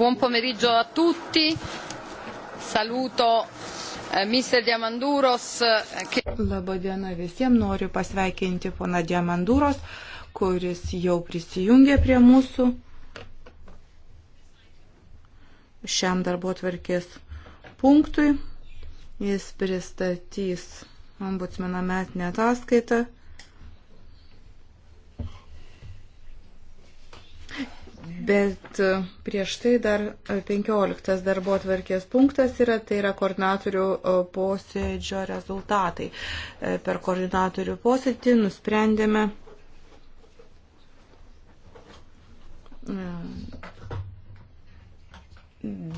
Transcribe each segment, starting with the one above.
Buon pomeriggio a tutti. Saluto eh, Mr. Diamanduros. Eh, che... Labadiena visiems. Noriu pasveikinti poną Diamanduros, kuris jau prisijungė prie mūsų šiam darbo tvarkės punktui. Jis pristatys ombudsmeną metinę ataskaitą. Bet e, prieš tai dar 15 e, darbo atvarkės punktas yra, tai yra koordinatorių e, posėdžio rezultatai. Per koordinatorių posėdį nusprendėme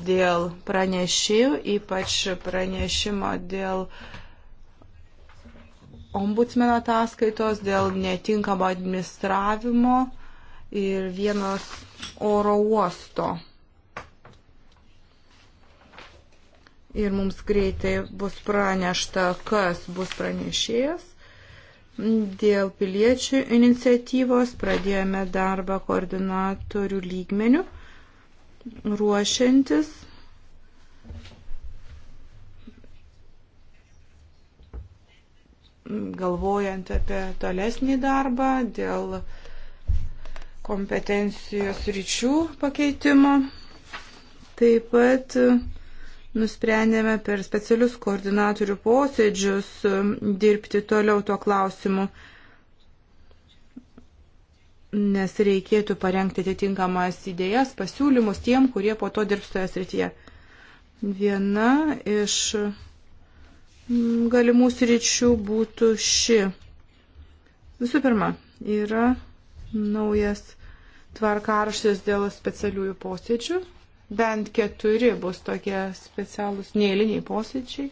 dėl pranešėjų, ypač pranešimo dėl ombudsmeno ataskaitos, dėl netinkamo administravimo ir vienos oro uosto. Ir mums greitai bus pranešta, kas bus pranešėjas. Dėl piliečių iniciatyvos pradėjome darbą koordinatorių lygmenių, ruošiantis galvojant apie tolesnį darbą dėl uh, kompetencijos ryčių pakeitimo. Taip pat nusprendėme per specialius koordinatorių posėdžius um, dirbti toliau tuo klausimu, nes reikėtų parengti atitinkamas idėjas, pasiūlymus tiem, kurie po to dirbs toje srityje. Viena iš mm, galimų sričių būtų ši. Visų pirma, yra naujas tvarkaraštis dėl specialiųjų posėdžių. Bent keturi bus tokie specialūs neįliniai posėdžiai.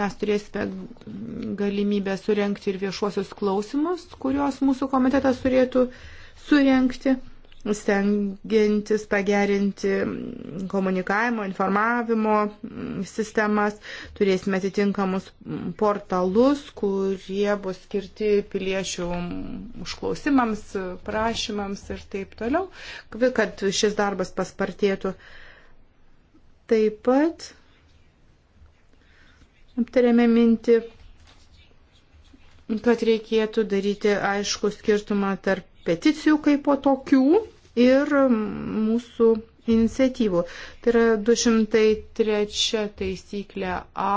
Mes turėsime galimybę surenkti ir viešuosius klausimus, kuriuos mūsų komitetas turėtų surenkti stengiantis pagerinti komunikavimo, informavimo sistemas. Turėsime atitinkamus portalus, kurie bus skirti piliečių užklausimams, prašymams ir taip toliau, kad šis darbas paspartėtų. Taip pat aptarėme mintį kad reikėtų daryti aišku skirtumą tarp peticijų kaip po tokių ir mūsų iniciatyvų. Tai yra 203 taisyklė A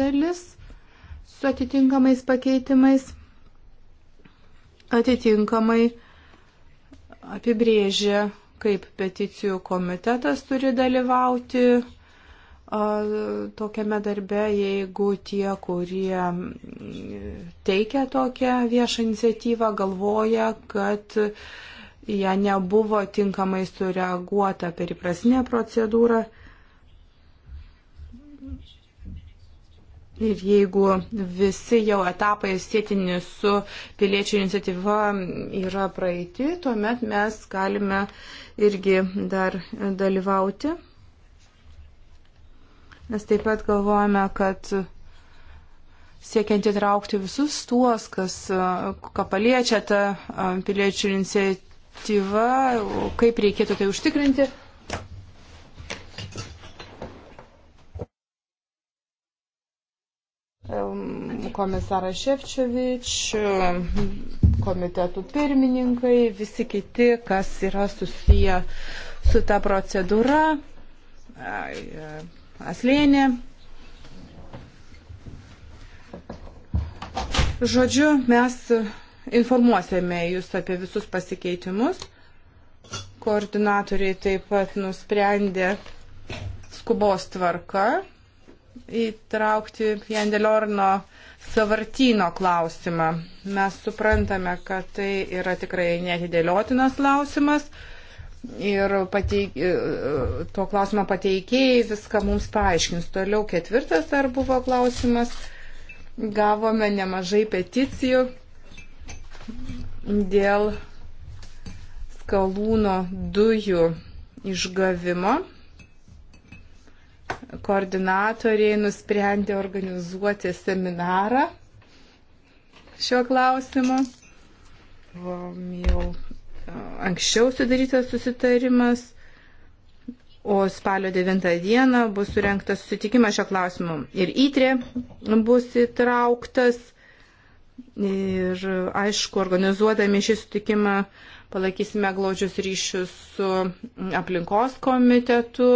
dalis su atitinkamais pakeitimais. Atitinkamai apibrėžia, kaip peticijų komitetas turi dalyvauti tokiame darbe, jeigu tie, kurie teikia tokią viešą iniciatyvą, galvoja, kad jie nebuvo tinkamai sureaguota per įprasinę procedūrą. Ir jeigu visi jau etapai sėtini su piliečių iniciatyva yra praeiti, tuomet mes galime irgi dar dalyvauti. Mes taip pat galvojame, kad siekiant įtraukti visus tuos, kas, ką paliečia ta piliečių iniciatyva, kaip reikėtų tai užtikrinti. Komisaras Ševčiovič, komitetų pirmininkai, visi kiti, kas yra susiję su ta procedūra, Aslėnė. Žodžiu, mes informuosime jūs apie visus pasikeitimus. Koordinatoriai taip pat nusprendė skubos tvarka įtraukti Jandelorno savartino klausimą. Mes suprantame, kad tai yra tikrai netidėliotinas klausimas ir pateik, e, tuo klausimą pateikėjai viską mums paaiškins. Toliau ketvirtas dar buvo klausimas. Gavome nemažai peticijų dėl skalūno dujų išgavimo. Koordinatoriai nusprendė organizuoti seminarą šiuo klausimu. Jau anksčiau sudarytas susitarimas, o spalio 9 dieną bus surinktas susitikimas šio klausimu ir įtrė bus įtrauktas. Ir aišku, organizuodami šį sutikimą palaikysime glaudžius ryšius su aplinkos komitetu,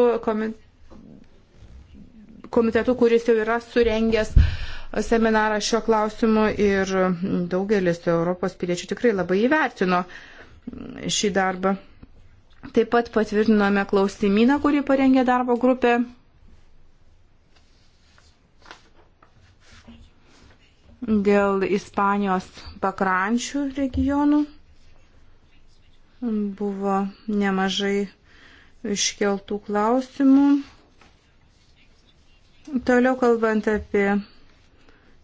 komitetu, kuris jau yra surengęs seminarą šiuo klausimu ir daugelis Europos piliečių tikrai labai įvertino uh, šį darbą. Taip pat patvirtinome klausimyną, kurį parengė darbo grupė. Dėl Ispanijos pakrančių regionų buvo nemažai iškeltų klausimų. Toliau kalbant apie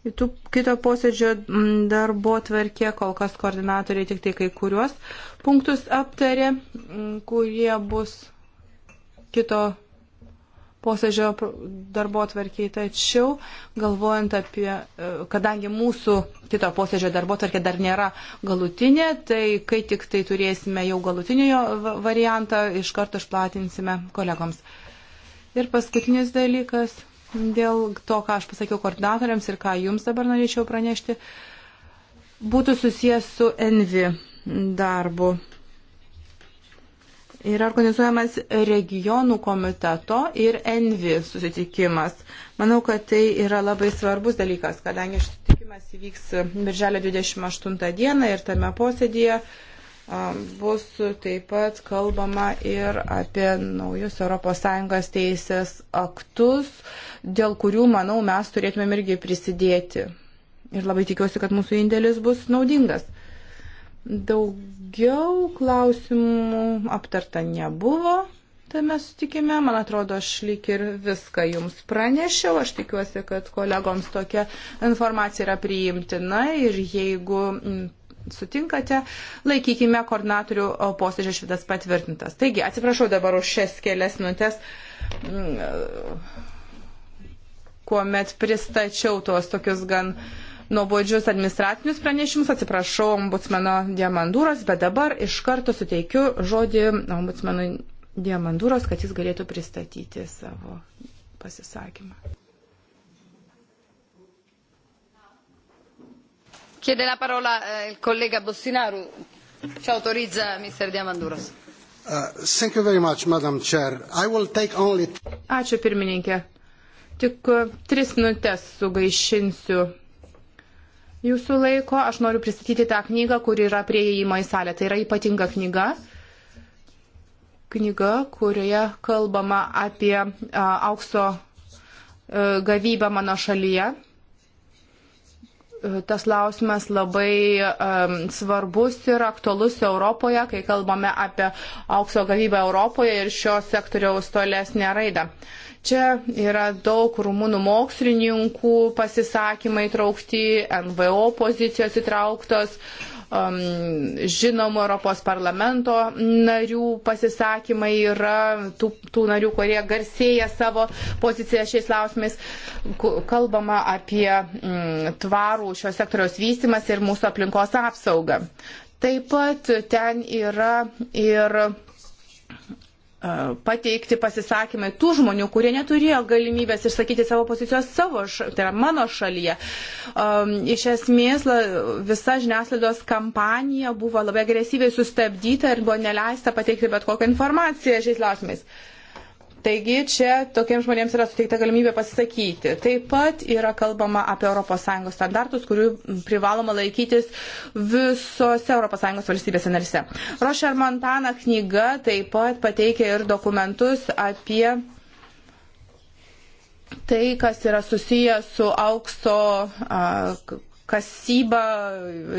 Kitų, kito posėdžio mm, darbo tvarkė, kol kas koordinatoriai tik tai kai kuriuos punktus aptarė, mm, kurie bus kito posėdžio darbo tvarkiai. Tačiau, galvojant apie, e, kadangi mūsų kito posėdžio darbo tvarkė dar nėra galutinė, tai kai tik tai turėsime jau galutinio variantą, iš karto išplatinsime kolegoms. Ir paskutinis dalykas dėl to, ką aš pasakiau koordinatoriams ir ką jums dabar norėčiau pranešti, būtų susijęs su Envi darbu. Yra organizuojamas regionų komiteto ir Envi susitikimas. Manau, kad tai yra labai svarbus dalykas, kadangi susitikimas įvyks birželio 28 dieną ir tame posėdėje uh, bus taip pat kalbama ir apie naujus ES teisės aktus, dėl kurių, manau, mes turėtumėm irgi prisidėti. Ir labai tikiuosi, kad mūsų indėlis bus naudingas. Daugiau klausimų aptarta nebuvo tame sutikime. Man atrodo, aš lyg ir viską jums pranešiau. Aš tikiuosi, kad kolegoms tokia informacija yra priimtina ir jeigu sutinkate, laikykime koordinatorių posėdžio švitas patvirtintas. Taigi, atsiprašau dabar už šias kelias minutės mm, kuomet pristačiau tuos tokius gan nuobodžius administracinius pranešimus, atsiprašau ombudsmeno Diamandūros, bet dabar iš karto suteikiu žodį ombudsmenui Diamandūros, kad jis galėtų pristatyti savo pasisakymą. Chiede la parola eh, il collega Bostinaru. Ci autorizza Mr. Diamanduros. Uh, thank you very much, Madam Chair. I will take only... Ačiū pirmininkė. Tik uh, tris minutės sugaišinsiu jūsų laiko. Aš noriu pristatyti tą knygą, kur yra prie įėjimo į salę. Tai yra ypatinga knyga. Knyga, kurioje kalbama apie a, uh, aukso a, uh, gavybą mano šalyje tas lausimas labai um, svarbus ir aktualus Europoje, kai kalbame apie aukso gavybą Europoje ir šio sektoriaus tolesnę raidą. Čia yra daug rumunų mokslininkų pasisakymai traukti, NVO pozicijos įtrauktos. Uh, um, žinomų Europos parlamento narių pasisakymai yra tų, tų narių, kurie garsėja savo poziciją šiais klausimais. Kalbama apie mm, tvarų šios sektoriaus vystimas ir mūsų aplinkos apsaugą. Taip pat ten yra ir pateikti pasisakymai tų žmonių, kurie neturėjo galimybės išsakyti savo pozicijos savo, tai yra mano šalyje. Um, iš esmės la, visa žiniasklaidos kampanija buvo labai agresyviai sustabdyta ir buvo neleista pateikti bet kokią informaciją šiais klausimais. Uh, Taigi čia tokiems žmonėms yra suteikta galimybė pasisakyti. Taip pat yra kalbama apie ES standartus, kurių privaloma laikytis visose ES valstybėse narise. Rošer Montana knyga taip pat pateikia ir dokumentus apie tai, kas yra susiję su aukso a, kasyba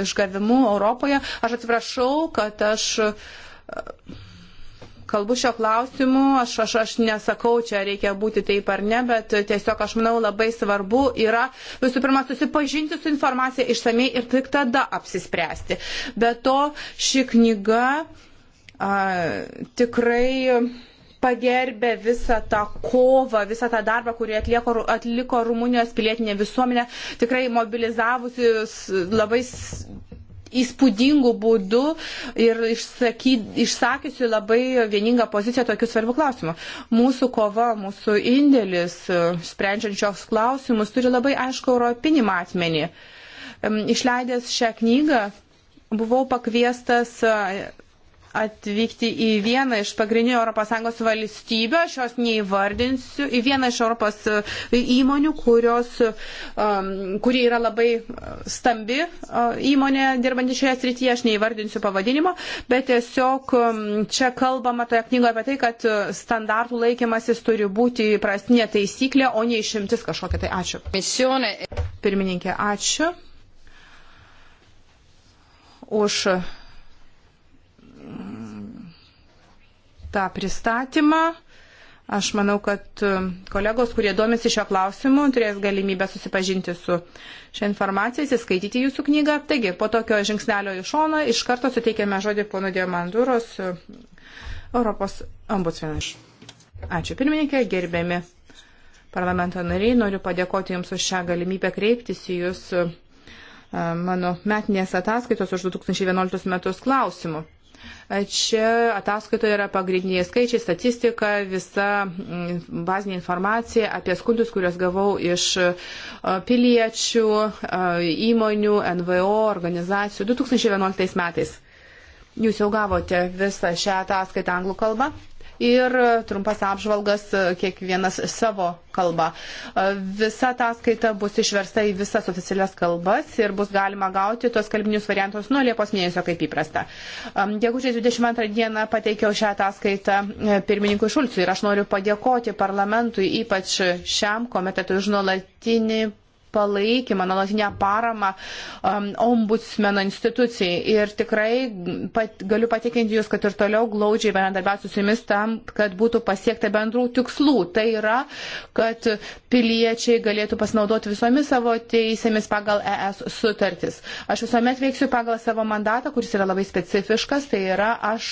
išgavimu Europoje. Aš atsiprašau, kad aš kalbu šio klausimu, aš, aš, aš nesakau, čia reikia būti taip ar ne, bet tiesiog aš manau labai svarbu yra visų pirma susipažinti su informacija išsamei ir tik tada apsispręsti. Be to, ši knyga a, tikrai pagerbė visą tą kovą, visą tą darbą, kurį atliko, atliko Rumunijos pilietinė visuomenė, tikrai mobilizavusi labai įspūdingų būdų ir išsaky, išsakysiu labai vieningą poziciją tokiu svarbiu klausimu. Mūsų kova, mūsų indėlis, e, sprendžiančios klausimus, turi labai aišku europinį matmenį. Išleidęs šią knygą, buvau pakviestas e, atvykti į vieną iš pagrindinių ES valstybių, aš jos neįvardinsiu, į vieną iš Europos e, įmonių, kurios, um, kuri yra labai e, stambi uh, įmonė dirbanti šioje srityje, aš neįvardinsiu pavadinimo, bet tiesiog um, čia kalbama toje knygoje apie tai, kad standartų laikymasis turi būti prastinė taisyklė, o ne išimtis kažkokia. Tai ačiū. Misionė. Pirmininkė, ačiū už tą pristatymą. Aš manau, kad um, kolegos, kurie domisi šio klausimu, turės galimybę susipažinti su šią informaciją, įsiskaityti jūsų knygą. Taigi, po tokio žingsnelio į šoną iš karto suteikėme žodį pono Diamandūros um, Europos ombudsmenai. Ačiū pirmininkė, gerbiami parlamento nariai, noriu padėkoti Jums už šią galimybę kreiptis į Jūs um, mano metinės ataskaitos už 2011 metus klausimų. Čia ataskaitoje yra pagrindiniai skaičiai, statistika, visa mm, bazinė informacija apie skundus, kuriuos gavau iš e, piliečių, e, įmonių, NVO, organizacijų 2011 metais. Jūs jau gavote visą šią ataskaitą anglų kalbą ir trumpas apžvalgas kiekvienas savo kalba. Visa ta skaita bus išversta į visas oficialias kalbas ir bus galima gauti tos kalbinius variantus nuo Liepos mėnesio kaip įprasta. Gegužės 22 dieną pateikiau šią ataskaitą e, pirmininkui Šulcui ir aš noriu padėkoti parlamentui, ypač šiam komitetui, už nuolatinį palaikymą, nuolatinę paramą um, ombudsmeno institucijai. Ir tikrai pat, galiu patikinti Jūs, kad ir toliau glaudžiai bendradarbiausiu su Jumis tam, kad būtų pasiekta bendrų tikslų. Tai yra, kad piliečiai galėtų pasinaudoti visomis savo teisėmis pagal ES sutartis. Aš visuomet veiksiu pagal savo mandatą, kuris yra labai specifiškas. Tai yra, aš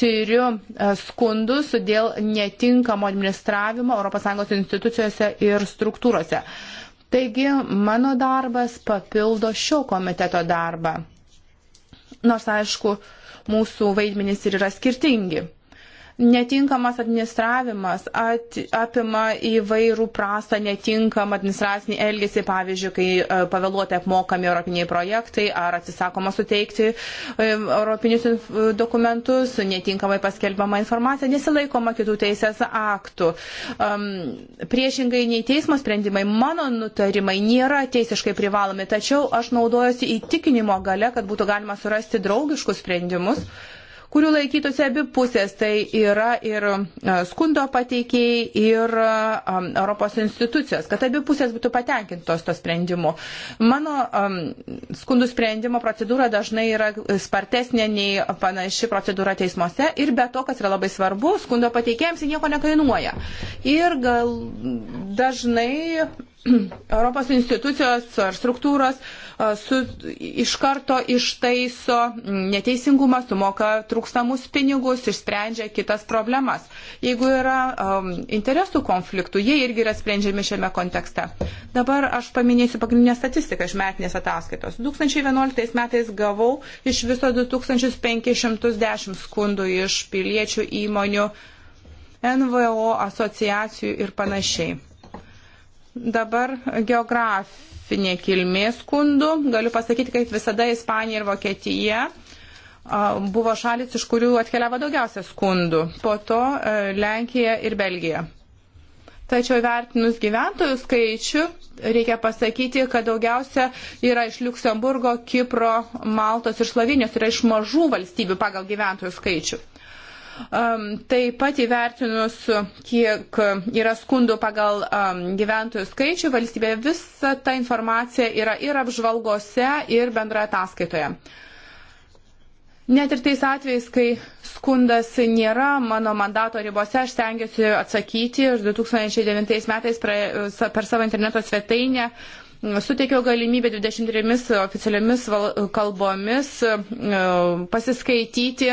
tyriu e, skundus dėl netinkamo administravimo ES institucijose ir struktūrose. Uh, Taigi mano darbas papildo šio komiteto darbą. Nors aišku, mūsų vaidmenys ir yra skirtingi. Netinkamas administravimas at, apima įvairų prastą netinkamą administracinį elgesį, pavyzdžiui, kai e, pavėluotai apmokami europiniai projektai ar atsisakoma suteikti e, europinius e, dokumentus, netinkamai paskelbama informacija, nesilaikoma kitų teisės aktų. Um, priešingai nei teismo sprendimai, mano nutarimai nėra teisiškai privalomi, tačiau aš naudojuosi įtikinimo gale, kad būtų galima surasti draugiškus sprendimus, kurių laikytųsi abi pusės. Tai yra ir e, skundo pateikėjai, ir um, Europos institucijos, kad abi pusės būtų patenkintos to sprendimu. Mano um, skundų sprendimo procedūra dažnai yra spartesnė nei panaši procedūra teismuose ir be to, kas yra labai svarbu, skundo pateikėjams jie nieko nekainuoja. Ir gal dažnai Europos institucijos ar struktūros su, iš karto ištaiso neteisingumą, sumoka trūkstamus pinigus, išsprendžia kitas problemas. Jeigu yra um, interesų konfliktų, jie irgi yra sprendžiami šiame kontekste. Dabar aš paminėsiu pagrindinę statistiką iš metinės ataskaitos. 2011 metais gavau iš viso 2510 skundų iš piliečių įmonių, NVO asociacijų ir panašiai. Dabar geografinė kilmė skundų. Galiu pasakyti, kaip visada Ispanija ir Vokietija buvo šalis, iš kurių atkeliavo daugiausia skundų. Po to e, Lenkija ir Belgija. Tačiau vertinus gyventojų skaičių, reikia pasakyti, kad daugiausia yra iš Luksemburgo, Kipro, Maltos ir Slovenijos, yra iš mažų valstybių pagal gyventojų skaičių. Taip pat įvertinus, kiek yra skundų pagal gyventojų skaičių valstybėje, visa ta informacija yra ir apžvalgose, ir bendroje ataskaitoje. Net ir tais atvejais, kai skundas nėra mano mandato ribose, aš stengiuosi atsakyti. Aš 2009 metais per savo interneto svetainę suteikiau galimybę 23 oficialiomis kalbomis pasiskaityti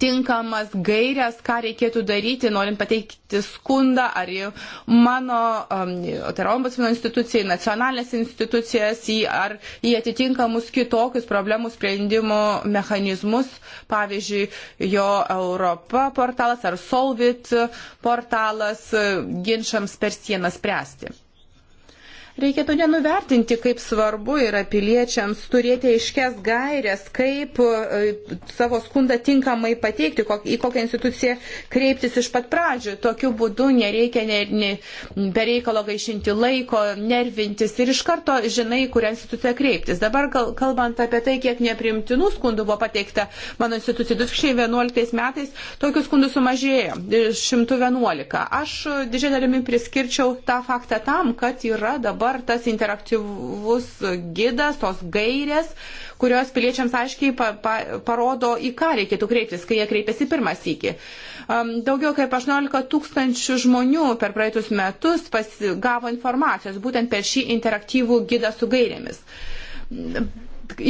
tinkamas gairias, ką reikėtų daryti, norint pateikti skundą ar į mano, um, tai yra ombudsmeno instituciją, į nacionalinės institucijas, į, ar į atitinkamus kitokius problemų sprendimo mechanizmus, pavyzdžiui, jo Europa portalas ar Solvit portalas ginčiams per sieną spręsti. Reikėtų nenuvertinti, kaip svarbu yra piliečiams turėti aiškias gairias, kaip e, savo skundą tinkamai pateikti, į kokią instituciją kreiptis iš pat pradžių. Tokiu būdu nereikia ne, ne, bereikalo gaišinti laiko, nervintis ir iš karto žinai, kurią instituciją kreiptis. Dabar gal, kalbant apie tai, kiek neprimtinų skundų buvo pateikta mano institucijai 2011 metais, tokių skundų sumažėjo 111. Aš didžiai dalimi priskirčiau tą faktą tam, kad yra dabar dabar tas interaktyvus gidas, tos gairės, kurios piliečiams aiškiai pa, pa, parodo, į ką reikėtų kreiptis, kai jie kreipiasi pirmą sykį. Um, daugiau kaip 18 tūkstančių žmonių per praeitus metus pasigavo informacijos būtent per šį interaktyvų gidą su gairėmis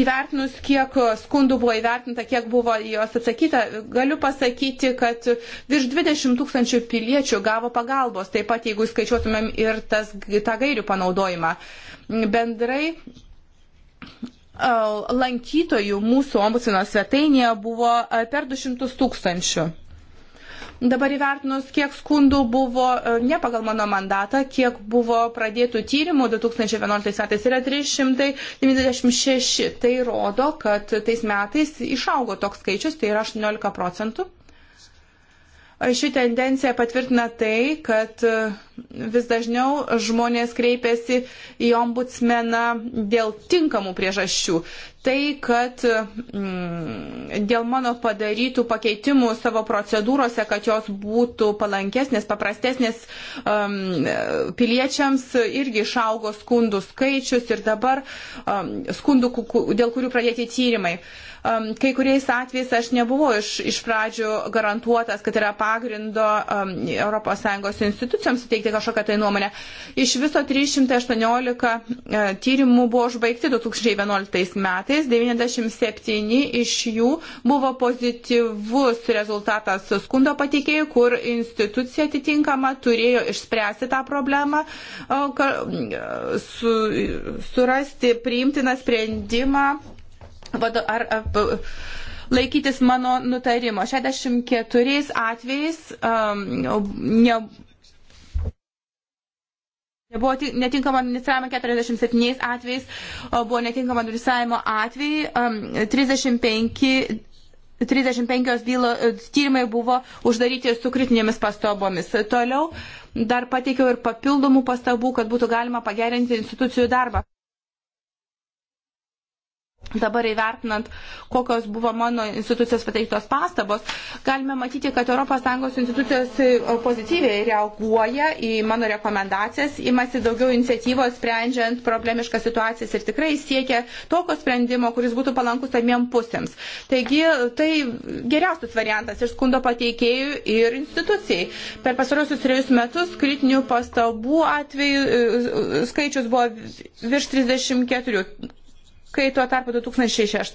įvertinus, kiek skundų buvo įvertinta, kiek buvo jos atsakyta, galiu pasakyti, kad virš 20 tūkstančių piliečių gavo pagalbos, taip pat jeigu skaičiuotumėm ir tas, tą gairių panaudojimą. Bendrai lankytojų mūsų ombudsino svetainėje buvo per 200 tūkstančių dabar įvertinus, kiek skundų buvo e, ne pagal mano mandatą, kiek buvo pradėtų tyrimų 2011 metais yra 396. Tai rodo, kad tais metais išaugo toks skaičius, tai yra 18 procentų. Ši tendencija patvirtina tai, kad e, vis dažniau žmonės kreipiasi į ombudsmeną dėl tinkamų priežasčių. Tai, kad mm, dėl mano padarytų pakeitimų savo procedūrose, kad jos būtų palankesnės, paprastesnės um, piliečiams, irgi išaugo skundų skaičius ir dabar um, skundų, dėl kurių pradėti tyrimai. Uh, um, kai kuriais atvejais aš nebuvau iš, iš pradžių garantuotas, kad yra pagrindo um, ES institucijoms suteikti kažkokią tai nuomonę. Iš viso 318 uh, e, tyrimų buvo užbaigti 2011 metais, 97 iš jų buvo pozityvus rezultatas skundo pateikėjų, kur institucija atitinkama turėjo išspręsti tą problemą, uh, su, surasti priimtiną sprendimą ar, ar, laikytis mano nutarimo. 64 atvejais um, ne, Buvo netinkama administravimo 47 atvejais, buvo netinkama administravimo atvejai, 35, um, 35 bylo, tyrimai buvo uždaryti su kritinėmis pastabomis. Toliau dar pateikiau ir papildomų pastabų, kad būtų galima pagerinti institucijų darbą. Dabar įvertinant, kokios buvo mano institucijos pateiktos pastabos, galime matyti, kad ES institucijos pozityviai reaguoja į mano rekomendacijas, imasi daugiau iniciatyvos sprendžiant problemiškas situacijas ir tikrai siekia tokio sprendimo, kuris būtų palankus abiem pusėms. Taigi tai geriausias variantas ir skundo pateikėjų, ir institucijai. Per pasarosius trejus metus kritinių pastabų atveju e, e, skaičius buvo virš 34 kai tuo tarpu 2006,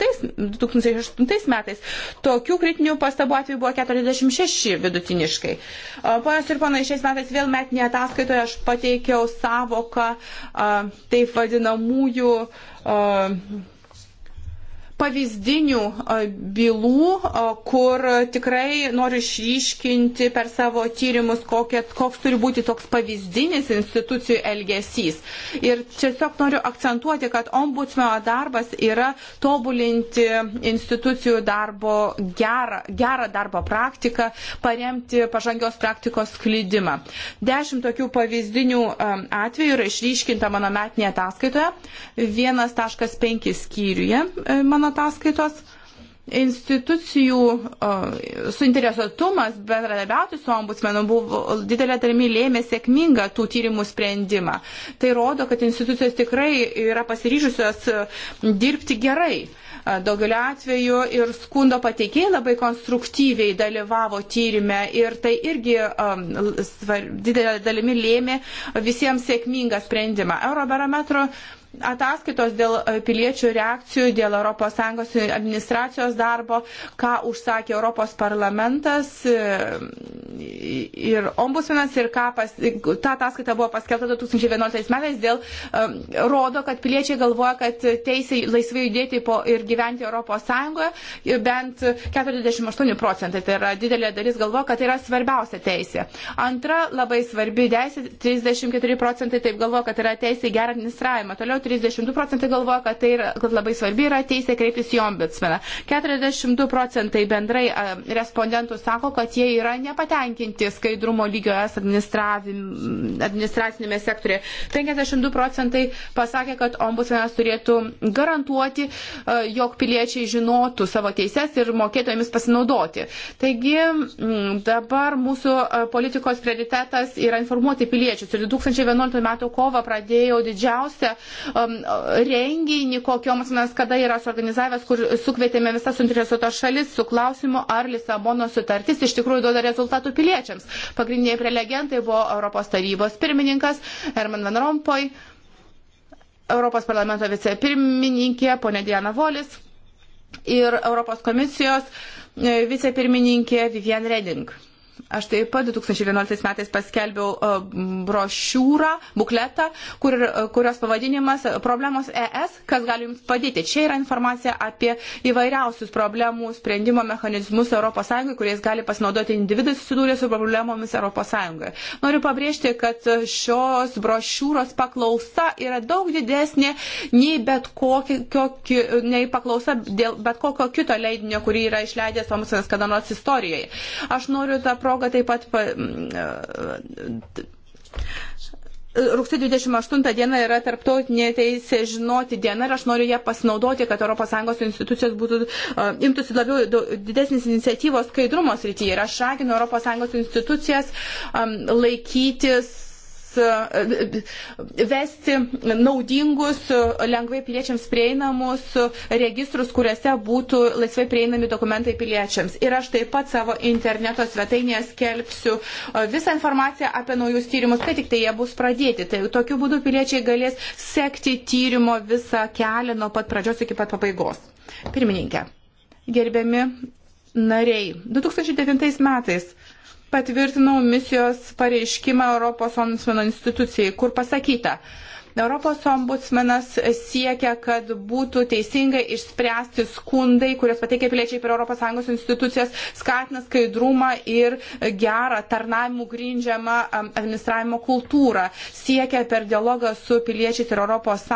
2008 metais tokių kritinių pastabų atveju buvo 46 vidutiniškai. Ponios ir ponai, šiais metais vėl metinėje ataskaitoje aš pateikiau savoką taip vadinamųjų pavyzdinių bylų, kur tikrai noriu išryškinti per savo tyrimus, kokie, koks turi būti toks pavyzdinis institucijų elgesys. Ir tiesiog noriu akcentuoti, kad ombudsmeno darbas yra tobulinti institucijų darbo gerą, gerą darbo praktiką, paremti pažangios praktikos klydimą. Dešimt tokių pavyzdinių atvejų yra išryškinta mano metinėje ataskaitoje. 1.5 skyriuje mano mano ataskaitos institucijų suinteresuotumas bendradarbiauti su ombudsmenu buvo didelė dalimi lėmė sėkmingą tų tyrimų sprendimą. Tai rodo, kad institucijos tikrai yra pasiryžusios e, dirbti gerai. E, daugeliu atveju ir skundo pateikėjai labai konstruktyviai dalyvavo tyrimė ir tai irgi um, svar, didelė dalimi lėmė visiems sėkmingą sprendimą. Eurobarometro uh, ataskaitos dėl e, piliečių reakcijų, dėl ES administracijos darbo, ką užsakė Europos parlamentas e, ir ombudsmenas ir ką pas, ta ataskaita buvo paskelbta 2011 metais, dėl um, rodo, kad piliečiai galvoja, kad teisė laisvai judėti po ir gyventi ES bent 48 procentai, tai yra didelė dalis galvoja, kad tai yra svarbiausia teisė. Antra labai svarbi teisė, 34 procentai taip galvoja, kad yra teisė į gerą administravimą. Toliau 32 procentai galvoja, kad tai yra, kad labai svarbi yra teisė kreiptis į ombudsmeną. 42 procentai bendrai respondentų sako, kad jie yra nepatenkinti skaidrumo lygio es administracinėme sektorėje. 52 procentai pasakė, kad ombudsmenas turėtų garantuoti, jog piliečiai žinotų savo teises ir mokėtų jomis pasinaudoti. Taigi dabar mūsų politikos prioritetas yra informuoti piliečius. Ir 2011 m. kovą pradėjau didžiausią um, renginį, kokioms mes kada yra suorganizavęs, kur sukvietėme visas suinteresuotas šalis su klausimu, ar Lisabono sutartis iš tikrųjų duoda rezultatų piliečiams. Pagrindiniai prelegentai buvo Europos tarybos pirmininkas Herman Van Rompuy, Europos parlamento vicepirmininkė ponė Diana Volis ir Europos komisijos e, vicepirmininkė Vivian Reding. Aš taip pat 2011 metais paskelbiau e, brošiūrą, bukletą, kur, e, kurios pavadinimas Problemos ES, kas gali jums padėti. Čia yra informacija apie įvairiausius problemų sprendimo mechanizmus ES, kuriais gali pasinaudoti individai susidūrę su problemomis ES. Noriu pabrėžti, kad šios brošiūros paklausa yra daug didesnė nei, bet kokį, kokį, nei paklausa dėl bet kokio kito leidinio, kurį yra išleidęs Tomasonas kada nors istorijoje. Aš noriu tą problemą proga taip pat. Pa, Rūksė 28 diena yra tarptautinė teisė žinoti diena ir aš noriu ją pasinaudoti, kad ES institucijos būtų uh, imtųsi labiau daug, didesnis iniciatyvos skaidrumo srityje. Ir aš raginu ES institucijas um, laikytis E, vesti naudingus, lengvai piliečiams prieinamus registrus, kuriuose būtų laisvai prieinami dokumentai piliečiams. Ir aš taip pat savo interneto svetainėje skelbsiu e, visą informaciją apie naujus tyrimus, kai tik tai jie bus pradėti. Tai tokiu būdu piliečiai galės sekti tyrimo visą kelią nuo pat pradžios iki pat pabaigos. Pirmininkė, gerbiami nariai, 2009 metais patvirtinau misijos pareiškimą Europos ombudsmeno institucijai, kur pasakyta, Europos ombudsmenas siekia, kad būtų teisingai išspręsti skundai, kurias pateikia piliečiai per ES institucijas, skatina skaidrumą ir gerą tarnavimų grindžiamą administravimo kultūrą. Siekia per dialogą su piliečiais ir ES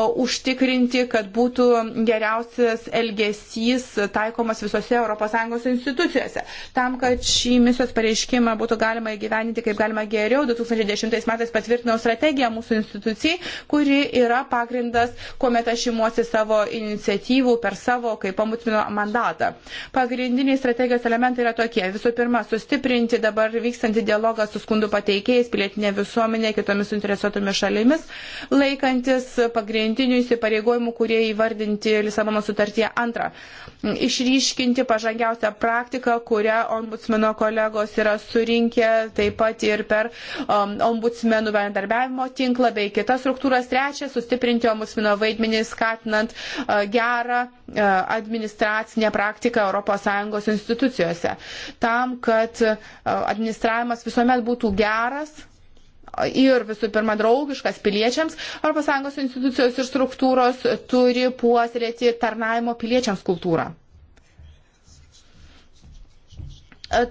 užtikrinti, kad būtų geriausias elgesys taikomas visose ES institucijose. Tam, kad šį misijos pareiškimą būtų galima įgyveninti kaip galima geriau, 2010 metais patvirtinau strategiją mūsų institucijai, kuri yra pagrindas, kuomet aš imuosi savo iniciatyvų per savo kaip pamutvino mandatą. Pagrindiniai strategijos elementai yra tokie. Visų pirma, sustiprinti dabar vykstantį dialogą su skundų pateikėjais, pilietinė visuomenė, kitomis suinteresuotomis šalimis, laikantis pagrindinių įsipareigojimų, kurie įvardinti Lisabono sutartyje. Antra, išryškinti pažangiausią praktiką, kurią ombudsmeno kolegos yra surinkę taip pat ir per um, ombudsmenų bendarbiavimo tinklą labiau į kitas struktūras. Trečia, sustiprinti omusmino vaidmenį, skatinant e, gerą e, administracinę praktiką ES institucijose. Tam, kad e, administravimas visuomet būtų geras, ir visų pirma draugiškas piliečiams, ES institucijos ir struktūros turi puoselėti tarnavimo piliečiams kultūrą.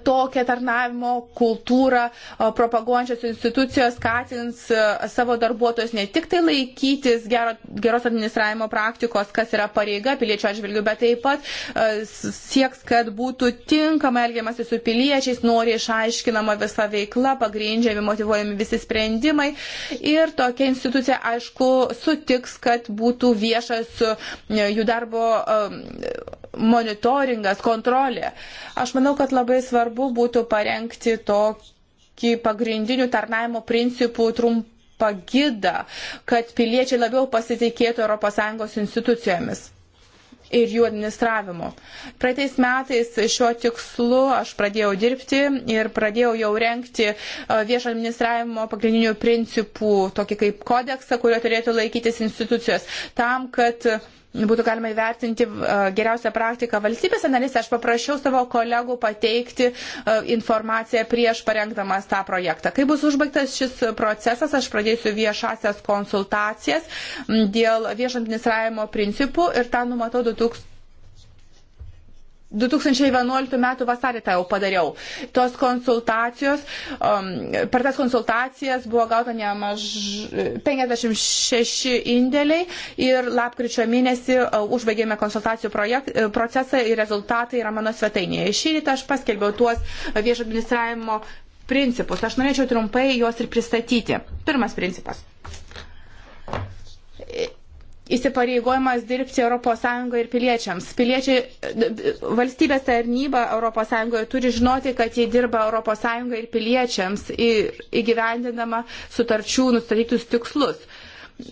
tokią tarnavimo kultūrą propaguojančios institucijos skatins e, savo darbuotojus ne tik tai laikytis gero, geros administravimo praktikos, kas yra pareiga piliečių atžvilgių, bet taip pat e, sieks, kad būtų tinkamai elgiamasi su piliečiais, nori išaiškinama visa veikla, pagrindžiami, motivuojami visi sprendimai. Ir tokia institucija, aišku, sutiks, kad būtų viešas e, jų darbo monitoringas, kontrolė. Aš manau, kad labai svarbu būtų parengti tokį pagrindinių tarnavimo principų trumpą gidą, kad piliečiai labiau pasitikėtų ES institucijomis ir jų administravimo. Praeitais metais šiuo tikslu aš pradėjau dirbti ir pradėjau jau renkti e, viešo administravimo pagrindinių principų, tokį kaip kodeksą, kurio turėtų laikytis institucijos, tam, kad būtų galima įvertinti geriausią praktiką valstybės analistė, aš paprašiau savo kolegų pateikti informaciją prieš parengdamas tą projektą. Kai bus užbaigtas šis procesas, aš pradėsiu viešasias konsultacijas dėl viešo administravimo principų ir tą numatau 2000. 2011 m. vasarį tą jau padariau. Tos konsultacijos, um, per tas konsultacijas buvo gauta nemaž 56 indėliai ir lapkričio mėnesį uh, užbaigėme konsultacijų projekt, uh, procesą ir rezultatai yra mano svetainėje. Šį rytą aš paskelbiau tuos viešo administravimo principus. Aš norėčiau trumpai juos ir pristatyti. Pirmas principas įsipareigojimas dirbti ES ir piliečiams. Piliečiai, valstybės tarnyba ES turi žinoti, kad jie dirba ES ir piliečiams įgyvendinama sutarčių nustatytus tikslus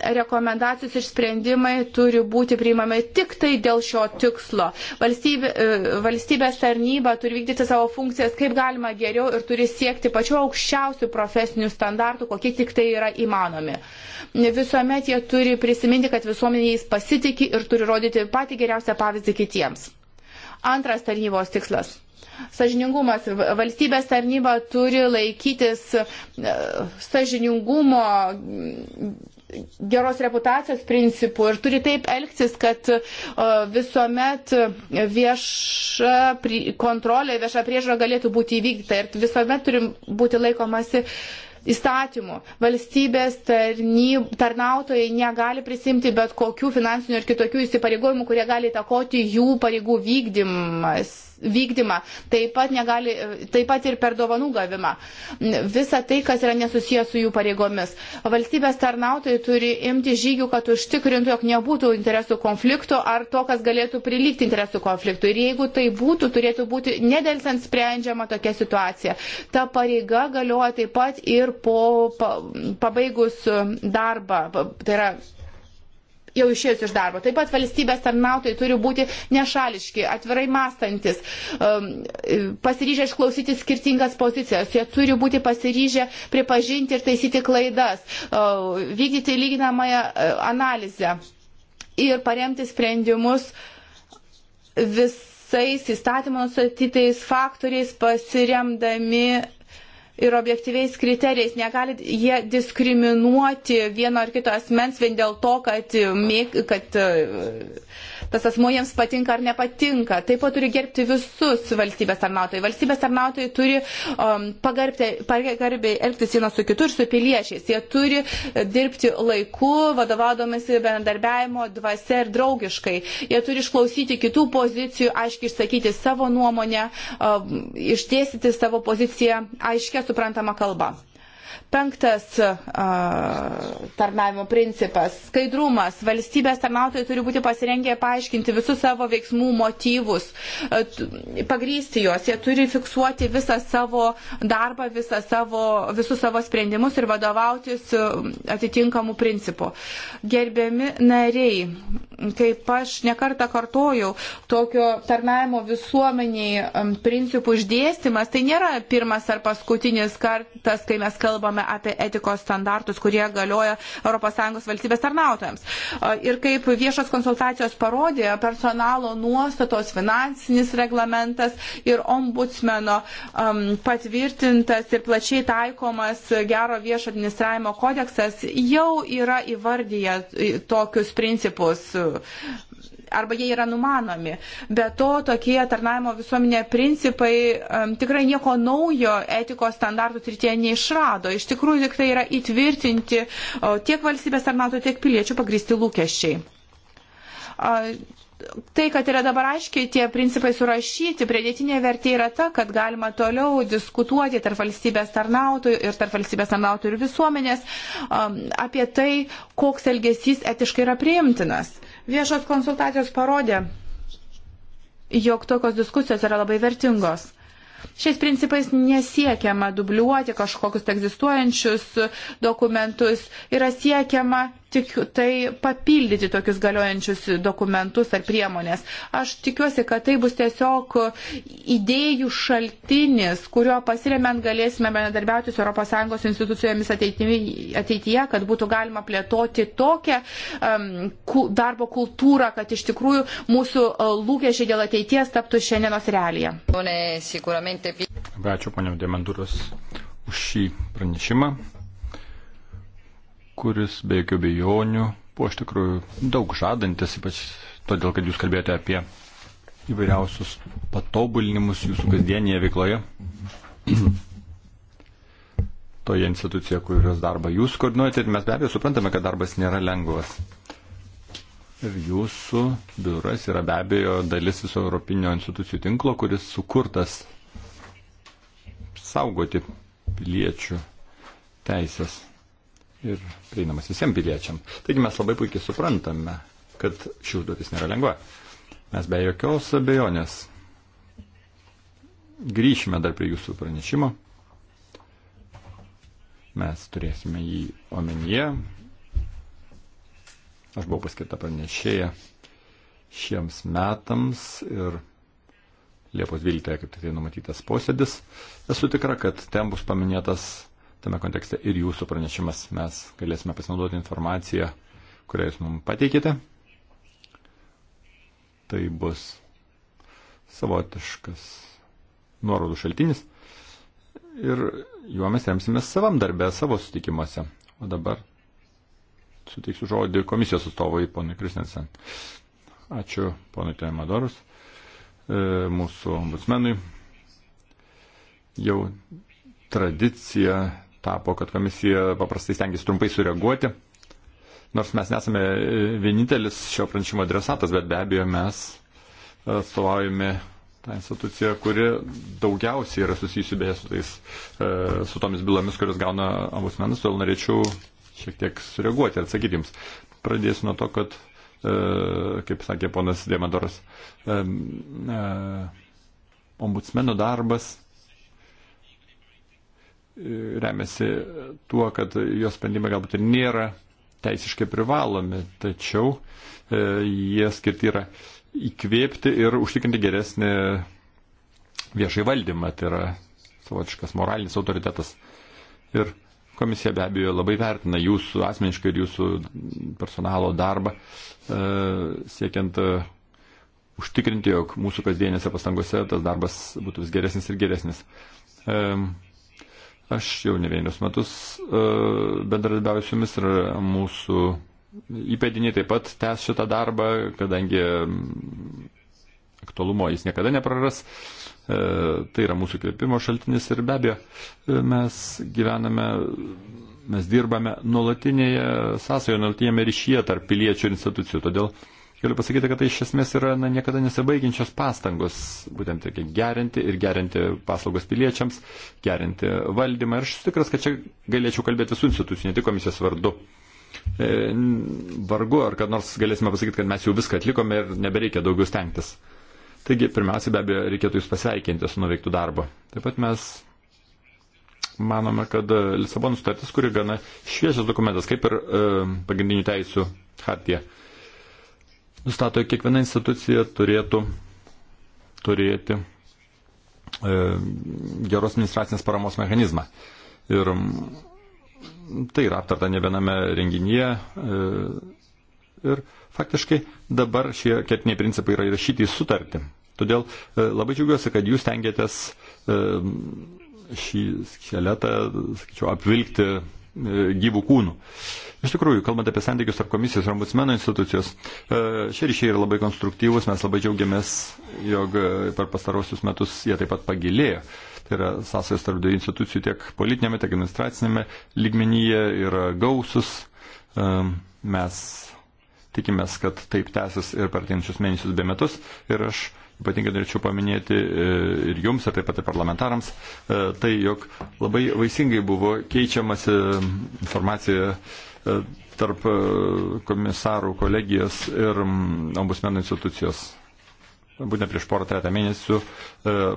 rekomendacijos ir sprendimai turi būti priimami tik tai dėl šio tikslo. Valstybė, e, valstybės tarnyba turi vykdyti savo funkcijas kaip galima geriau ir turi siekti pačiu aukščiausių profesinių standartų, kokie tik tai yra įmanomi. Visuomet jie turi prisiminti, kad visuomenė jais pasitikė ir turi rodyti patį geriausią pavyzdį kitiems. Antras tarnybos tikslas sažiningumas. Valstybės tarnyba turi laikytis e, sažiningumo geros reputacijos principų ir turi taip elgtis, kad e, visuomet vieša kontrolė, vieša priežara galėtų būti įvykdyta ir visuomet turim būti laikomasi įstatymų. Valstybės tarnyb, tarnautojai negali prisimti bet kokių finansinių ir kitokių įsipareigojimų, kurie gali įtakoti jų pareigų vykdymas vykdymą, taip pat, negali, taip pat ir per dovanų gavimą. Visa tai, kas yra nesusijęs su jų pareigomis. Valstybės tarnautojai turi imti žygių, kad užtikrintų, jog nebūtų interesų konfliktų ar to, kas galėtų prilygti interesų konfliktų. Ir jeigu tai būtų, turėtų būti nedelsant sprendžiama tokia situacija. Ta pareiga galioja taip pat ir po pabaigus darbą. Tai yra jau išėjus iš darbo. Taip pat valstybės tarnautojai turi būti nešališki, atvirai mąstantis, um, pasiryžę išklausyti skirtingas pozicijas, jie turi būti pasiryžę pripažinti ir taisyti klaidas, uh, vykdyti lyginamąją uh, analizę ir paremti sprendimus visais įstatymų nustatytais faktoriais pasiremdami ir objektyviais kriterijais. Negali jie diskriminuoti vieno ar kito asmens vien dėl to, kad, kad tas asmuo jiems patinka ar nepatinka. Taip pat turi gerbti visus valstybės tarnautojai. Valstybės tarnautojai turi um, pagarbiai elgtis vienas su kitu ir su piliečiais. Jie turi e, dirbti laiku, vadovaudomasi bendarbiavimo dvasia ir draugiškai. Jie turi išklausyti kitų pozicijų, aiškiai išsakyti savo nuomonę, um, išdėstyti savo poziciją aiškia suprantama kalba. Penktas tarnavimo principas - skaidrumas. Valstybės tarnautojai turi būti pasirengę paaiškinti visus savo veiksmų motyvus, pagrysti juos. Jie turi fiksuoti visą savo darbą, visą savo, visus savo sprendimus ir vadovautis atitinkamų principų. Gerbiami nariai, kaip aš nekartą kartojau, tokio tarnavimo visuomeniai principų išdėstymas tai nėra pirmas ar paskutinis kartas, kai mes kalbame kalbame apie etikos standartus, kurie galioja ES valstybės tarnautojams. Ir kaip viešos konsultacijos parodė, personalo nuostatos, finansinis reglamentas ir ombudsmeno um, patvirtintas ir plačiai taikomas gero viešo administravimo kodeksas jau yra įvardyje tokius principus arba jie yra numanomi. Be to, tokie tarnavimo visuomenė principai um, tikrai nieko naujo etikos standartų srityje neišrado. Iš tikrųjų, tik tai yra įtvirtinti o, tiek valstybės tarnautojų, tiek piliečių pagristi lūkesčiai. A, tai, kad yra dabar aiškiai tie principai surašyti, pridėtinė vertė yra ta, kad galima toliau diskutuoti tarp valstybės tarnautojų ir tarp valstybės tarnautojų ir visuomenės um, apie tai, koks elgesys etiškai yra priimtinas. Viešos konsultacijos parodė, jog tokios diskusijos yra labai vertingos. Šiais principais nesiekiama dubliuoti kažkokius egzistuojančius dokumentus, yra siekiama tik tai papildyti tokius galiojančius dokumentus ar priemonės. Aš tikiuosi, kad tai bus tiesiog idėjų šaltinis, kurio pasiremiant galėsime bendradarbiauti su ES institucijomis ateityje, kad būtų galima plėtoti tokią um, darbo kultūrą, kad iš tikrųjų mūsų e, lūkesčiai dėl ateities taptų šiandienos realija. Ačiū, ponia Demanduras, už šį pranešimą kuris be jokių bejonių buvo iš tikrųjų daug žadantis, ypač todėl, kad jūs kalbėjote apie įvairiausius patobulinimus jūsų kasdienėje veikloje. Toje institucijoje, kurios darbą jūs koordinuojate, ir mes be abejo suprantame, kad darbas nėra lengvas. Ir jūsų biuras yra be abejo dalis viso Europinio institucijų tinklo, kuris sukurtas saugoti piliečių teisės ir prieinamas visiems piliečiam. Taigi mes labai puikiai suprantame, kad ši užduotis nėra lengva. Mes be jokios abejonės grįšime dar prie jūsų pranešimo. Mes turėsime jį omenyje. Aš buvau paskirta pranešėja šiems metams ir Liepos 12, kaip tai numatytas posėdis. Esu tikra, kad ten bus paminėtas tame kontekste ir jūsų pranešimas. Mes galėsime pasinaudoti informaciją, kurią jūs mums pateikite. Tai bus savotiškas nuorodų šaltinis ir juo mes remsime savam darbę, savo sutikimuose. O dabar suteiksiu žodį komisijos atstovui, ponui Kristinsen. Ačiū, ponui Temadorus, e, mūsų ombudsmenui. Jau tradicija tapo, kad komisija paprastai stengiasi trumpai sureaguoti. Nors mes nesame e, vienintelis šio pranešimo adresatas, bet be abejo mes atstovaujame tą instituciją, kuri daugiausiai yra susijusi beje su, tais, e, su tomis bylomis, kurias gauna ambusmenas, todėl norėčiau šiek tiek sureaguoti ir atsakyti jums. Pradėsiu nuo to, kad, e, kaip sakė ponas Diamandoras, ombudsmeno darbas remiasi tuo, kad jos sprendimai galbūt ir nėra teisiškai privalomi, tačiau e, jie skirti yra įkvėpti ir užtikrinti geresnį viešai valdymą, tai yra savotiškas moralinis autoritetas. Ir komisija be abejo labai vertina jūsų asmeniškai ir jūsų personalo darbą, e, siekiant e, užtikrinti, jog mūsų kasdienėse pastangose tas darbas būtų vis geresnis ir geresnis. Aš jau ne vienus metus e, bendradarbiauju su jumis ir mūsų įpėdiniai taip pat tęs šitą darbą, kadangi aktualumo jis niekada nepraras. E, tai yra mūsų kvėpimo šaltinis ir be abejo e, mes gyvename, mes dirbame nuolatinėje sąsajoje, nuolatinėme ryšyje tarp piliečių ir institucijų. Todėl uh, galiu pasakyti, kad tai iš esmės yra na, niekada nesibaigiančios pastangos, būtent reikia gerinti ir gerinti paslaugos piliečiams, gerinti valdymą. Ir aš tikras, kad čia galėčiau kalbėti su institucijų, ne tik komisijos vardu. E, vargu, ar kad nors galėsime pasakyti, kad mes jau viską atlikome ir nebereikia daugiau stengtis. Taigi, pirmiausia, be abejo, reikėtų jūs pasveikinti su nuveiktų darbu. Taip pat mes manome, kad Lisabono sutartis, kuri gana šviežias dokumentas, kaip ir e, pagrindinių teisų hartija, e, nustato, kiekviena institucija turėtų turėti e, geros administracinės paramos mechanizmą. Ir tai yra aptarta ne viename renginyje. E, ir faktiškai dabar šie kertiniai principai yra įrašyti į sutartį. Todėl e, labai džiaugiuosi, kad jūs tengiatės e, šį skeletą, sakyčiau, apvilkti E, gyvų kūnų. Iš tikrųjų, kalbant apie santykius tarp komisijos ir ombudsmeno institucijos, e, šie ryšiai yra labai konstruktyvūs, mes labai džiaugiamės, jog e, per pastarosius metus jie taip pat pagilėjo. Tai yra sąsajos tarp dviejų institucijų tiek politinėme, tiek administracinėme lygmenyje yra gausus. Mes tikimės, kad taip tęsis ir per ateinančius mėnesius bei metus. Ir aš ypatingai norėčiau paminėti e, ir jums, ir taip pat ir parlamentarams, e, tai jog labai vaisingai buvo keičiamasi e, informacija tarp komisarų kolegijos ir ombudsmenų institucijos. Būtent prieš porą tretą mėnesių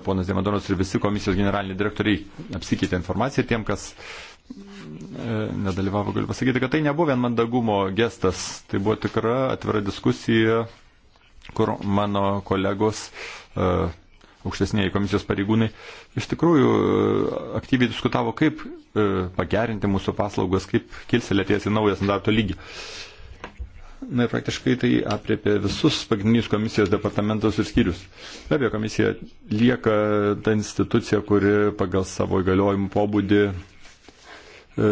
ponas Diemadonas ir visi komisijos generaliniai direktoriai apsikeitė informaciją tiem, kas nedalyvavo, galiu pasakyti, kad tai nebuvo vien mandagumo gestas, tai buvo tikra atvira diskusija kur mano kolegos e, aukštesnėje komisijos pareigūnai iš tikrųjų e, aktyviai diskutavo, kaip e, pagerinti mūsų paslaugas, kaip kilselėties į naują standarto lygį. Na ir praktiškai tai apriepia visus pagrindinius komisijos departamentus ir skyrius. Be abejo, komisija lieka ta institucija, kuri pagal savo įgaliojimų pobūdį e, e,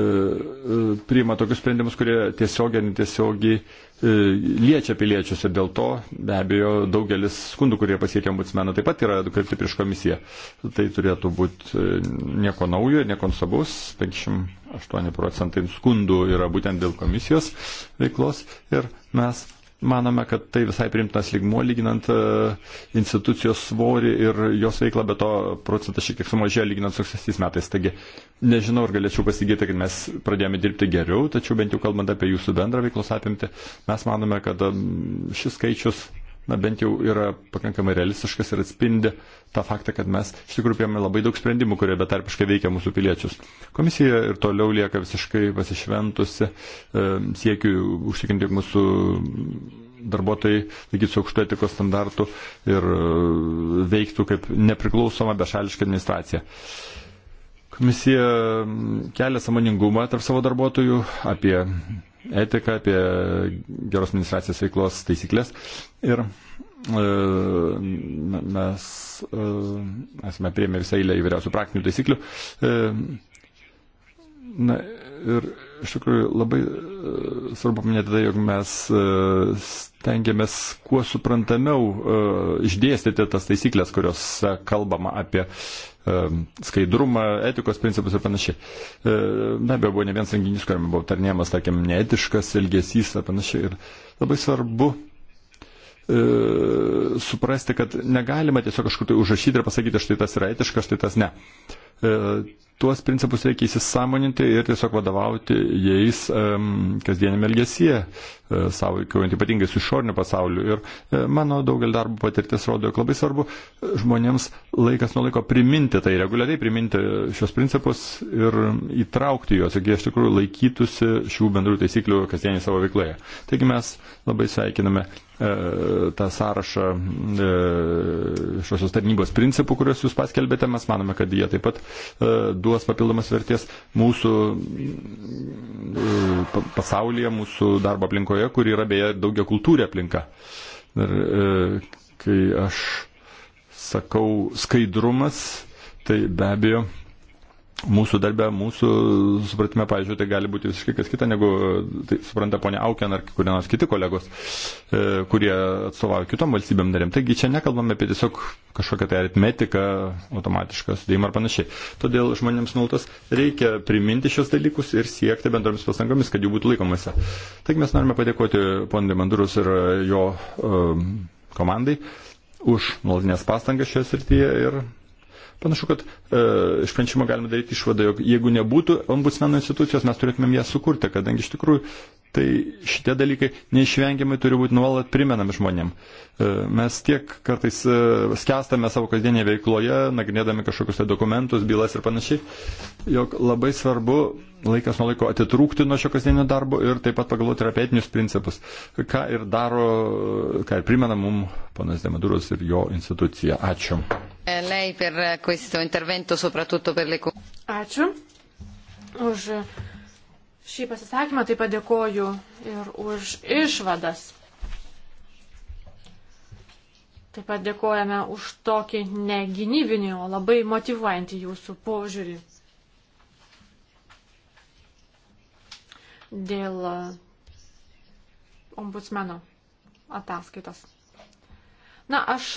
priima tokius sprendimus, kurie tiesiogiai ar netiesiogiai e, E, liečia piliečius ir dėl to be abejo daugelis skundų, kurie pasiekia ombudsmeną, taip pat yra nukreipti prieš komisiją. Tai turėtų būti e, nieko naujo, nieko nusabus. 58 procentai skundų yra būtent dėl komisijos veiklos ir mes Manome, kad tai visai primtinas lygmuo, lyginant e, institucijos svorį ir jos veiklą, bet to procentas šiek tiek sumažėjo lyginant su ankstesniais metais. Taigi nežinau, ar galėčiau pasigėti, kad mes pradėjome dirbti geriau, tačiau bent jau kalbant apie jūsų bendrą veiklos apimtį, mes manome, kad šis skaičius na, bent jau yra pakankamai realistiškas ir atspindi tą faktą, kad mes iš tikrųjų priėmėme labai daug sprendimų, kurie betarpiškai veikia mūsų piliečius. Komisija ir toliau lieka visiškai pasišventusi, e, siekiu užtikrinti mūsų darbuotojai laikytų aukštų etikos standartų ir e, veiktų kaip nepriklausoma bešališka administracija. Komisija kelia samoningumą tarp savo darbuotojų apie etiką, apie geros administracijos veiklos taisyklės. Ir e, mes e, esame prieimę visą eilę įvairiausių praktinių taisyklių. E, na ir iš tikrųjų labai svarbu paminėti tai, jog mes stengiamės kuo suprantamiau išdėstyti tas taisyklės, kurios kalbama apie Э, skaidrumą, etikos principus ir panašiai. Э, be abejo, buvo ne vienas renginys, kuriame buvo tarnėjamas, tarkim, neetiškas elgesys ir panašiai. Ir labai svarbu e, suprasti, kad negalima tiesiog kažkur tai užrašyti ir pasakyti, štai tas yra etiškas, štai tas ne. E, tuos principus reikia įsisamoninti ir tiesiog vadovauti jais um, kasdienėme elgesyje, uh, e, savo įkiojant ypatingai su išorniu pasauliu. Ir uh, mano daugelį darbų patirtis rodo, jog labai svarbu žmonėms laikas nuo laiko priminti tai, reguliariai priminti šios principus ir įtraukti juos, jeigu jie iš tikrųjų laikytųsi šių bendrų taisyklių kasdienį savo veikloje. Taigi mes labai sveikiname e, tą sąrašą e, šiosios tarnybos principų, kuriuos jūs paskelbėte. Mes manome, kad jie taip pat e, duos papildomas vertės mūsų e, pasaulyje, mūsų darbo aplinkoje, kur yra beje daugia kultūrė aplinka. Ir e, kai aš sakau skaidrumas, tai be abejo mūsų darbę, mūsų supratime, pavyzdžiui, tai gali būti visiškai kas kita, negu e, tai supranta ponia Aukien ar kurie nors kiti kolegos, e, kurie atstovauja kitom valstybėm narėm. Taigi čia nekalbame apie tiesiog kažkokią tai aritmetiką, automatišką sudėjimą ar panašiai. Todėl žmonėms nuolatos reikia priminti šios dalykus ir siekti bendromis pasangomis, kad jų būtų laikomasi. Taigi mes norime padėkoti ponui Mandurus ir e, jo e, komandai už nuolatinės pastangas šioje srityje ir Panašu, kad e, iš pranešimo galime daryti išvadą, jog jeigu nebūtų ombudsmeno institucijos, mes turėtumėm ją sukurti, kadangi iš tikrųjų tai šitie dalykai neišvengiamai turi būti nuolat primenami žmonėm. E, mes tiek kartais e, skęstame savo kasdienėje veikloje, nagrinėdami kažkokius tai dokumentus, bylas ir panašiai, jog labai svarbu laikas nuo laiko atitrūkti nuo šio kasdienio darbo ir taip pat pagalvoti ir apie etinius principus, ką ir daro, ką ir primena mums ponas Demaduras ir jo institucija. Ačiū. E lei per questo intervento, soprattutto per le. Ačiū už šį pasisakymą, taip pat dėkoju ir už išvadas. Taip pat dėkojame už tokį negynybinį, o labai motivuojantį jūsų požiūrį. Dėl ombudsmeno ataskaitos. Na, aš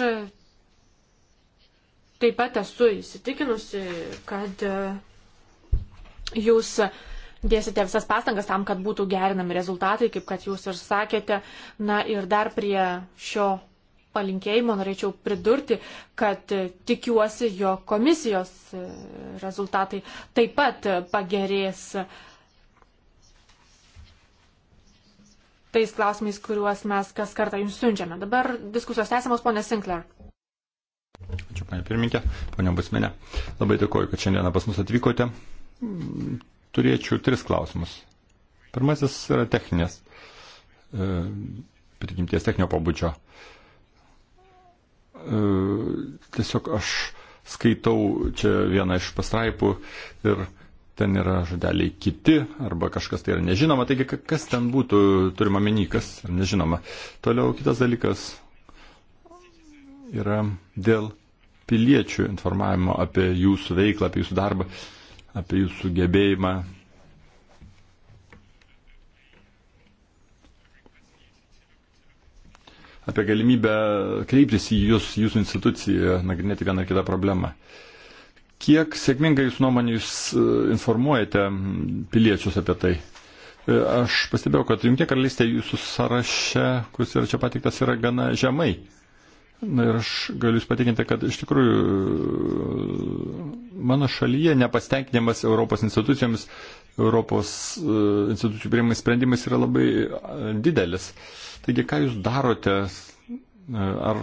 Taip pat esu įsitikinusi, kad e, jūs dėsite visas pastangas tam, kad būtų gerinami rezultatai, kaip kad jūs ir sakėte. Na ir dar prie šio palinkėjimo norėčiau pridurti, kad e, tikiuosi, jo komisijos e, rezultatai taip pat pagerės tais klausimais, kuriuos mes kas kartą jums siunčiame. Dabar diskusijos tęsiamos, ponė Sinclair. Ačiū, panė pirmininkė, panė Busminė. Labai dėkoju, kad šiandieną pas mus atvykote. Turėčiau tris klausimus. Pirmasis yra techninės, e, prigimties techninio pabudžio. E, tiesiog aš skaitau čia vieną iš pastraipų ir ten yra žodeliai kiti arba kažkas tai yra nežinoma, taigi kas ten būtų turima menikas, nežinoma. Toliau kitas dalykas yra dėl piliečių informavimo apie jūsų veiklą, apie jūsų darbą, apie jūsų gebėjimą. apie galimybę kreiptis į jūs, jūsų instituciją, nagrinėti vieną ar kitą problemą. Kiek sėkmingai jūs nuomonė e, jūs informuojate piliečius apie tai? E, aš pastebėjau, kad Junktinė karalystė jūsų sąraše, kuris yra čia patiktas, yra gana žemai. Na ir aš galiu jūs patikinti, kad iš tikrųjų e, mano šalyje nepasitenkinimas Europos institucijomis, Europos e, institucijų priimais sprendimais yra labai e, didelis. Taigi, ką jūs darote, ar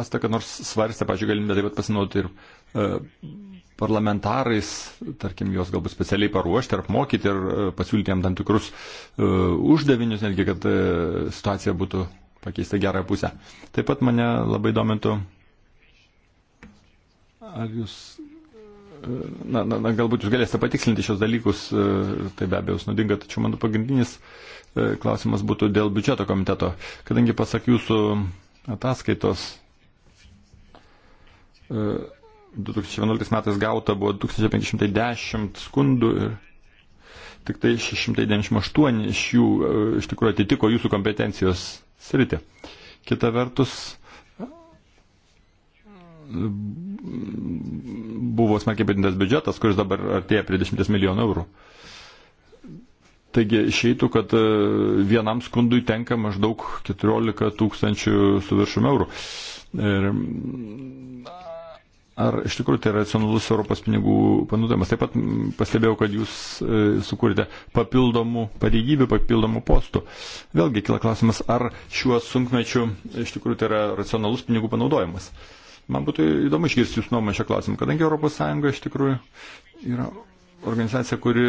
esate, kad nors svarstę, pažiūrėjau, galimybę taip pat pasinaudoti ir parlamentarais, tarkim, juos galbūt specialiai paruošti ar apmokyti ir pasiūlyti jam tam tikrus uždavinius, netgi kad situacija būtų pakeisti gerą pusę. Taip pat mane labai domintų, ar jūs, na, na, na galbūt jūs galėsite patikslinti šios dalykus, tai be abejo, naudinga, tačiau mano pagrindinis e, klausimas būtų dėl biudžeto komiteto, kadangi pasak jūsų ataskaitos 2011 e, metais gauta buvo 2510 skundų ir tik tai 698 iš jų e, iš tikrųjų atitiko jūsų kompetencijos sritį. Kita vertus, buvo smarkiai padintas biudžetas, kuris dabar artėja prie 10 milijonų eurų. Taigi išeitų, kad e, vienam skundui tenka maždaug 14 tūkstančių su viršum eurų. Ir Ar iš tikrųjų tai racionalus Europos pinigų panaudojimas? Taip pat pastebėjau, kad jūs e, sukūrėte papildomų pareigybių, papildomų postų. Vėlgi kila klausimas, ar šiuo sunkmečiu iš tikrųjų tai yra racionalus pinigų panaudojimas. Man būtų įdomu išgirsti jūsų nuomonę šią klausimą, kadangi ES iš tikrųjų yra organizacija, kuri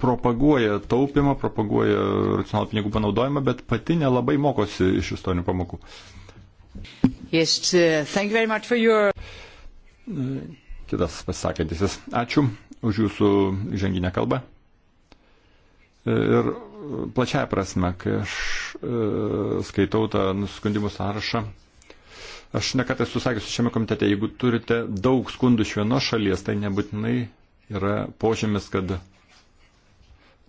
propaguoja taupimą, propaguoja racionalų pinigų panaudojimą, bet pati nelabai mokosi iš istorinių pamokų. Yes, uh, kitas pasisakantisis. Ačiū už jūsų ženginę kalbą. Ir plačiaja prasme, kai aš e, skaitau tą nusiskundimų sąrašą, aš nekartą esu sakiusi šiame komitete, jeigu turite daug skundų iš vienos šalies, tai nebūtinai yra požymis, kad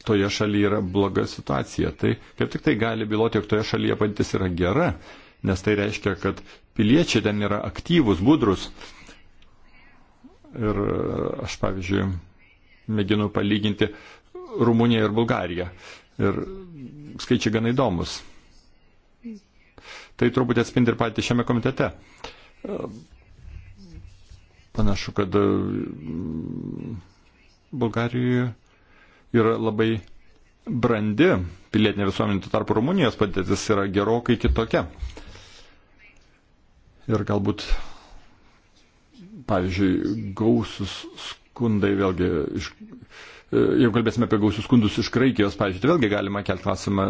toje šalyje yra bloga situacija. Tai kaip tik tai gali byloti, jog toje šalyje padėtis yra gera, nes tai reiškia, kad piliečiai ten yra aktyvus, budrus Ir e, aš, pavyzdžiui, mėginu palyginti Rumuniją ir Bulgariją. Ir skaičiai gana įdomus. Tai turbūt atspindi ir patį šiame komitete. E, panašu, kad e, Bulgarijoje yra labai brandi pilietinė visuomenė, tuo tarpu Rumunijos padėtis yra gerokai kitokia. Ir galbūt Pavyzdžiui, gausus skundai vėlgi iš e, jau kalbėsime apie gausius skundus iš Graikijos, pavyzdžiui, tai vėlgi galima kelti klausimą,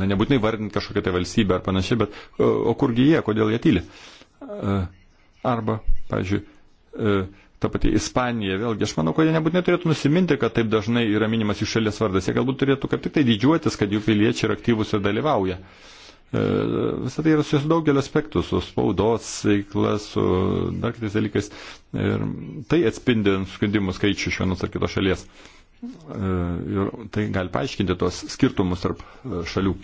na, nebūtinai vardinti kažkokią tai valstybę ar panašiai, bet e, o kurgi jie, kodėl jie tyli? E, arba, pavyzdžiui, ta pati Ispanija, vėlgi, aš manau, kad jie nebūtinai turėtų nusiminti, kad taip dažnai yra minimas jų šalies vardas, jie galbūt turėtų kaip tik tai didžiuotis, kad jų piliečiai yra aktyvus ir dalyvauja. Uh, E, Visą tai yra susijęs daugelio aspektų, su spaudos veikla, su dar kitais dalykais. Ir tai atspindi skundimų skaičių iš vienos ar kitos šalies. E, ir tai gali paaiškinti tos skirtumus tarp e, šalių.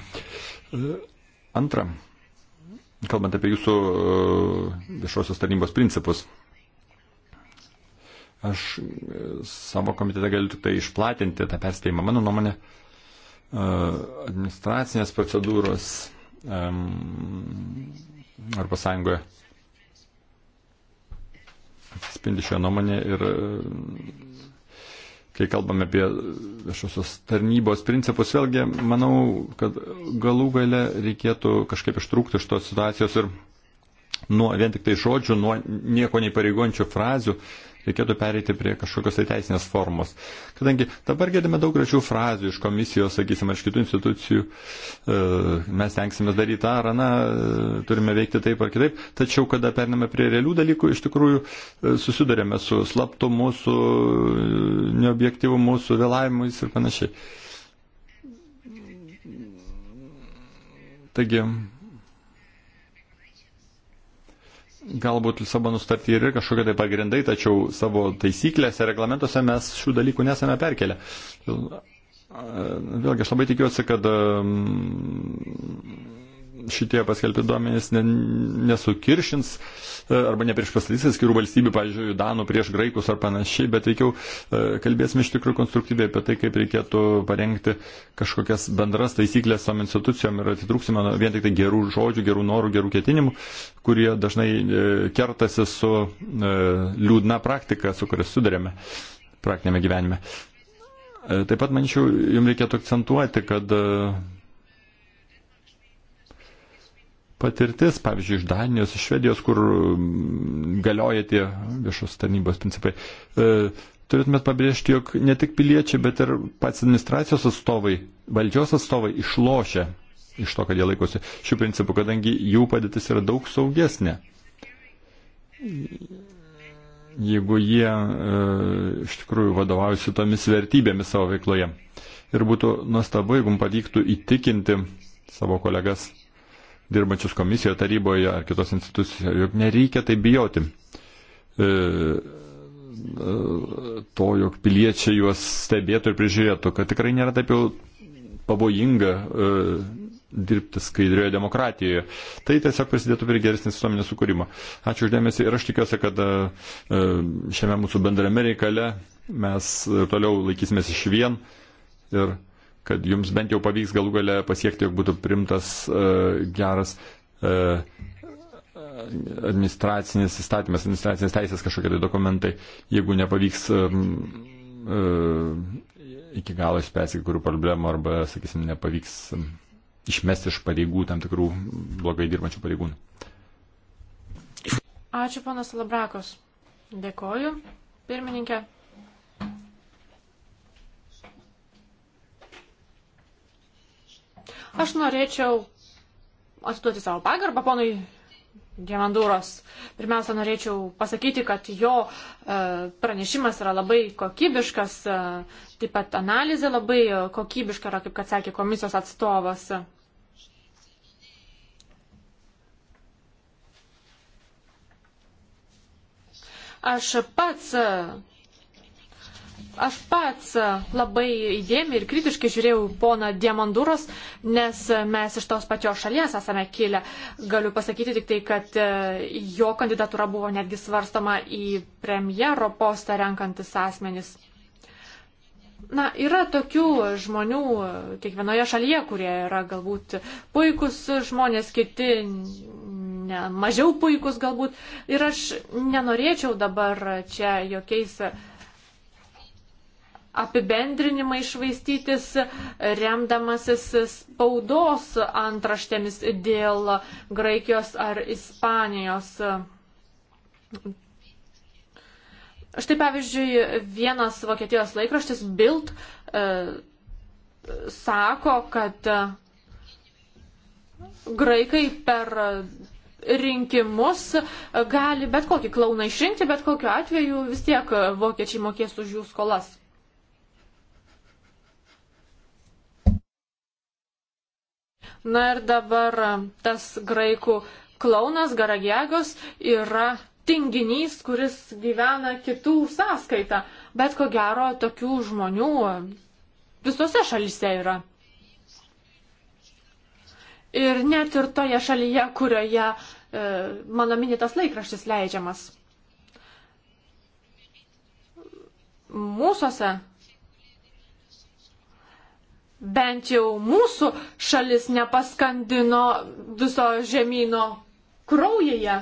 Antra, kalbant apie jūsų viešosios tarnybos principus. Aš savo komitete galiu tik tai išplatinti tą perspėjimą. Mano nuomonė, administracinės procedūros um, Europos Sąjungoje atsispindi šią nuomonę ir e, kai kalbame apie viešosios tarnybos principus, vėlgi manau, kad galų gale reikėtų kažkaip ištrūkti iš tos situacijos ir nuo vien tik tai žodžių, nuo nieko neįpareigojančių frazių uh, reikėtų pereiti prie kažkokios tai teisinės formos. Kadangi dabar girdime daug gražių frazių iš komisijos, sakysim, ar iš kitų institucijų, e, mes tenksimės daryti tą ar aną, e, turime veikti taip ar kitaip, tačiau kada pername prie realių dalykų, iš tikrųjų e, susidurėme su slaptumu, su neobjektivumu, su vėlavimais ir panašiai. Taigi, galbūt Lisabono sutartį ir kažkokie tai pagrindai, tačiau savo taisyklėse, reglamentuose mes šių dalykų nesame perkelę. Vėlgi aš labai tikiuosi, kad um, šitie paskelbti duomenys nesukiršins e, arba nepriešpastatys atskirų valstybių, pavyzdžiui, Danų prieš Graikus ar panašiai, bet veikiau e, kalbėsime iš tikrųjų konstruktyviai apie tai, kaip reikėtų parengti kažkokias bendras taisyklės tom institucijom ir atitrūksime vien tik tai gerų žodžių, gerų norų, gerų ketinimų, kurie dažnai e, kertasi su liūdna praktika, su kuria sudarėme praktinėme gyvenime. Taip pat, manyčiau, jums reikėtų akcentuoti, kad patirtis, pavyzdžiui, iš Danijos, iš Švedijos, kur mm, galioja tie viešos tarnybos principai. E, turėtumėt pabrėžti, jog ne tik piliečiai, bet ir pats administracijos atstovai, valdžios atstovai išlošia iš to, kad jie laikosi šių principų, kadangi jų padėtis yra daug saugesnė. Jeigu jie e, iš tikrųjų vadovaujasi tomis vertybėmis savo veikloje. Ir būtų nuostabu, jeigu mums pavyktų įtikinti savo kolegas dirbančius komisijoje, taryboje ar kitos institucijoje. Juk nereikia tai bijoti. E, to, jog piliečiai juos stebėtų ir prižiūrėtų, kad tikrai nėra taip jau pavojinga e, dirbti skaidrioje demokratijoje. Tai tiesiog prisidėtų prie geresnės visuomenės sukūrimo. Ačiū uždėmesi ir aš tikiuosi, kad e, šiame mūsų bendrame reikale mes toliau laikysimės iš vien ir kad jums bent jau pavyks galų gale pasiekti, jog būtų primtas uh, geras uh, administracinis įstatymas, administracinės teisės kažkokie tai dokumentai, jeigu nepavyks um, uh, iki galo išspręsti kai kurių problemų arba, sakysim, nepavyks um, išmesti iš pareigų tam tikrų blogai dirbančių pareigūnų. Ačiū, panas Labrakos. Dėkoju. Pirmininkė, Aš norėčiau atiduoti savo pagarbą ponui Diamanduros. Pirmiausia, norėčiau pasakyti, kad jo e, pranešimas yra labai kokybiškas, e, taip pat analizė labai kokybiška yra, kaip kad sakė komisijos atstovas. Aš pats e, Aš pats labai įdėmiai ir kritiškai žiūrėjau poną Diamandūros, nes mes iš tos pačios šalies esame kilę. Galiu pasakyti tik tai, kad e, jo kandidatūra buvo netgi svarstama į premjero postą renkantis asmenis. Na, yra tokių žmonių kiekvienoje šalyje, kurie yra galbūt puikus žmonės, kiti ne, mažiau puikus galbūt. Ir aš nenorėčiau dabar čia jokiais apibendrinimai švaistytis, remdamasis spaudos antraštėmis dėl Graikijos ar Ispanijos. Štai pavyzdžiui, vienas Vokietijos laikraštis Bild e, sako, kad graikai per rinkimus gali bet kokį klauną išrinkti, bet kokiu atveju vis tiek vokiečiai mokės už jų skolas. Na ir dabar tas graikų klaunas Garagiagos yra tinginys, kuris gyvena kitų sąskaitą. Bet ko gero, tokių žmonių visose šalise yra. Ir net ir toje šalyje, kurioje e, mano minėtas laikraštis leidžiamas. Mūsųse bent jau mūsų šalis nepaskandino viso žemynų kraujyje.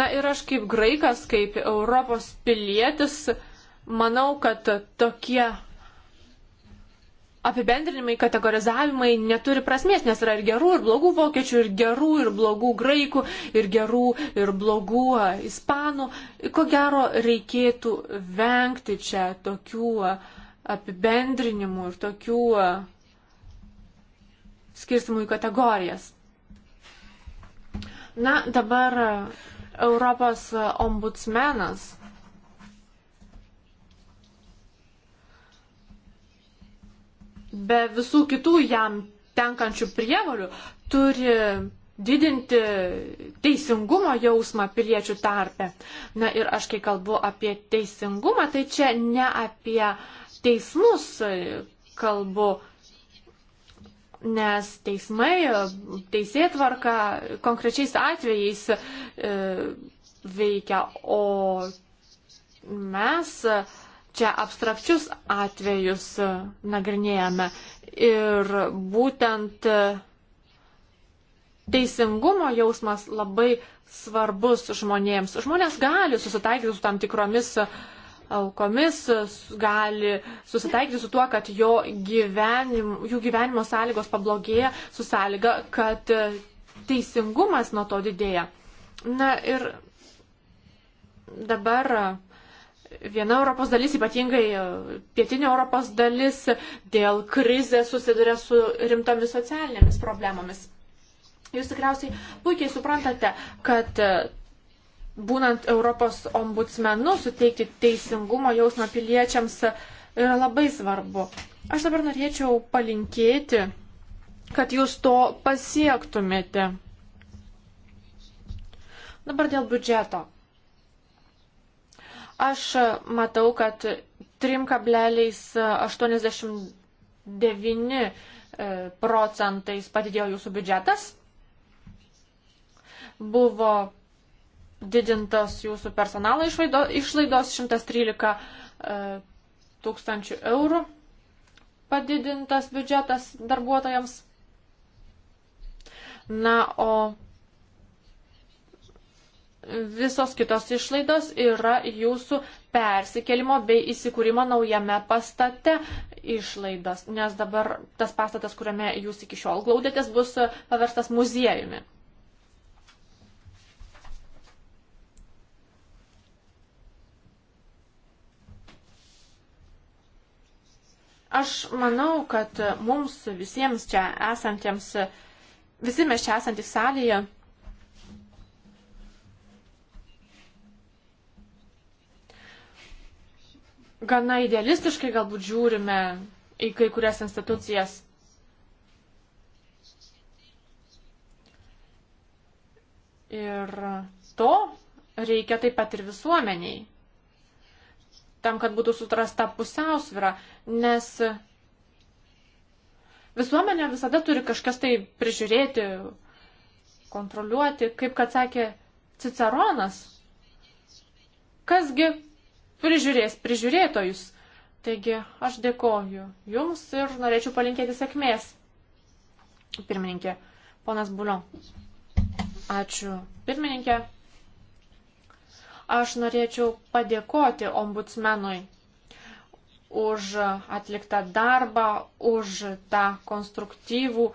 Na ir aš kaip graikas, kaip Europos pilietis, manau, kad tokie apibendrinimai, kategorizavimai neturi prasmės, nes yra ir gerų, ir blogų vokiečių, ir gerų, ir blogų graikų, ir gerų, ir blogų ispanų. Ko gero reikėtų vengti čia tokių apibendrinimų ir tokių skirstimų į kategorijas. Na, dabar Europos ombudsmenas be visų kitų jam tenkančių prievalių turi didinti teisingumo jausmą piliečių tarpe. Na ir aš kai kalbu apie teisingumą, tai čia ne apie teismus kalbu, nes teismai, teisėtvarka konkrečiais atvejais e, veikia, o mes e, čia abstrakčius atvejus e, nagrinėjame ir būtent e, teisingumo jausmas labai svarbus žmonėms. Žmonės gali susitaikyti su tam tikromis aukomis, gali susitaikyti su tuo, kad jo gyvenim, jų gyvenimo sąlygos pablogėja su sąlyga, kad e, teisingumas nuo to didėja. Na ir dabar viena Europos dalis, ypatingai e, pietinė Europos dalis, dėl krizės susiduria su rimtomis socialinėmis problemomis. Jūs tikriausiai puikiai suprantate, kad e, būnant Europos ombudsmenu suteikti teisingumo jausmą piliečiams yra labai svarbu. Aš dabar norėčiau palinkėti, kad jūs to pasiektumėte. Dabar dėl biudžeto. Aš matau, kad 3,89 e, procentais padidėjo jūsų biudžetas. Buvo didintas jūsų personalo išvaido, išlaidos 113 e, tūkstančių eurų padidintas biudžetas darbuotojams. Na, o visos kitos išlaidos yra jūsų persikelimo bei įsikūrimo naujame pastate išlaidos, nes dabar tas pastatas, kuriame jūs iki šiol glaudėtės, bus paverstas muziejumi. Aš manau, kad mums visiems čia esantiems, visi mes čia esantys salėje, gana idealistiškai galbūt žiūrime į kai kurias institucijas. Ir to reikia taip pat ir visuomeniai. Tam, kad būtų sutrasta pusiausvyra, nes visuomenė visada turi kažkas tai prižiūrėti, kontroliuoti, kaip kad sakė Ciceronas. Kasgi prižiūrės prižiūrėtojus. Taigi aš dėkoju Jums ir norėčiau palinkėti sėkmės. Pirmininkė, ponas Bulio. Ačiū. Pirmininkė, aš norėčiau padėkoti ombudsmenui už atliktą darbą, už tą konstruktyvų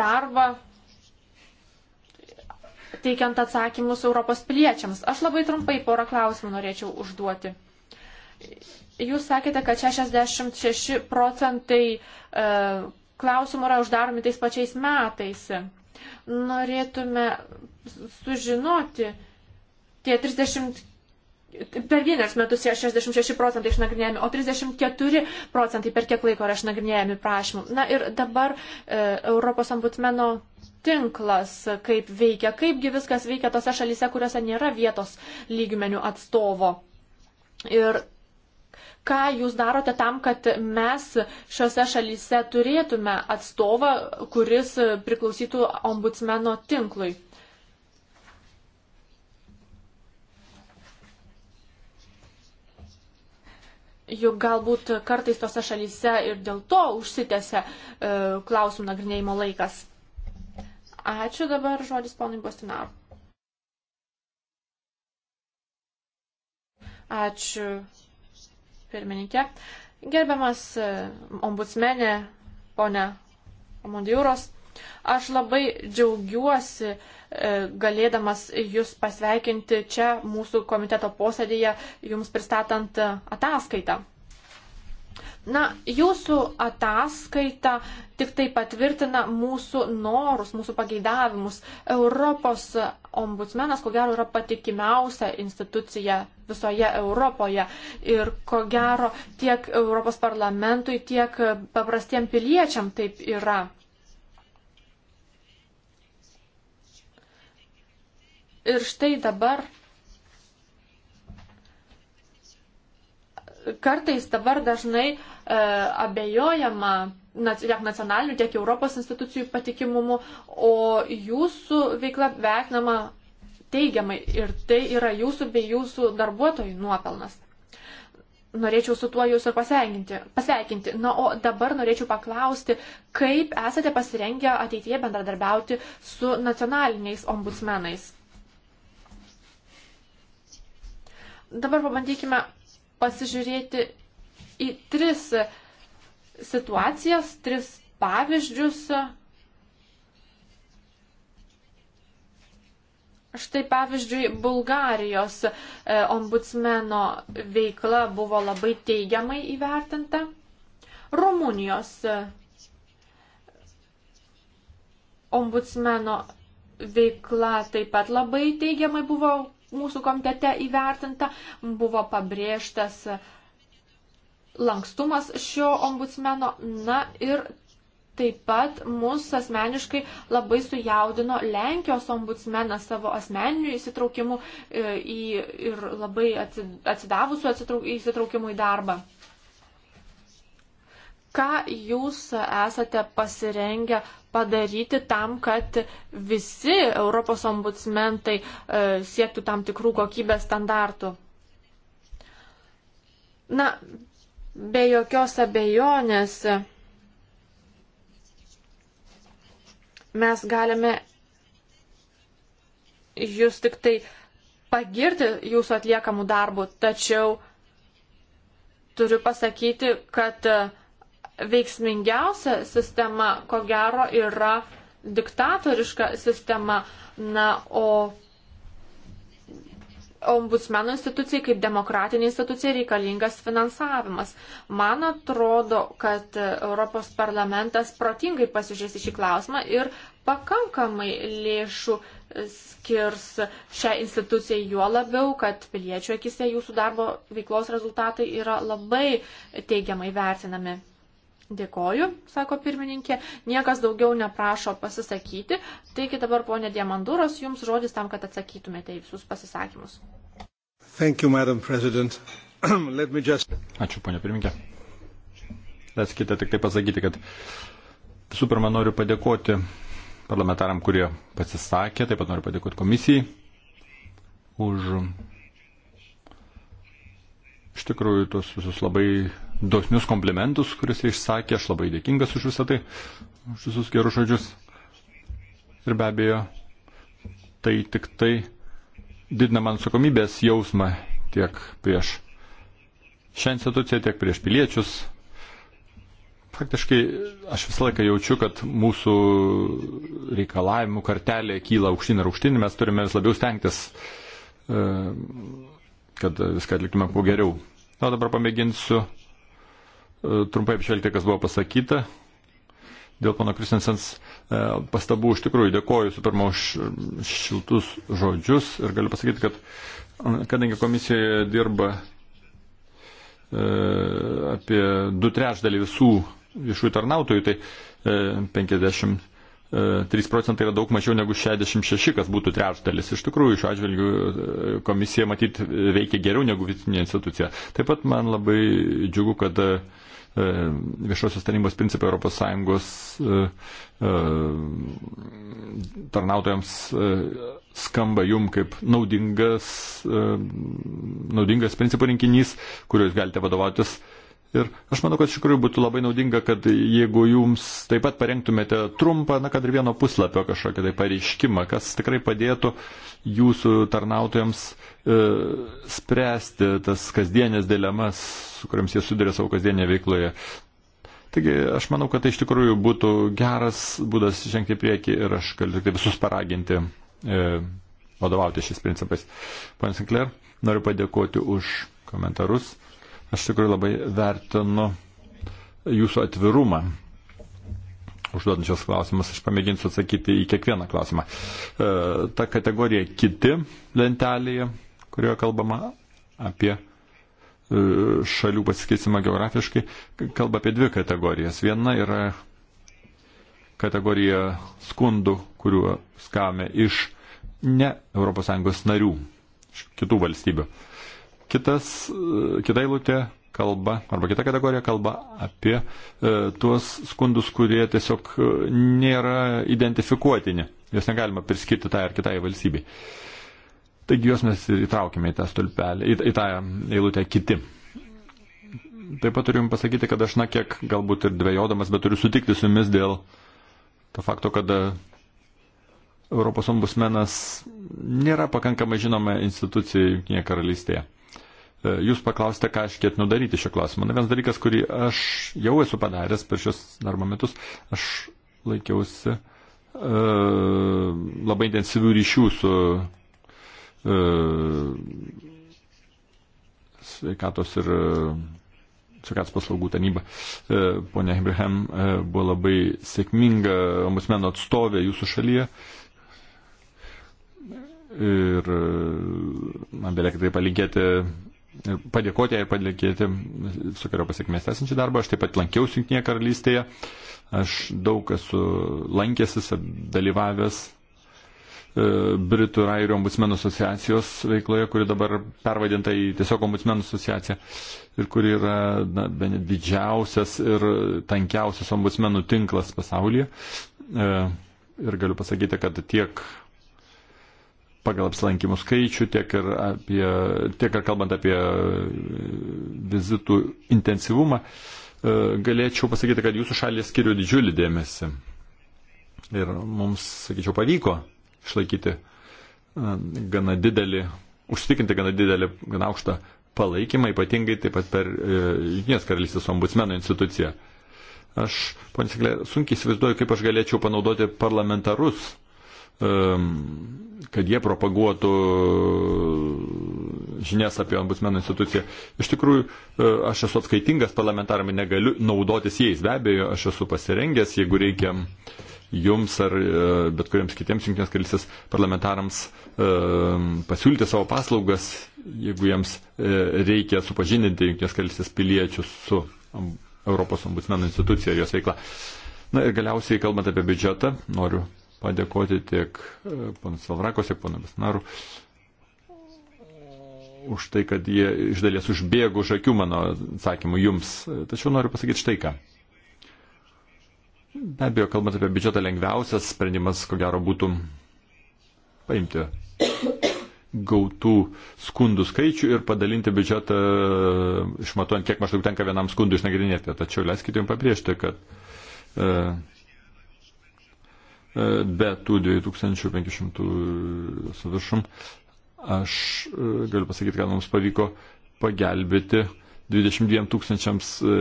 darbą teikiant atsakymus Europos piliečiams. Aš labai trumpai porą klausimų norėčiau užduoti. Jūs sakėte, kad 66 procentai e, klausimų yra uždaromi tais pačiais metais. Norėtume sužinoti tie 30 per vienerius metus 66 procentai išnagrinėjami, o 34 procentai per kiek laiko yra išnagrinėjami prašymų. Na ir dabar e, Europos ombudsmeno tinklas, kaip veikia, kaipgi viskas veikia tose šalyse, kuriuose nėra vietos lygmenių atstovo. Ir ką jūs darote tam, kad mes šiuose šalyse turėtume atstovą, kuris priklausytų ombudsmeno tinklui. Juk galbūt kartais tose šalyse ir dėl to užsitęsia e, klausimų nagrinėjimo laikas. Ačiū dabar žodis ponui Bostinaru. Ačiū pirmininkė. Gerbiamas e, ombudsmenė, ponė Mondiūros, aš labai džiaugiuosi e, galėdamas jūs pasveikinti čia mūsų komiteto posėdėje, jums pristatant e, ataskaitą. Na, jūsų ataskaita tik tai patvirtina mūsų norus, mūsų pageidavimus. Europos ombudsmenas, ko gero, yra patikimiausia institucija visoje Europoje. Ir ko gero, tiek Europos parlamentui, tiek paprastiem piliečiam taip yra. Ir štai dabar kartais dabar dažnai e, abejojama tiek nacionalinių, tiek Europos institucijų patikimumu, o jūsų veikla vertinama teigiamai ir tai yra jūsų bei jūsų darbuotojų nuopelnas. Norėčiau su tuo jūs ir pasveikinti. pasveikinti. Na, o dabar norėčiau paklausti, kaip esate pasirengę ateityje bendradarbiauti su nacionaliniais ombudsmenais. Dabar pabandykime pasižiūrėti į tris situacijas, tris pavyzdžius. Štai pavyzdžiui, Bulgarijos e, ombudsmeno veikla buvo labai teigiamai įvertinta. Rumunijos e, ombudsmeno veikla taip pat labai teigiamai buvo mūsų komitete įvertinta, buvo pabrėžtas lankstumas šio ombudsmeno. Na ir taip pat mus asmeniškai labai sujaudino Lenkijos ombudsmenas savo asmeniniu įsitraukimu e, į, ir labai atsidavusiu įsitraukimu į darbą. Ką jūs esate pasirengę padaryti tam, kad visi Europos ombudsmentai e, siektų tam tikrų kokybės standartų? Na, be jokios abejonės mes galime jūs tik tai pagirti jūsų atliekamų darbų, tačiau turiu pasakyti, kad uh, veiksmingiausia sistema, ko gero, yra diktatoriška sistema. Na, o ombudsmeno institucijai kaip demokratinė institucija reikalingas finansavimas. Man atrodo, kad Europos parlamentas protingai pasižiūrės į šį klausimą ir pakankamai lėšų skirs šią instituciją, juo labiau, kad piliečių akise jūsų darbo veiklos rezultatai yra labai teigiamai vertinami. Dėkoju, sako pirmininkė, niekas daugiau neprašo pasisakyti. Taigi dabar, ponė Diamanduros, jums žodis tam, kad atsakytumėte į visus pasisakymus. Thank you, Madam President. Let me just... Ačiū, ponė pirmininkė. Leiskite tik tai pasakyti, kad visų pirma noriu padėkoti parlamentaram, kurie pasisakė, taip pat noriu padėkoti komisijai už iš tikrųjų tuos visus labai dosnius komplimentus, kuriuos jie išsakė. Aš labai dėkingas už visą tai, už visus gerus žodžius. Ir be abejo, tai tik tai didina man atsakomybės jausmą tiek prieš šią instituciją, tiek prieš piliečius. Faktiškai aš visą laiką jaučiu, kad mūsų reikalavimų kartelė kyla aukštyn ir aukštyn, mes turime vis labiau stengtis, e, kad viską atliktume kuo geriau. Na, dabar pamėginsiu trumpai apžvelgti, kas buvo pasakyta. Dėl pana Kristensens e, pastabų iš tikrųjų dėkoju su pirma už šiltus žodžius ir galiu pasakyti, kad kadangi komisijoje dirba e, apie du trečdalį visų viešųjų tarnautojų, tai 53 e, procentai yra daug mažiau negu 66, kas būtų trečdalis. Iš tikrųjų, šiuo atžvilgiu komisija matyt veikia geriau negu vidutinė institucija. Taip pat man labai džiugu, kad E, viešosios tarnybos principai ES e, e, tarnautojams skamba jum kaip naudingas, naudingas principų rinkinys, kuriuo jūs galite vadovautis Ir aš manau, kad iš tikrųjų būtų labai naudinga, kad jeigu jums taip pat parengtumėte trumpą, na, kad ir vieno puslapio kažkokį tai pareiškimą, kas tikrai padėtų jūsų tarnautojams e, spręsti tas kasdienės dilemas, su kuriams jie sudarė savo kasdienėje veikloje. Taigi aš manau, kad tai iš tikrųjų būtų geras būdas žengti prieki ir aš galiu tik tai visus paraginti e, vadovauti šiais principais. Pane Sinclair, noriu padėkoti už komentarus. Aš tikrai labai vertinu jūsų atvirumą. Užduodančios klausimus aš pamėginsiu atsakyti į kiekvieną klausimą. E, ta kategorija kiti lentelėje, kurioje kalbama apie e, šalių pasikeisimą geografiškai, kalba apie dvi kategorijas. Viena yra kategorija skundų, kuriuos gavome iš ne ES narių, iš kitų valstybių. Uh, Kitas, kita eilutė kalba, arba kita kategorija kalba apie e, tuos skundus, kurie tiesiog e, nėra identifikuotini. Jos negalima priskirti tai ar kitai valstybei. Taigi juos mes įtraukime į tą stulpelį, į, į tą eilutę kiti. Taip pat turiu Jums pasakyti, kad aš na kiek galbūt ir dvėjodamas, bet turiu sutikti su Jumis dėl to fakto, kad e, Europos ombudsmenas nėra pakankamai žinoma institucija Junktinėje karalystėje. E, jūs paklausite, ką aš ketinu daryti šio klausimu. Na, vienas dalykas, kurį aš jau esu padaręs per šios darbo metus, aš laikiausi e, labai intensyvių ryšių su e, sveikatos ir e, sveikatos paslaugų tarnyba. E, Pone Ibrahim e, buvo labai sėkminga ombudsmeno atstovė jūsų šalyje. Ir e, man belieka tai palinkėti ir padėkoti jai ir padėkėti sukaro pasiekmės esančią darbą. Aš taip pat lankiausi Junktinėje karalystėje, aš daug esu lankęsis, dalyvavęs e, Britų ir Airijų ombudsmenų asociacijos veikloje, kuri dabar pervadinta į tiesiog ombudsmenų asociaciją ir kuri yra na, bene didžiausias ir tankiausias ombudsmenų tinklas pasaulyje. E, ir galiu pasakyti, kad tiek pagal apsilankimų skaičių, tiek ir, apie, tiek ir kalbant apie vizitų intensyvumą, e, galėčiau pasakyti, kad jūsų šalis skiriu didžiulį dėmesį. Ir mums, sakyčiau, pavyko išlaikyti e, gana didelį, užsitikrinti gana didelį, gana aukštą palaikymą, ypatingai taip pat per e, Junkinės karalystės ombudsmeno instituciją. Aš, ponė Siklė, sunkiai įsivaizduoju, kaip aš galėčiau panaudoti parlamentarus Ehm, kad jie propaguotų e, žinias apie ombudsmeno instituciją. Iš tikrųjų, e, aš esu atskaitingas parlamentarami, negaliu naudotis jais. Be abejo, aš esu pasirengęs, jeigu reikia jums ar e, bet kuriems kitiems jungtinės karalystės parlamentarams pasiūlyti savo paslaugas, jeigu jiems reikia supažindinti jungtinės karalystės piliečius su Europos ombudsmeno institucija ir jos veikla. Na ir galiausiai, kalbant apie biudžetą, noriu padėkoti tiek e, panas Salvrakos, tiek panas Besnaru už tai, kad jie iš dalies užbėgo už akių mano atsakymų jums. Tačiau noriu pasakyti štai ką. Be abejo, kalbant apie biudžetą, lengviausias sprendimas, ko gero, būtų paimti gautų skundų skaičių ir padalinti biudžetą, e, išmatuojant, kiek maždaug tenka vienam skundui išnagrinėti. Tačiau leiskite jums pabrėžti, kad e, E, be tų 2500 su viršum, aš e, galiu pasakyti, kad mums pavyko pagelbėti 22 tūkstančiams e,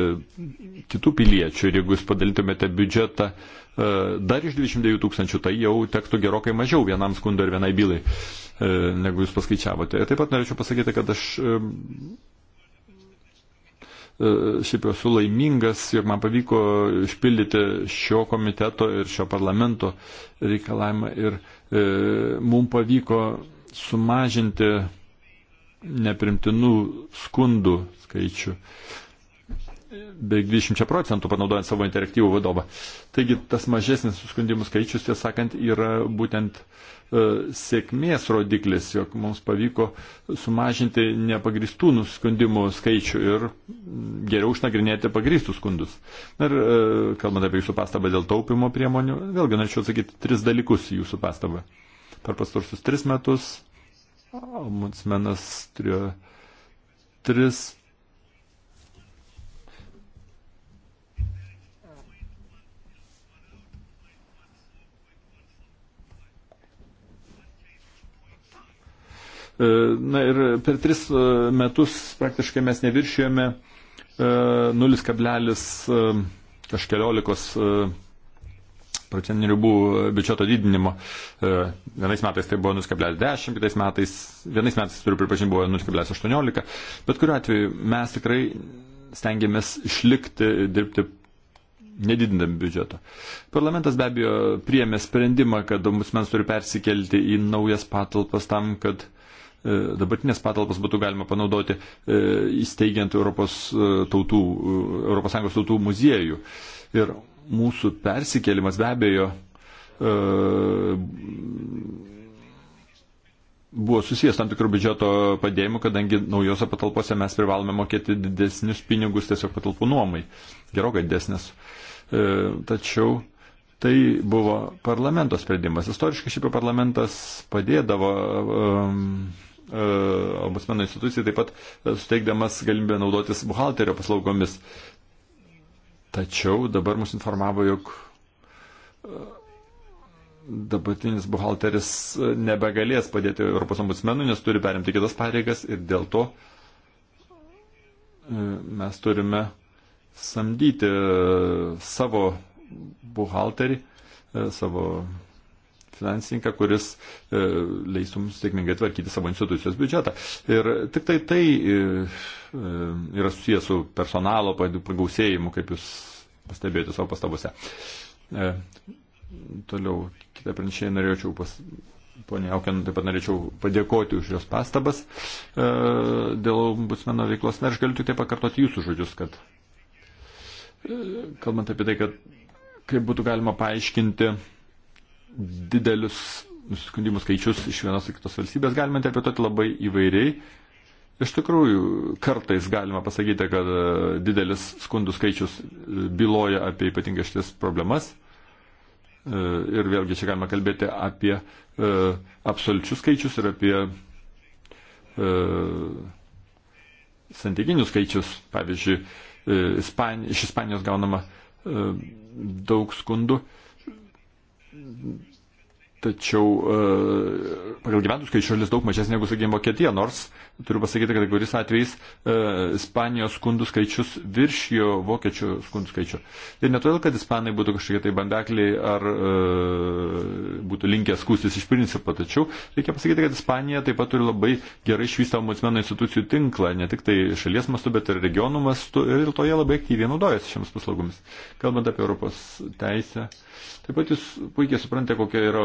kitų piliečių ir jeigu jūs padalytumėte biudžetą dar iš 22 tūkstančių, tai jau tektų gerokai mažiau vienam skundui ir vienai bylai, negu jūs paskaičiavote. Ir taip pat norėčiau pasakyti, kad aš E, šiaip esu laimingas, jog man pavyko išpildyti šio komiteto ir šio parlamento reikalavimą ir e, mums pavyko sumažinti neprimtinų skundų skaičių beveik 20 procentų panaudojant savo interaktyvų vadovą. Taigi tas mažesnis suskundimų skaičius, tiesą sakant, yra būtent e, sėkmės rodiklis, jog mums pavyko sumažinti nepagristų nuskundimų skaičių ir geriau išnagrinėti pagristų skundus. Ir e, kalbant apie jūsų pastabą dėl taupimo priemonių, vėlgi norėčiau atsakyti tris dalykus į jūsų pastabą. Per pastarsius tris metus ombudsmenas turėjo tris E, na ir per tris e, metus praktiškai mes neviršijome 0, e, kažkeliolikos procentinių ribų biudžeto didinimo. Vienais metais tai buvo 0,10, kitais metais, vienais metais turiu pripažinti, buvo 0,18. Bet kuriuo atveju mes tikrai stengiamės išlikti, dirbti nedidindami biudžeto. Parlamentas be abejo priėmė sprendimą, kad ombudsmens turi persikelti į naujas patalpas tam, kad uh, E, dabartinės patalpas būtų galima panaudoti e, įsteigiant Europos e, tautų, ES tautų muziejų. Ir mūsų persikėlimas be abejo buvo susijęs tam tikrų biudžeto padėjimu, kadangi naujose patalpose mes privalome mokėti didesnius pinigus tiesiog patalpų nuomai, gerokai didesnis. Tačiau tai buvo parlamento sprendimas. Istoriškai šiaip parlamentas padėdavo um, E, ombudsmeno institucijai, taip pat e, suteikdamas galimybę naudotis buhalterio paslaugomis. Tačiau dabar mus informavo, jog e, dabartinis buhalteris nebegalės padėti Europos ombudsmenui, nes turi perimti kitas pareigas ir dėl to mes turime samdyti savo buhalterį, savo finansininką, kuris e, leis mums sėkmingai tvarkyti savo institucijos biudžetą. Ir tik tai tai e, e, yra susijęs su personalo pagausėjimu, kaip jūs pastebėjote savo pastabose. Toliau, kitą pranešėją norėčiau pas, Pone Aukin, taip pat norėčiau padėkoti už jos pastabas e, dėl ombudsmeno veiklos. Na, aš galiu tik tai pakartoti jūsų žodžius, kad e, kalbant apie tai, kad kaip būtų galima paaiškinti didelius nusiskundimų skaičius iš vienos į kitos valstybės galima interpretuoti labai įvairiai. Iš tikrųjų, kartais galima pasakyti, kad e, didelis skundų skaičius e, byloja apie ypatingai šitas problemas. E, ir vėlgi čia galima kalbėti apie absoliučius skaičius ir apie santykinius skaičius. Pavyzdžiui, iš Ispanijos gaunama daug skundų Tačiau e, pagal gyventojų skaičių šalis daug mažesnė negu, sakykime, Vokietija, nors turiu pasakyti, kad kai kuris atvejais e, Ispanijos skundų skaičius viršijo vokiečių skundų skaičių. Ir ne todėl, kad Ispanai būtų kažkokie tai bandekliai ar e, būtų linkę skūstis iš principo, tačiau reikia pasakyti, kad Ispanija taip pat turi labai gerai išvystą ombudsmeno institucijų tinklą, ne tik tai šalies mastu, bet ir regionų mastu ir dėl to jie labai aktyviai naudojasi šiems paslaugomis. Kalbant apie Europos teisę. Uh, Taip pat jūs puikiai suprantate, kokia yra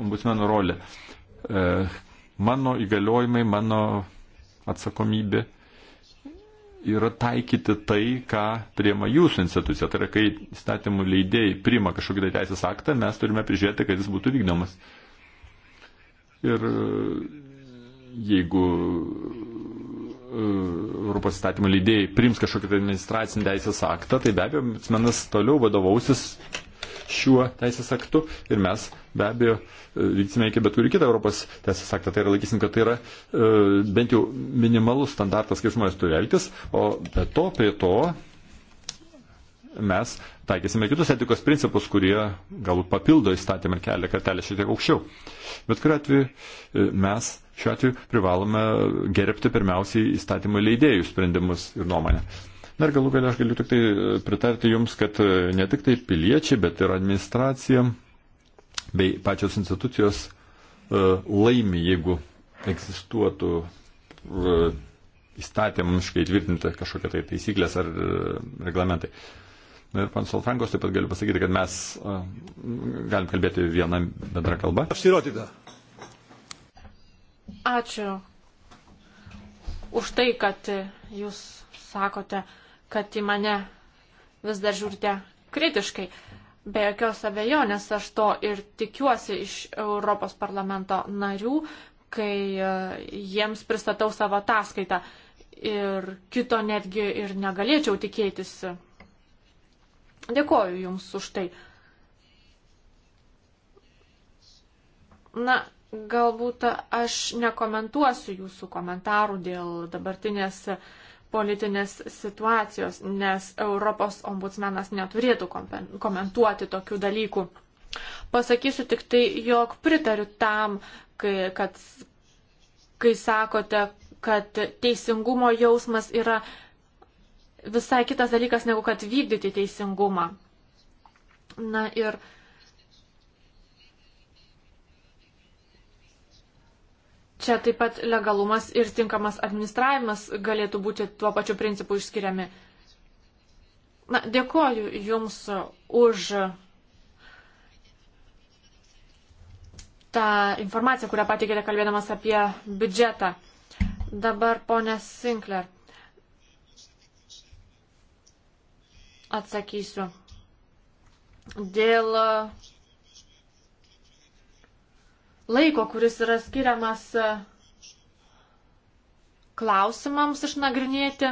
ombudsmeno rolė. E, mano įgaliojimai, mano atsakomybė yra taikyti tai, ką priema jūsų institucija. Tai yra, kai statymų leidėjai priima kažkokį tai teisės aktą, mes turime prižiūrėti, kad jis būtų vykdomas. Ir e, jeigu e, Europos įstatymų leidėjai priims kažkokį tai administracinį teisės aktą, tai be abejo, menas toliau vadovausis šiuo teisės aktu ir mes be abejo e, vyksime iki bet kurį kitą Europos teisės aktą. Tai yra laikysim, kad tai yra e, bent jau minimalus standartas, kaip žmonės turi elgtis, o be to, prie to mes taikysime kitus etikos principus, kurie galbūt papildo įstatymą ir kelia kartelę šiek tiek aukščiau. Bet kuriu atveju e, mes šiuo atveju privalome gerbti pirmiausiai įstatymų leidėjų sprendimus ir nuomonę. Dar galų galę aš galiu tik tai e, pritarti Jums, kad e, ne tik tai piliečiai, bet ir administracija bei pačios institucijos e, laimi, jeigu egzistuotų įstatymiškai tvirtinti kažkokie tai taisyklės ar reglamentai. Na ir pan Salfrankos taip pat galiu pasakyti, kad mes galim kalbėti vieną bendrą kalbą. Aš įrodyta. Ačiū už tai, kad jūs sakote, kad į mane vis dar žiūrite kritiškai. Be jokios abejonės aš to ir tikiuosi iš Europos parlamento narių, kai e, jiems pristatau savo ataskaitą. Ir kito netgi ir negalėčiau tikėtis. Dėkoju Jums už tai. Na, galbūt aš nekomentuosiu Jūsų komentarų dėl dabartinės uh, politinės situacijos, nes Europos ombudsmenas neturėtų komentuoti tokių dalykų. Pasakysiu tik tai, jog pritariu tam, kai, kad, kai sakote, kad teisingumo jausmas yra visai kitas dalykas, negu kad vykdyti teisingumą. Na ir Čia taip pat legalumas ir tinkamas administravimas galėtų būti tuo pačiu principu išskiriami. Na, dėkoju Jums už tą informaciją, kurią patikėte kalbėdamas apie biudžetą. Dabar ponė Sinkler. Atsakysiu. Dėl laiko, kuris yra skiriamas e, klausimams išnagrinėti,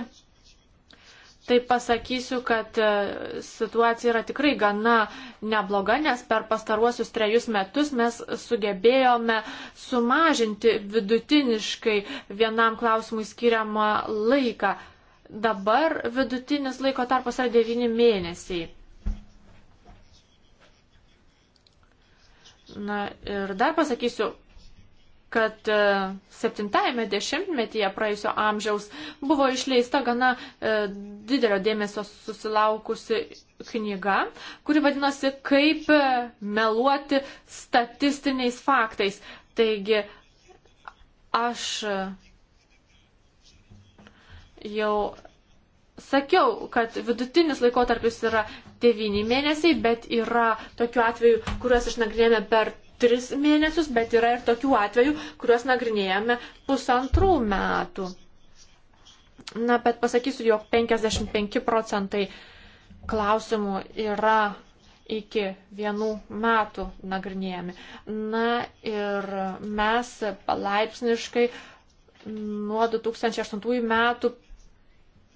tai pasakysiu, kad e, situacija yra tikrai gana nebloga, nes per pastaruosius trejus metus mes sugebėjome sumažinti vidutiniškai vienam klausimui skiriamą laiką. Dabar vidutinis laiko tarpas yra 9 mėnesiai. Na ir dar pasakysiu, kad e, septintajame dešimtmetyje praėjusio amžiaus buvo išleista gana e, didelio dėmesio susilaukusi knyga, kuri vadinosi Kaip e, meluoti statistiniais faktais. Taigi aš jau sakiau, kad vidutinis laikotarpis yra 9 mėnesiai, bet yra tokių atvejų, kuriuos išnagrinėjame per 3 mėnesius, bet yra ir tokių atvejų, kuriuos nagrinėjame pusantrų metų. Na, bet pasakysiu, jog 55 procentai klausimų yra iki vienų metų nagrinėjami. Na ir mes palaipsniškai nuo 2008 metų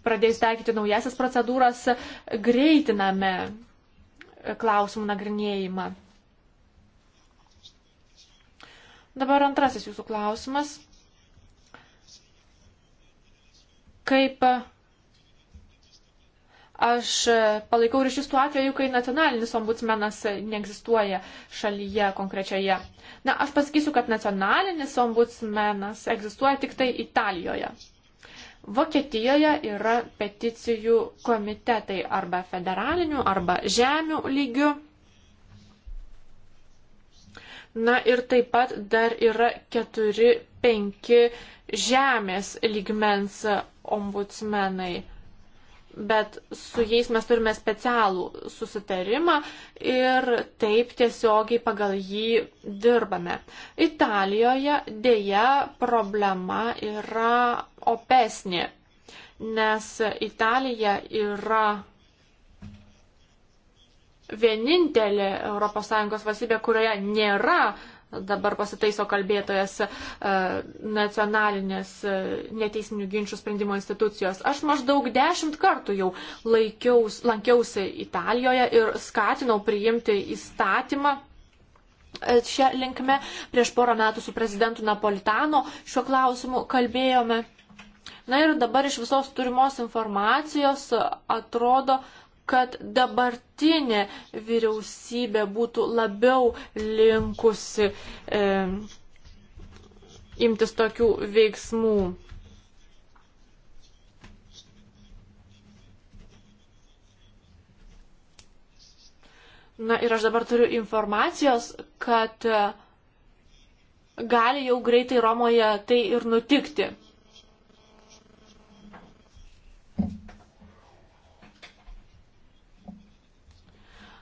pradėjus taikyti naujasias procedūras, greitiname klausimų nagrinėjimą. Dabar antrasis jūsų klausimas. Kaip aš palaikau ryšius tuo atveju, kai nacionalinis ombudsmenas neegzistuoja šalyje konkrečioje. Na, aš pasakysiu, kad nacionalinis ombudsmenas egzistuoja tik tai Italijoje. Vokietijoje yra peticijų komitetai arba federalinių, arba žemių lygių. Na ir taip pat dar yra 4-5 žemės lygmens ombudsmenai bet su jais mes turime specialų susitarimą ir taip tiesiogiai pagal jį dirbame. Italijoje dėja problema yra opesnė, nes Italija yra vienintelė ES valstybė, kurioje nėra dabar pasitaiso kalbėtojas e, nacionalinės e, neteisminių ginčių sprendimo institucijos. Aš maždaug dešimt kartų jau laikiaus, lankiausi Italijoje ir skatinau priimti įstatymą. E, Šią linkme prieš porą metų su prezidentu Napolitano šiuo klausimu kalbėjome. Na ir dabar iš visos turimos informacijos atrodo, kad dabartinė vyriausybė būtų labiau linkusi e, imtis tokių veiksmų. Na ir aš dabar turiu informacijos, kad gali jau greitai Romoje tai ir nutikti.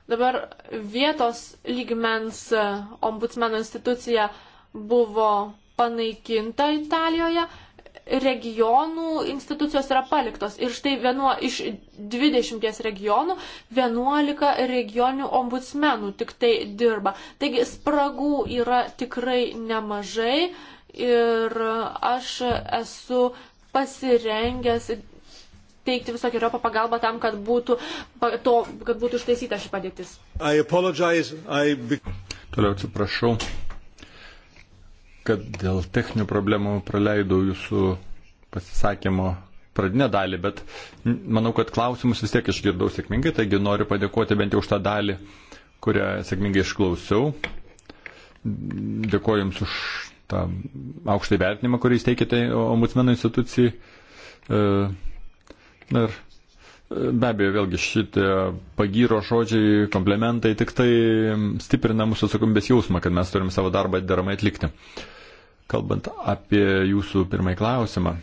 Dabar vietos lygmens e, ombudsmeno institucija buvo panaikinta Italijoje, regionų institucijos yra paliktos. Ir štai vienuo, iš 20 regionų 11 regionių ombudsmenų tik tai dirba. Taigi spragų yra tikrai nemažai ir aš esu pasirengęs teikti visokiojo pagalbą tam, kad būtų, to, kad būtų ištaisyta ši padėtis. I I... Toliau atsiprašau, kad dėl techninių problemų praleidau jūsų pasisakymo pradinę dalį, bet manau, kad klausimus vis tiek išgirdau sėkmingai, taigi noriu padėkoti bent jau už tą dalį, kurią sėkmingai išklausiau. Dėkuoju Jums už tą aukštą įvertinimą, kurį jūs teikite ombudsmeno institucijai. E, Na ir e, Be abejo, vėlgi šitie pagyro žodžiai, komplementai tik tai stiprina mūsų atsakomybės jausmą, kad mes turime savo darbą deramai atlikti. Kalbant apie jūsų pirmąjį klausimą,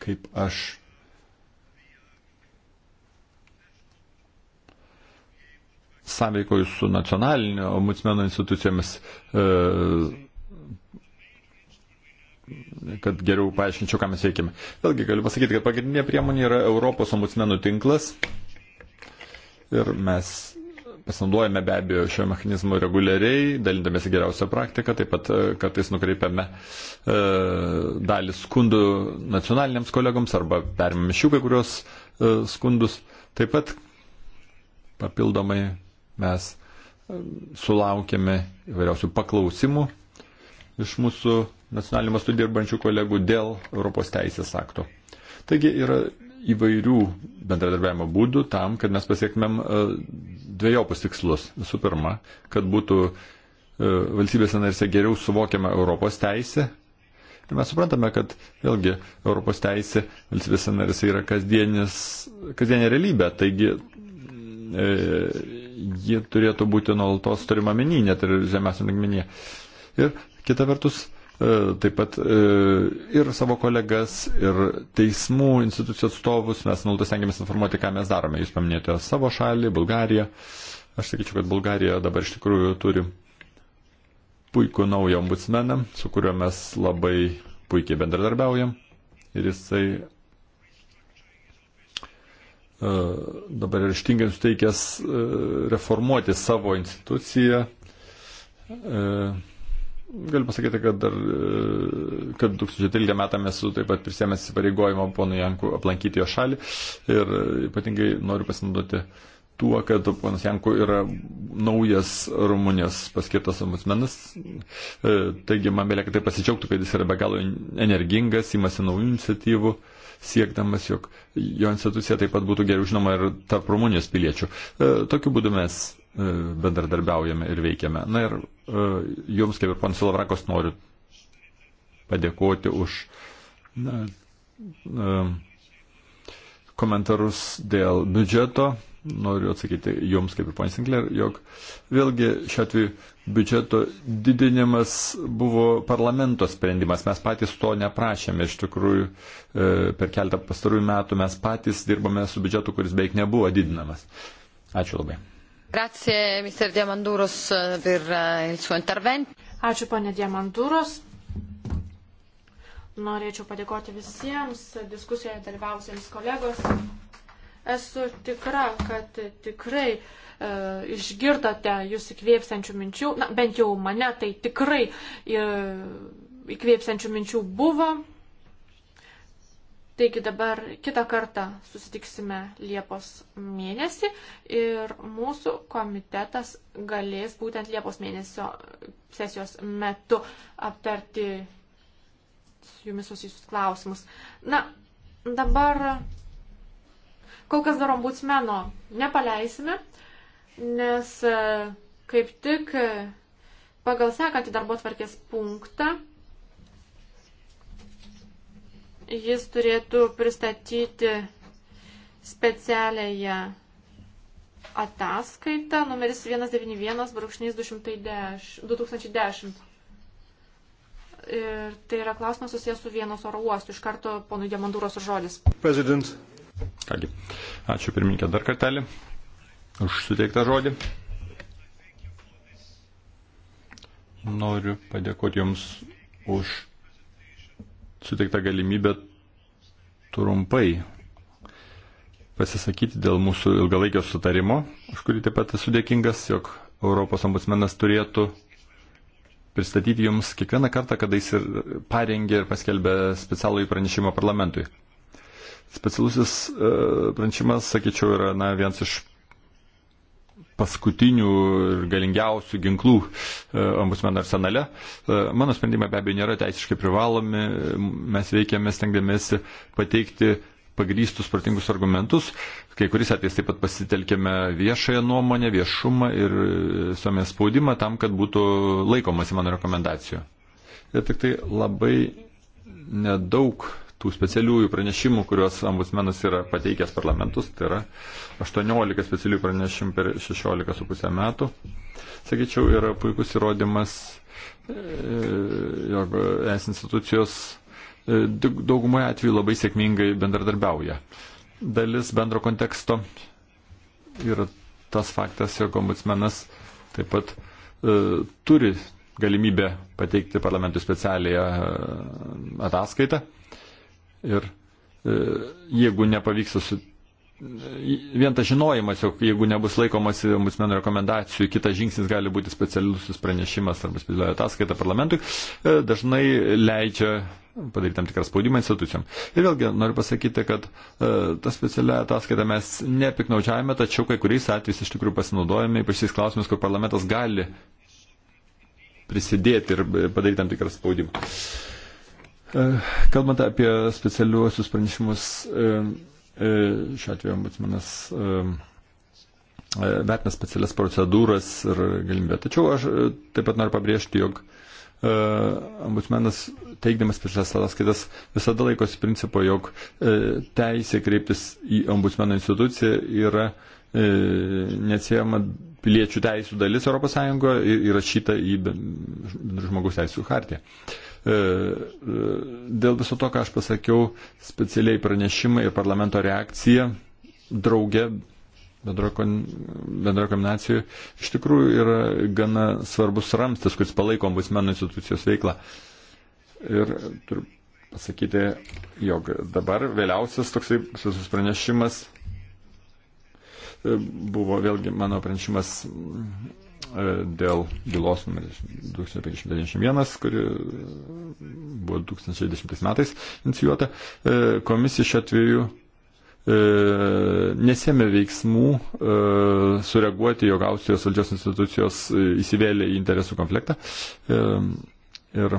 kaip aš sąveikoju su nacionalinio ombudsmeno institucijomis. E, kad geriau paaiškinčiau, ką mes veikime. Vėlgi galiu pasakyti, kad pagrindinė priemonė yra Europos ombudsmenų tinklas ir mes pasinaudojame be abejo šio mechanizmo reguliariai, dalindamėsi geriausią praktiką, taip pat e, kartais nukreipiame e, dalį skundų nacionaliniams kolegoms arba perimame iš jų kai kurios e, skundus. Taip pat papildomai mes e, sulaukėme įvairiausių paklausimų iš mūsų nacionaliniu mastu dirbančių kolegų dėl Europos teisės akto. Taigi yra įvairių bendradarbiavimo būdų tam, kad mes pasiekmėm e, dviejopus tikslus. Visų pirma, kad būtų e, valstybės narėse geriau suvokiama Europos teisė. Ir mes suprantame, kad vėlgi Europos teisė valstybės narėse yra kasdienė realybė. Taigi e, ji turėtų būti nuolatos turima menyje, net ir žemės lygmenyje. Ir kita vertus, E, taip pat e, ir savo kolegas, ir teismų institucijų atstovus. Mes nuolatos stengiamės informuoti, ką mes darome. Jūs paminėjote savo šalį, Bulgariją. Aš sakyčiau, kad Bulgarija dabar iš tikrųjų turi puikų naują ombudsmeną, su kuriuo mes labai puikiai bendradarbiaujam. Ir jisai e, dabar ryštingai nusteikęs reformuoti savo instituciją. E, Galiu pasakyti, kad, dar, e, kad 2013 metą mes taip pat prisėmės įsipareigojimą ponu Janku aplankyti jo šalį ir e, ypatingai noriu pasinaudoti tuo, kad ponas Janku yra naujas Rumunijos paskirtas ombudsmenas. E, taigi man belieka tai pasidžiaugti, kad jis yra be galo energingas, imasi naujų iniciatyvų siekdamas, jog jo institucija taip pat būtų geriau žinoma ir tarp Rumunijos piliečių. Tokiu būdu mes E, bendradarbiaujame ir veikiame. Na ir e, jums, kaip ir pan Silavrakos, noriu padėkoti už na, e, komentarus dėl biudžeto. Noriu atsakyti jums, kaip ir pan Sinclair, jog vėlgi šiuo atveju biudžeto didinimas buvo parlamento sprendimas. Mes patys to neprašėme. Iš tikrųjų, per keletą pastarųjų metų mes patys dirbame su biudžetu, kuris beveik nebuvo didinamas. Ačiū labai. Grazie, Mr. Diamandūros, per eh, il suo intervento. Ačiū, ponė Diamandūros. Norėčiau padėkoti visiems diskusijoje dalyvausiems kolegos. Esu tikra, kad tikrai e, išgirdote jūs įkvėpsiančių minčių, na bent jau mane tai tikrai e, įkvėpsiančių minčių buvo. Taigi dabar kitą kartą susitiksime Liepos mėnesį ir mūsų komitetas galės būtent Liepos mėnesio sesijos metu aptarti su jumis susijusius klausimus. Na, dabar kol kas dar ombudsmeno nepaleisime, nes e, kaip tik e, pagal sekantį darbo tvarkės punktą jis turėtų pristatyti specialiąją ataskaitą, numeris 191-2010. Ir tai yra klausimas susijęs su vienos oro uostu. Iš karto ponui Diamandūros žodis. President. Kągi, ačiū pirmininkė dar kartelį už suteiktą žodį. Noriu padėkoti Jums už suteikta galimybė trumpai pasisakyti dėl mūsų ilgalaikio sutarimo, už kurį taip pat esu dėkingas, jog Europos ombudsmenas turėtų pristatyti jums kiekvieną kartą, kada jis ir parengė ir paskelbė specialų pranešimą parlamentui. Specialusis e, pranešimas, sakyčiau, yra na, vienas iš paskutinių ir galingiausių ginklų e, ombudsmeno arsenale. E, mano sprendimai be abejo nėra teisiškai privalomi, mes veikiame stengdamėsi pateikti pagrystus, protingus argumentus. Kai kuris atvejais taip pat pasitelkėme viešąją nuomonę, viešumą ir suomės spaudimą tam, kad būtų laikomasi mano rekomendacijų. Ir tik tai labai nedaug tų specialiųjų pranešimų, kuriuos ambusmenas yra pateikęs parlamentus, tai yra 18 specialiųjų pranešimų per 16,5 metų, sakyčiau, yra puikus įrodymas, e, jog es institucijos e, daugumoje atveju labai sėkmingai bendradarbiauja. Dalis bendro konteksto yra tas faktas, jog ombudsmenas taip pat e, turi galimybę pateikti parlamentui specialią e, ataskaitą. Ir e, jeigu nepavyks su... E, vien tas žinojimas, jog jeigu nebus laikomasi ombudsmeno rekomendacijų, kitas žingsnis gali būti specialusis pranešimas arba specialioji ataskaita parlamentui, e, dažnai leidžia padaryti tam tikrą spaudimą institucijom. Ir vėlgi noriu pasakyti, kad tą specialią ataskaitą mes nepiknaudžiavame, tačiau kai kuriais atvejais iš tikrųjų pasinaudojame, ypač šiais klausimais, kur parlamentas gali prisidėti ir padaryti tam tikrą spaudimą. E, kalbant apie specialiuosius pranešimus, e, e, šiuo atveju ombudsmanas vertina specialias procedūras ir galimybę. Tačiau aš taip pat noriu pabrėžti, jog ombudsmenas teikdamas specialias ataskaitas visada laikosi principo, jog teisė kreiptis į ombudsmeno instituciją yra neatsiejama piliečių teisų dalis ES ir įrašyta į žmogaus teisų hartiją. E, e, dėl viso to, ką aš pasakiau, specialiai pranešimai ir parlamento reakcija drauge bendroje bendro kombinacijoje iš tikrųjų yra gana svarbus ramstis, kuris palaiko ombudsmenų institucijos veiklą. Ir turiu pasakyti, jog dabar vėliausias toksai visus pranešimas e, buvo vėlgi mano pranešimas E, dėl bylos numeris 2591, kuri e, buvo 2010 metais inicijuota, e, komisija šiuo atveju nesėmė veiksmų sureaguoti, jog Austrijos valdžios institucijos įsivėlė į interesų konfliktą. Ir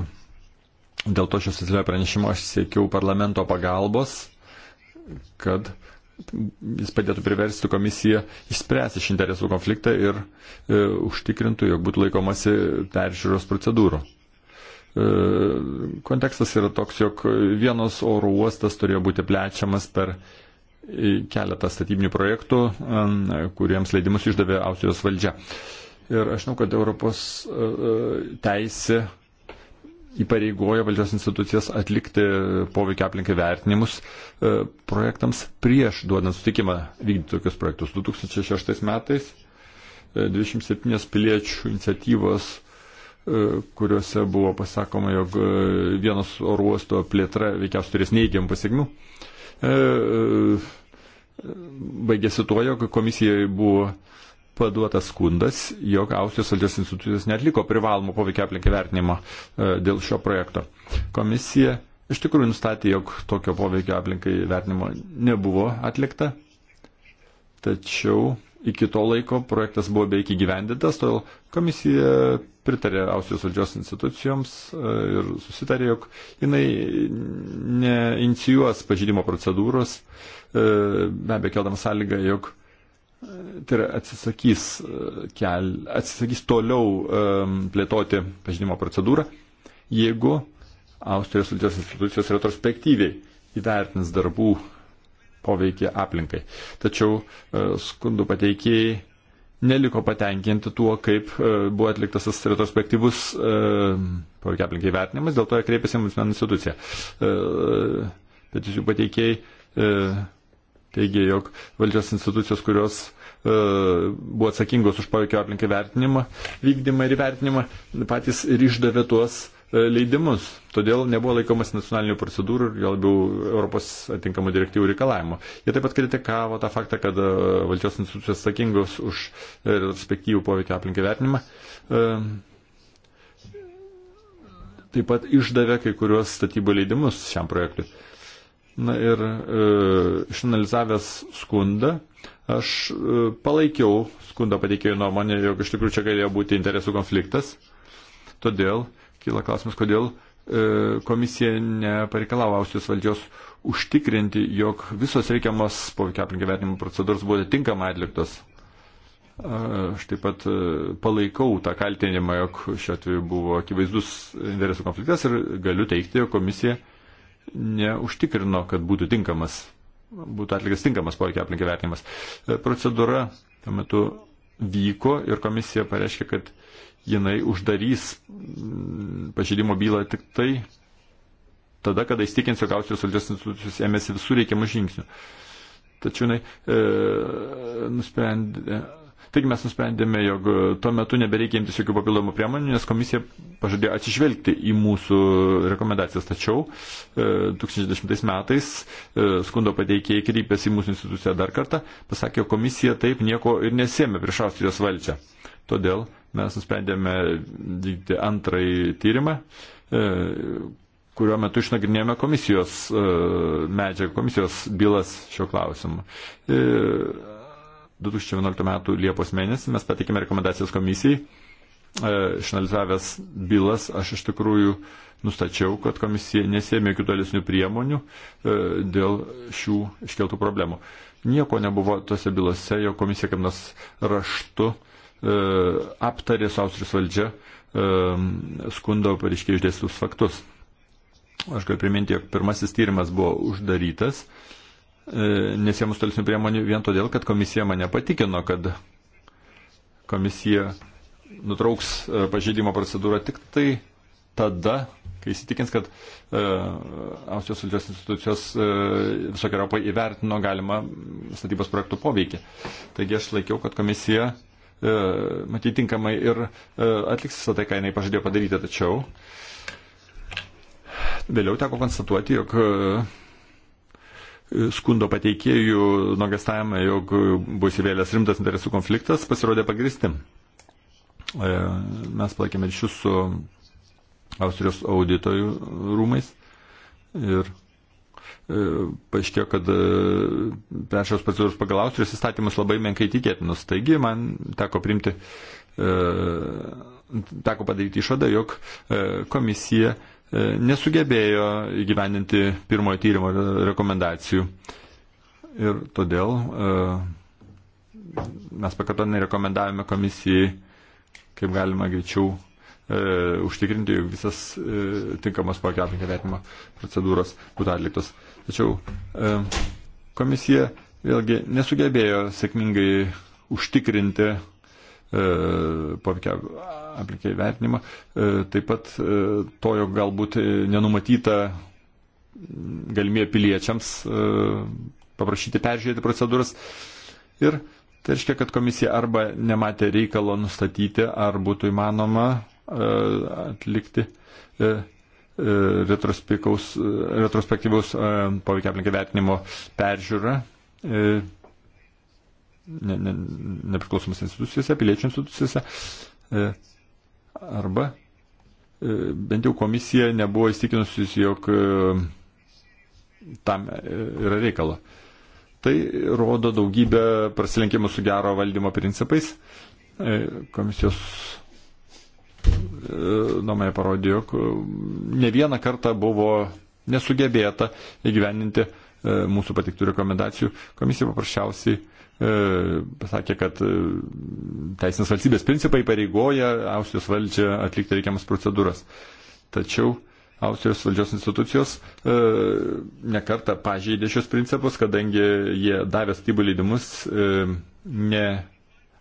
dėl to šios pranešimo aš siekiau parlamento pagalbos, kad uh, jis padėtų priversti komisiją išspręsti šį interesų konfliktą ir e, užtikrintų, jog būtų laikomasi peržiūros procedūrų. E, kontekstas yra toks, jog vienas oro uostas turėjo būti plečiamas per e, keletą statybinių projektų, kuriems leidimus išdavė Austrijos valdžia. Ir aš žinau, kad Europos e, e, teisė įpareigoja valdžios institucijas atlikti poveikia aplinkai vertinimus e, projektams prieš duodant sutikimą vykdyti tokius projektus. 2006 metais 27 e, piliečių iniciatyvos e, kuriuose buvo pasakoma, jog vienos oro uosto plėtra veikiausiai turės neįgiamų pasiekmių. Baigėsi tuo, jog komisijai buvo paduotas skundas, jog Austrijos valdžios institucijos netliko privalomo poveikia aplinkai vertinimo e, dėl šio projekto. Komisija iš tikrųjų nustatė, jog tokio poveikia aplinkai vertinimo nebuvo atlikta, tačiau iki to laiko projektas buvo beveik įgyvendintas, todėl komisija pritarė Austrijos valdžios institucijoms e, ir susitarė, jog jinai neinicijuos pažydimo procedūros, e, be abejo, keldama sąlygą, jog tai yra atsisakys, e, kel, atsisakys toliau um, plėtoti pažinimo procedūrą, jeigu Austrijos valdžios institucijos retrospektyviai įvertins darbų poveikį aplinkai. Tačiau uh, skundų pateikėjai neliko patenkinti tuo, kaip uh, buvo atliktas tas retrospektyvus uh, poveikį aplinkai vertinimas, dėl to jie kreipėsi į mūsų instituciją. Peticijų pateikėjai teigia, jog valdžios institucijos, kurios e, buvo atsakingos už poveikio aplinkai vertinimą, vykdymą ir įvertinimą, patys ir išdavė tuos e, leidimus. Todėl nebuvo laikomas nacionalinių procedūrų ir gal labiau Europos atinkamų direktyvų reikalavimų. Jie taip pat kritikavo tą faktą, kad e, valdžios institucijos atsakingos už retrospektyvų poveikio aplinkai vertinimą. Taip pat išdavė kai kuriuos statybų leidimus šiam projektui. Na ir e, išanalizavęs skundą, aš e, palaikiau skundą pateikėjų nuomonę, jog iš tikrųjų čia galėjo būti interesų konfliktas. Todėl kyla klausimas, kodėl e, komisija nepareikalavo Austrijos valdžios užtikrinti, jog visos reikiamos poveikio aplinkai vertinimo procedūros buvo tinkamai atliktos. Aš taip pat e, palaikau tą kaltinimą, jog šiuo atveju buvo akivaizdus interesų konfliktas ir galiu teikti, jog komisija neužtikrino, kad būtų tinkamas, būtų atlikęs tinkamas poveikio aplinkai vertinimas. E, procedūra tuo metu vyko ir komisija pareiškė, kad jinai uždarys mm, pažeidimo bylą tik tai tada, kada įstikins, jog Austrijos valdžios institucijos ėmėsi visų reikiamų žingsnių. Tačiau jinai e, nusprendė Taigi mes nusprendėme, jog tuo metu nebereikia imtis jokių papildomų priemonių, nes komisija pažadėjo atsižvelgti į mūsų rekomendacijas. Tačiau 2010 e, metais e, skundo pateikėjai kreipėsi į mūsų instituciją dar kartą, pasakė, komisija taip nieko ir nesėmė prieš Austrijos valdžią. Todėl mes nusprendėme vykdyti antrąjį tyrimą, e, kurio metu išnagrinėjome komisijos medžiagą, komisijos bylas šio klausimu. 2011 m. Liepos mėnesį mes patikėme rekomendacijas komisijai. E, išanalizavęs bylas, aš iš tikrųjų nustačiau, kad komisija nesėmė jokių tolesnių priemonių e, dėl šių iškeltų problemų. Nieko nebuvo tose bylose, jo komisija kaip nors raštu e, aptarė su Austrijos valdžia skundo pareiškiai išdėstus faktus. Aš galiu priminti, jog pirmasis tyrimas buvo uždarytas E, nesiemus tolesnių priemonių vien todėl, kad komisija mane patikino, kad komisija nutrauks e, pažeidimo procedūrą tik tai tada, kai įsitikins, kad e, Austrijos valdžios institucijos e, visokiojopai įvertino galimą statybos projektų poveikį. Taigi aš laikiau, kad komisija e, matyt tinkamai ir e, atliks visą tai, ką jinai pažadėjo padaryti, tačiau vėliau teko konstatuoti, jog e, skundo pateikėjų nuogastavimą, jog bus įvėlęs rimtas interesų konfliktas, pasirodė pagristi. E, mes palaikėme ryšius su Austrijos auditojų rūmais ir e, paaiškėjo, kad panašios e, procedūros pagal Austrijos įstatymus labai menkai tikėtinus. Taigi man teko primti, teko padaryti išvadą, jog komisija E, nesugebėjo įgyvendinti pirmojo tyrimo rekomendacijų. Ir todėl e, mes pakartotinai rekomendavome komisijai, kaip galima greičiau e, užtikrinti, jog visas e, tinkamas poveikio aplinkai vertimo procedūros būtų atliktos. Tačiau e, komisija vėlgi nesugebėjo sėkmingai užtikrinti e, poveikio aplinkai vertinimą, e, taip pat e, to, jog galbūt nenumatyta galimybė piliečiams e, paprašyti peržiūrėti procedūras. Ir tai reiškia, kad komisija arba nematė reikalo nustatyti, ar būtų įmanoma atlikti retrospektyvaus poveikia aplinkai vertinimo peržiūrą nepriklausomas institucijose, piliečių institucijose. Arba e, bent jau komisija nebuvo įstikinusius, jog e, tam e, yra reikalo. Tai rodo daugybę prasilenkimų su gero valdymo principais. Komisijos nuomonė parodė, jog ne vieną kartą buvo nesugebėta įgyveninti mūsų patiktų rekomendacijų. Komisija paprasčiausiai E, pasakė, kad e, teisinės valstybės principai pareigoja Austrijos valdžią atlikti reikiamas procedūras. Tačiau Austrijos valdžios institucijos e, nekarta pažeidė šios principus, kadangi jie davė statybų leidimus e, ne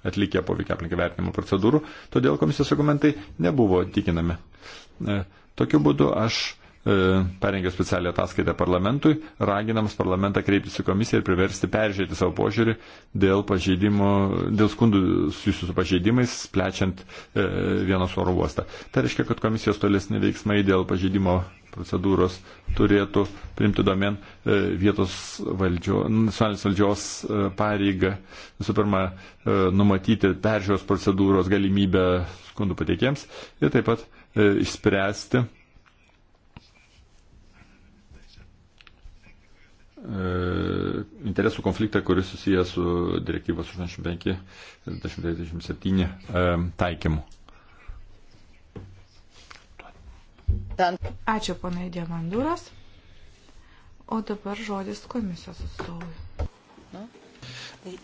atlikę poveikia aplinkai vertinimo procedūrų, todėl komisijos argumentai nebuvo tikinami. E, tokiu būdu aš E, parengė specialią ataskaitą parlamentui, raginamas parlamentą kreiptis į komisiją ir priversti peržiūrėti savo požiūrį dėl, dėl skundų susijusių su pažeidimais, plečiant e, vienos oro uostą. Tai reiškia, kad komisijos tolesni veiksmai dėl pažeidimo procedūros turėtų primti domen e, vietos valdžio, nacionalinės valdžios e, pareigą, visų pirma, e, numatyti peržiūros procedūros galimybę skundų pateikėjams ir taip pat e, išspręsti E, interesų konfliktą, kuris susijęs su direktyvos 85-37 e, taikymu. Ačiū, ponai Diamanduras. O dabar žodis komisijos atstovui. Na? Tai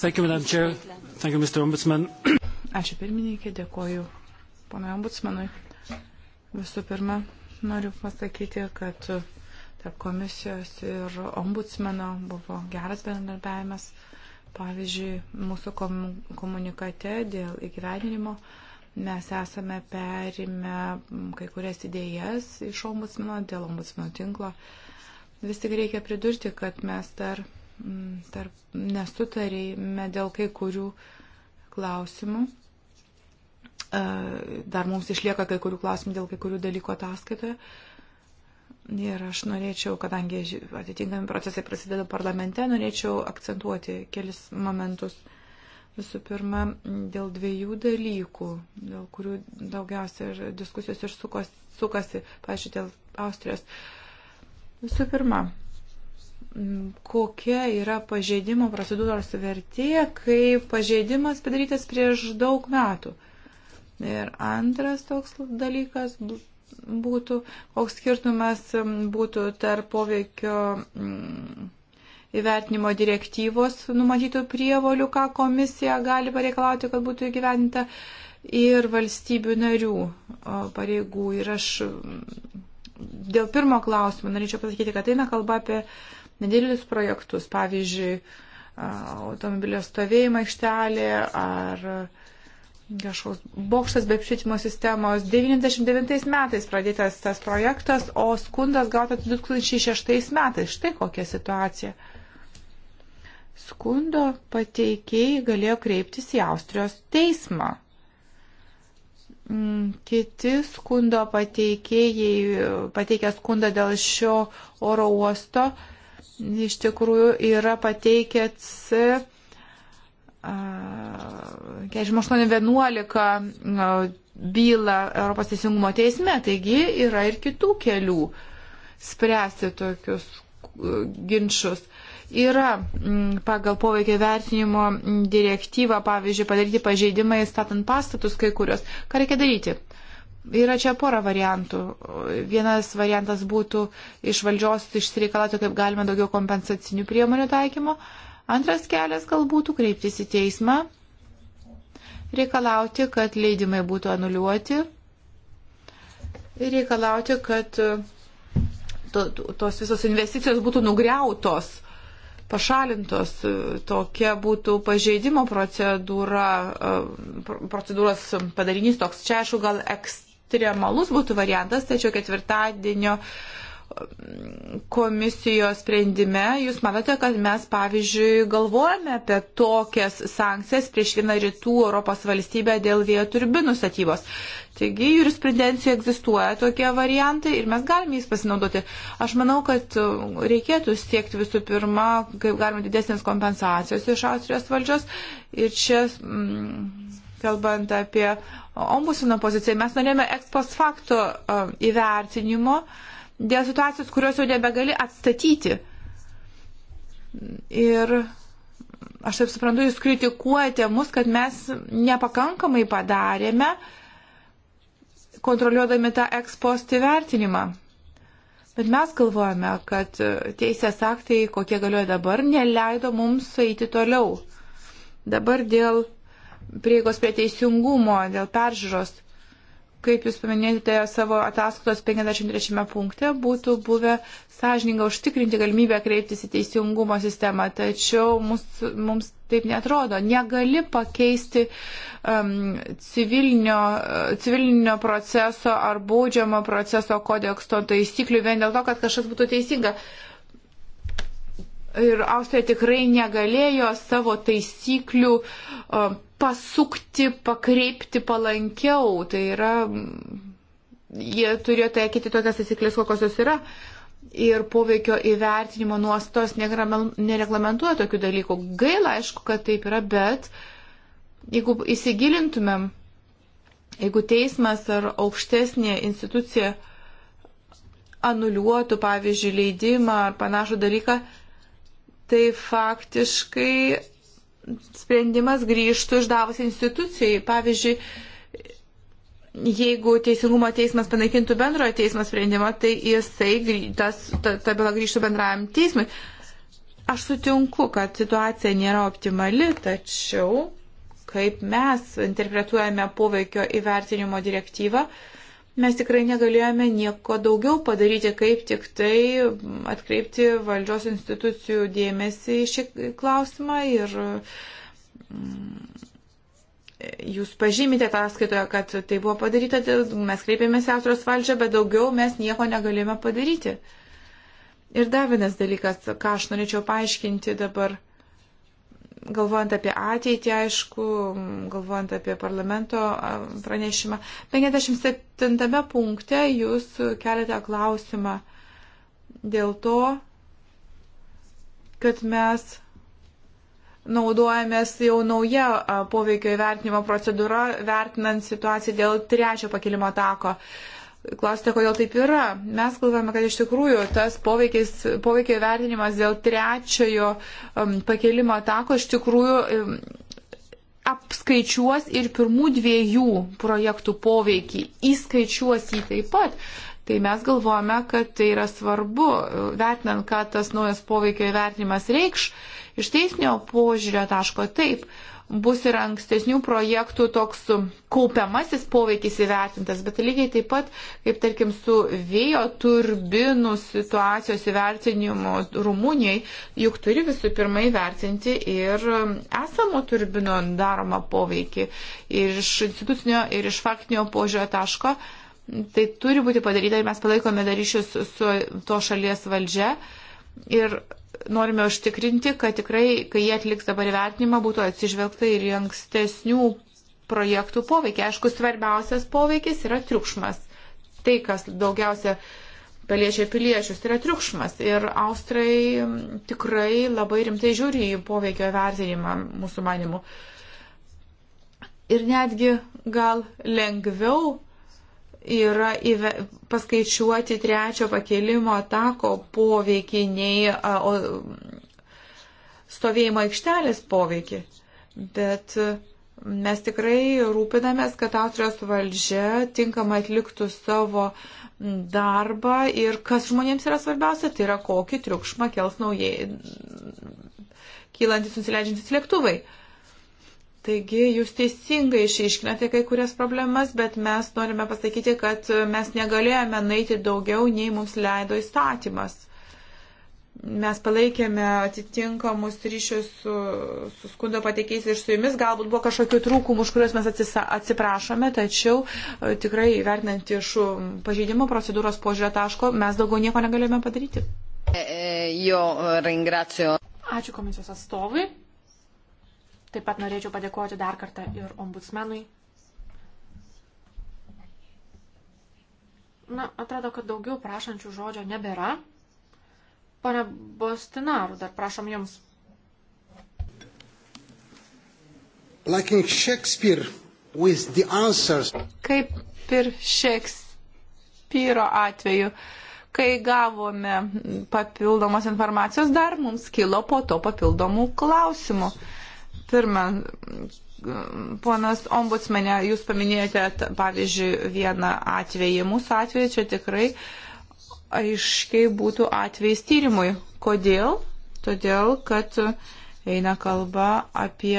Thank you, Madam Chair. Thank you, Mr. Ombudsman. Ačiū pirmininkė, dėkoju ponui ombudsmanui. Visų pirma, noriu pasakyti, kad tarp komisijos ir ombudsmeno buvo geras bendradarbiavimas. Pavyzdžiui, mūsų komunikate dėl įgyvendinimo mes esame perėmę kai kurias idėjas iš ombudsmeno, dėl ombudsmeno tinklo. Vis tik reikia pridurti, kad mes dar, dar nesutarėjome dėl kai kurių klausimų. E, dar mums išlieka kai kurių klausimų dėl kai kurių dalykų ataskaitoje. Ir aš norėčiau, kadangi atitinkami procesai prasideda parlamente, norėčiau akcentuoti kelis momentus. Visų pirma, dėl dviejų dalykų, dėl kurių daugiausia ir diskusijos ir sukos, sukasi, pažiūrėjau, dėl Austrijos. Visų pirma, kokia yra pažeidimo procedūros vertė, kai pažeidimas padarytas prieš daug metų. Ir antras toks dalykas būtų, koks skirtumas būtų tarp poveikio įvertinimo direktyvos numatytų prievolių, ką komisija gali pareikalauti, kad būtų įgyvendinta, ir valstybių narių pareigų. Ir aš dėl pirmo klausimo norėčiau pasakyti, kad eina kalba apie nedidelius projektus, pavyzdžiui, automobilio stovėjimo aikštelė ar uh, kažkoks bokštas be apšvietimo sistemos. 99 metais pradėtas tas projektas, o skundas gautas 2006 metais. Štai kokia situacija. Skundo pateikėjai galėjo kreiptis į Austrijos teismą. Mm, kiti skundo pateikėjai pateikę skundą dėl šio oro uosto iš tikrųjų yra pateikę C 4811 e, bylą Europos teisingumo teisme, taigi yra ir kitų kelių spręsti tokius e, ginčius. Yra pagal poveikio vertinimo direktyvą, pavyzdžiui, padaryti pažeidimai statant pastatus kai kurios. Ką reikia daryti? Yra čia pora variantų. Vienas variantas būtų iš valdžios išsireikalauti, kaip galima daugiau kompensacinių priemonių taikymo. Uh, Antras kelias gal būtų kreiptis į teismą, reikalauti, kad leidimai būtų anuliuoti ir reikalauti, kad e, to, tos visos investicijos būtų nugriautos pašalintos. E, tokia būtų pažeidimo procedūra, e, procedūros padarinys toks. Čia, aišku, gal ekstremalus būtų variantas, tačiau ketvirtadienio uh, komisijos sprendime, jūs matote, kad mes, pavyzdžiui, galvojame apie tokias sankcijas prieš vieną rytų Europos valstybę dėl vėjo turbinų statybos. Taigi, jurisprudencijoje egzistuoja tokie variantai ir mes galime jais pasinaudoti. Aš manau, kad reikėtų siekti visų pirma, kaip galima, didesnės kompensacijos iš Austrijos valdžios. Ir čia. Mm, kalbant apie ombusino poziciją, mes norėjome ekspost fakto e, įvertinimo, uh, dėl situacijos, kurios jau nebegali atstatyti. Ir aš taip suprantu, jūs kritikuojate mus, kad mes nepakankamai padarėme, kontroliuodami tą ekspostį vertinimą. Bet mes galvojame, kad teisės aktai, kokie galioja dabar, neleido mums eiti toliau. Dabar dėl prieigos prie teisingumo, dėl peržiūros kaip jūs paminėjote savo ataskaitos 53 punkte, būtų buvę sąžininga užtikrinti galimybę kreiptis į teisingumo sistemą, tačiau mums, mums taip netrodo. Negali pakeisti um, civilinio, civilinio proceso ar baudžiamo proceso kodekso taisyklių vien dėl to, kad kažkas būtų teisinga. Ir Austrija tikrai negalėjo savo taisyklių um, pasukti, pakreipti palankiau. Tai yra, jie turėjo taikyti tokias taisyklės, kokios jos yra. Ir poveikio įvertinimo nuostos nereglamentuoja tokių dalykų. Gaila, aišku, kad taip yra, bet jeigu įsigilintumėm, jeigu teismas ar aukštesnė institucija anuliuotų, pavyzdžiui, leidimą ar panašų dalyką, tai faktiškai sprendimas grįžtų išdavus institucijai. Pavyzdžiui, jeigu teisingumo teismas panaikintų bendrojo teismo sprendimą, tai jisai, tas, ta, ta byla grįžtų bendrajam teismui. Aš sutinku, kad situacija nėra optimali, tačiau kaip mes interpretuojame poveikio įvertinimo direktyvą, uh, mes tikrai negalėjome nieko daugiau padaryti, kaip tik tai atkreipti valdžios institucijų dėmesį į šį klausimą ir mm, jūs pažymite ataskaitoje, kad tai buvo padaryta, mes kreipėmės į Austrijos valdžią, bet daugiau mes nieko negalėjome padaryti. Ir dar vienas dalykas, ką aš norėčiau paaiškinti dabar galvojant apie ateitį, aišku, galvojant apie parlamento pranešimą. 57 punkte jūs keliate klausimą dėl to, kad mes naudojamės jau nauja poveikio įvertinimo procedūra, vertinant situaciją dėl trečio pakilimo tako. Uh, Klausite, kodėl taip yra? Mes galvojame, kad iš tikrųjų tas poveikis, poveikio vertinimas dėl trečiojo um, pakelimo tako iš tikrųjų um, apskaičiuos ir pirmų dviejų projektų poveikį, įskaičiuos jį taip pat. Tai mes galvojame, kad tai yra svarbu, vertinant, ką tas naujas poveikio įvertinimas reikš, iš teisinio požiūrio taško taip. Uh, bus ir ankstesnių projektų toks kaupiamasis poveikis įvertintas, bet lygiai taip pat, kaip tarkim su vėjo turbinų situacijos įvertinimu Rumunijai, juk turi visų pirma įvertinti ir esamo turbino daromą poveikį ir iš institucinio ir iš faktinio požiūrio taško. Tai turi būti padaryta ir mes palaikome daryšius su to šalies valdžia. Ir norime užtikrinti, kad tikrai, kai jie atliks dabar vertinimą, būtų atsižvelgta ir į ankstesnių projektų poveikį. Aišku, svarbiausias poveikis yra triukšmas. Tai, kas daugiausia paliečia piliečius, tai yra triukšmas. Ir Austrai tikrai labai rimtai žiūri į poveikio vertinimą mūsų manimu. Ir netgi gal lengviau yra įve, paskaičiuoti trečio pakelimo atako poveikį nei a, o, stovėjimo aikštelės poveikį. Bet mes tikrai rūpinamės, kad Austrijos valdžia tinkamai atliktų savo darbą ir kas žmonėms yra svarbiausia, tai yra kokį triukšmą kels naujai kylantis nusileidžiantis lėktuvai. Uh, Taigi jūs teisingai išaiškinate kai kurias problemas, bet mes norime pasakyti, kad mes negalėjome naiti daugiau, nei mums leido įstatymas. Mes palaikėme atitinkamus ryšius su, su skundo patekiais ir su jumis. Galbūt buvo kažkokių trūkumų, už kuriuos mes atsisa, atsiprašome, tačiau e, tikrai vertinant iš pažeidimo procedūros požiūrio taško mes daugiau nieko negalėjome padaryti. E, e, Ačiū komisijos atstovui. Taip pat norėčiau padėkoti dar kartą ir ombudsmenui. Na, atrodo, kad daugiau prašančių žodžio nebėra. Pone Bostinaru, dar prašom Jums. Like in Shakespeare, with the answers. Kaip ir Šekspyro atveju, kai gavome papildomos informacijos, dar mums kilo po to papildomų klausimų. Pirma, ponas ombudsmenė, jūs paminėjote, pavyzdžiui, vieną atvejį. Mūsų atveju čia tikrai aiškiai būtų atvejs tyrimui. Kodėl? Todėl, kad eina kalba apie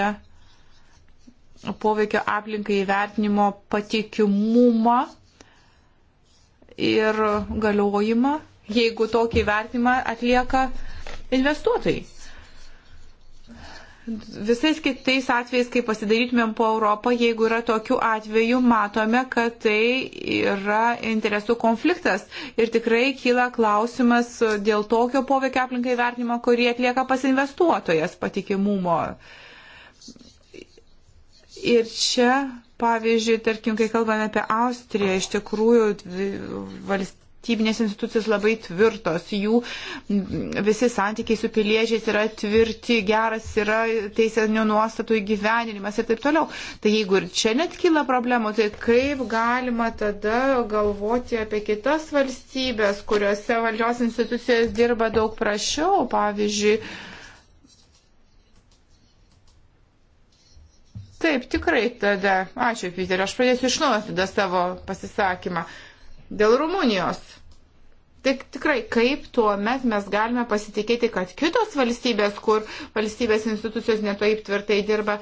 poveikio aplinkai įvertinimo patikimumą ir galiojimą, jeigu tokį įvertinimą atlieka investuotojai. Visais kitais atvejais, kai pasidarytumėm po Europą, jeigu yra tokių atvejų, matome, kad tai yra interesų konfliktas. Ir tikrai kyla klausimas dėl tokio poveikio aplinkai vertinimo, kurį atlieka pasinvestuotojas patikimumo. Ir čia, pavyzdžiui, tarkim, kai kalbame apie Austriją, iš tikrųjų valstybė valstybinės institucijos labai tvirtos, jų visi santykiai su piliečiais yra tvirti, geras yra teisinio nuostatų įgyveninimas ir taip toliau. Tai jeigu ir čia net kyla problemų, tai kaip galima tada galvoti apie kitas valstybės, kuriuose valdžios institucijos dirba daug prašiau, pavyzdžiui, Taip, tikrai tada. Ačiū, Piter. Aš pradėsiu iš naujo tada savo pasisakymą. Uh, dėl Rumunijos. Tik tikrai, kaip tuo met mes galime pasitikėti, kad kitos valstybės, kur valstybės institucijos netaip tvirtai dirba,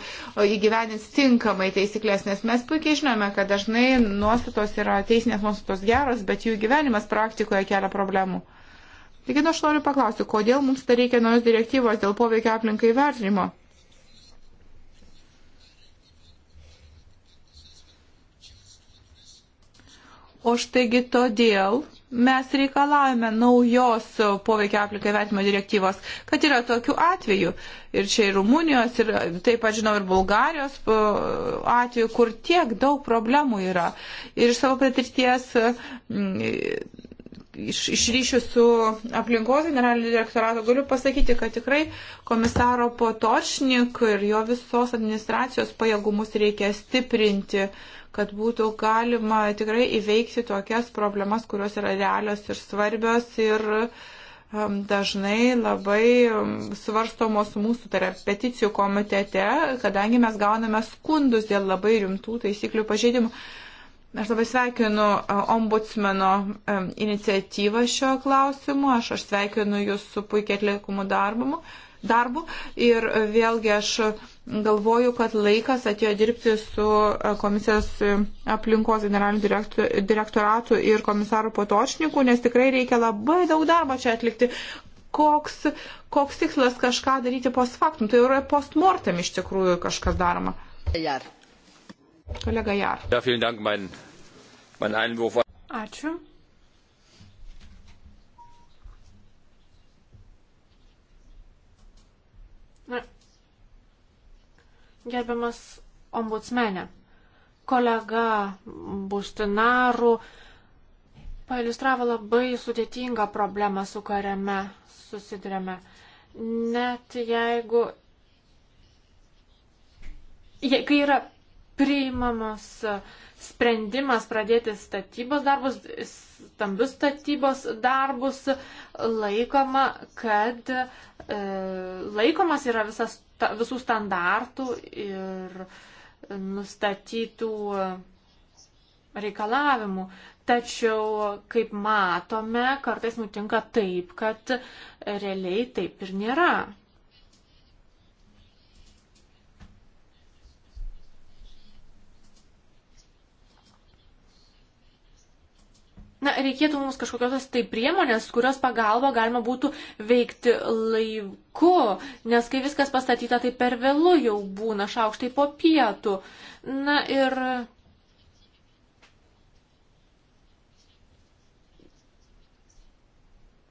įgyvenins tinkamai taisyklės, nes mes puikiai žinome, kad dažnai nuostatos yra teisinės nuostatos geros, bet jų gyvenimas praktikoje kelia problemų. Taigi nu, aš noriu paklausti, kodėl mums dar reikia naujos direktyvos dėl poveikio aplinkai vertinimo? O štaigi todėl mes reikalavome naujos poveikio aplinkai vertimo direktyvos, kad yra tokių atvejų. Ir čia ir Rumunijos, ir taip pat žinau, ir Bulgarijos e, atveju, kur tiek daug problemų yra. Ir iš savo patirties. Mm, iš, iš ryšių su aplinkos generaliniu direktoratu galiu pasakyti, kad tikrai komisaro Potočnik ir jo visos administracijos pajėgumus reikia stiprinti. Uh, kad būtų galima tikrai įveikti tokias problemas, kurios yra realios ir svarbios ir um, dažnai labai um, svarstomos mūsų, tai yra peticijų komitete, kadangi mes gauname skundus dėl labai rimtų taisyklių pažeidimų. Aš labai sveikinu uh, ombudsmeno um, iniciatyvą šio klausimu, aš, aš sveikinu jūs su puikiai atliekumu darbu, darbu ir uh, vėlgi aš Galvoju, kad laikas atėjo dirbti su e, komisijos e, aplinkos generaliniu direktoratu ir komisaru Potočniku, nes tikrai reikia labai daug darbo čia atlikti. Koks, koks tikslas kažką daryti post factum, tai yra post mortem iš tikrųjų kažkas daroma. Jar. Kolega Jar. Ja, dank, mein, mein Einwurf. Ačiū. Gerbiamas ombudsmenė, kolega Buštinaru pailistravo labai sudėtingą problemą, su kuriame susidurėme. Net jeigu. Je, kai yra priimamas sprendimas pradėti statybos darbus, stambius statybos darbus, laikoma, kad E, laikomas yra visas, ta, visų standartų ir nustatytų reikalavimų. Tačiau, kaip matome, kartais nutinka taip, kad realiai taip ir nėra. Na, reikėtų mums kažkokios tai priemonės, kurios pagalba galima būtų veikti laiku, nes kai viskas pastatyta, tai per vėlų jau būna šaukštai po pietų. Na ir.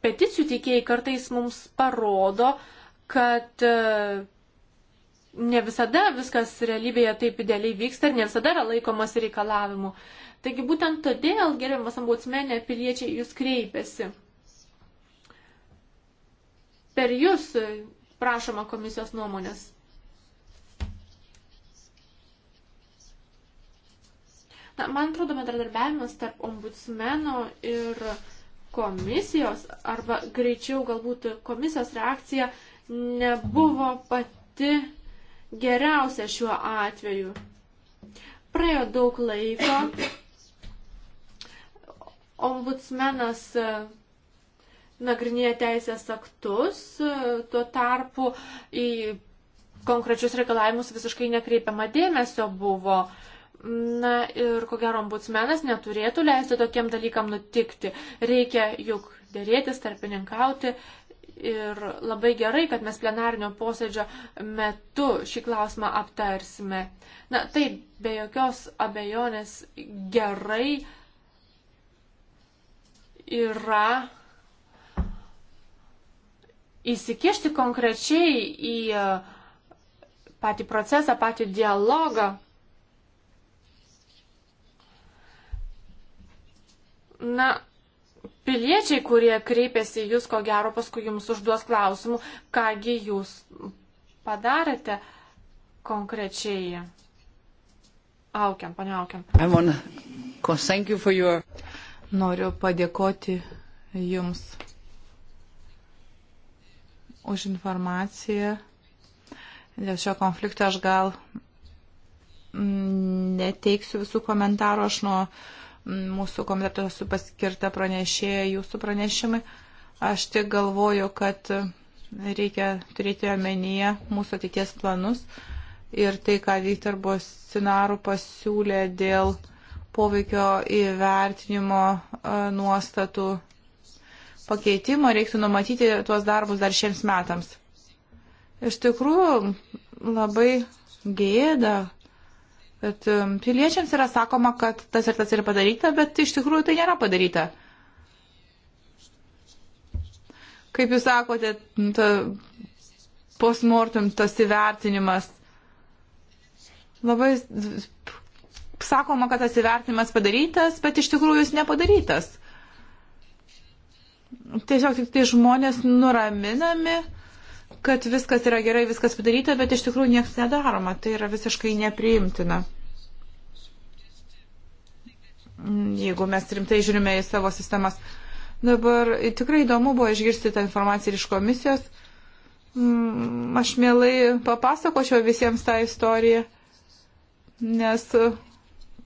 Peticijų teikėjai kartais mums parodo, kad e, ne visada viskas realybėje taip idealiai vyksta ir ne visada yra laikomas reikalavimu. Uh, Taigi būtent todėl, gerbiamas ambautsmenė, piliečiai jūs kreipiasi. Per jūs prašoma komisijos nuomonės. Na, man atrodo, bendradarbiavimas tarp ombudsmeno ir komisijos, arba greičiau galbūt komisijos reakcija nebuvo pati geriausia šiuo atveju. Praėjo daug laiko Ombudsmenas e, nagrinėja teisės aktus, e, tuo tarpu į konkrečius reikalavimus visiškai nekreipiama dėmesio buvo. Na ir ko gero ombudsmenas neturėtų leisti tokiem dalykam nutikti. Reikia juk dėrėtis, tarpininkauti. Ir labai gerai, kad mes plenarnio posėdžio metu šį klausimą aptarsime. Na, tai be jokios abejonės gerai yra įsikišti konkrečiai į e, patį procesą, patį dialogą. Na, piliečiai, kurie kreipiasi jūs, ko gero, paskui jums užduos klausimų, kągi jūs padarėte konkrečiai. Aukiam, pane Aukiam. Your... Noriu padėkoti Jums už informaciją. Dėl šio konflikto aš gal neteiksiu visų komentarų, aš nuo mūsų komiteto esu paskirta pranešėja jūsų pranešimai. Aš tik galvoju, kad reikia turėti omenyje mūsų ateities planus ir tai, ką Viktor Bosinaru pasiūlė dėl uh, poveikio įvertinimo e, nuostatų pakeitimo reiktų numatyti tuos darbus dar šiems metams. Iš tikrųjų, labai gėda, kad e, piliečiams yra sakoma, kad tas ir tas yra padaryta, bet iš tikrųjų tai nėra padaryta. Kaip jūs sakote, ta postmortum tas įvertinimas labai sakoma, kad tas įvertinimas padarytas, bet iš tikrųjų jis nepadarytas. Tiesiog tik tai žmonės nuraminami, kad viskas yra gerai, viskas padaryta, bet iš tikrųjų niekas nedaroma. Tai yra visiškai nepriimtina. Jeigu mes rimtai žiūrime į savo sistemas. Dabar tikrai įdomu buvo išgirsti tą informaciją iš komisijos. Mm, aš mielai papasakočiau visiems tą istoriją, nes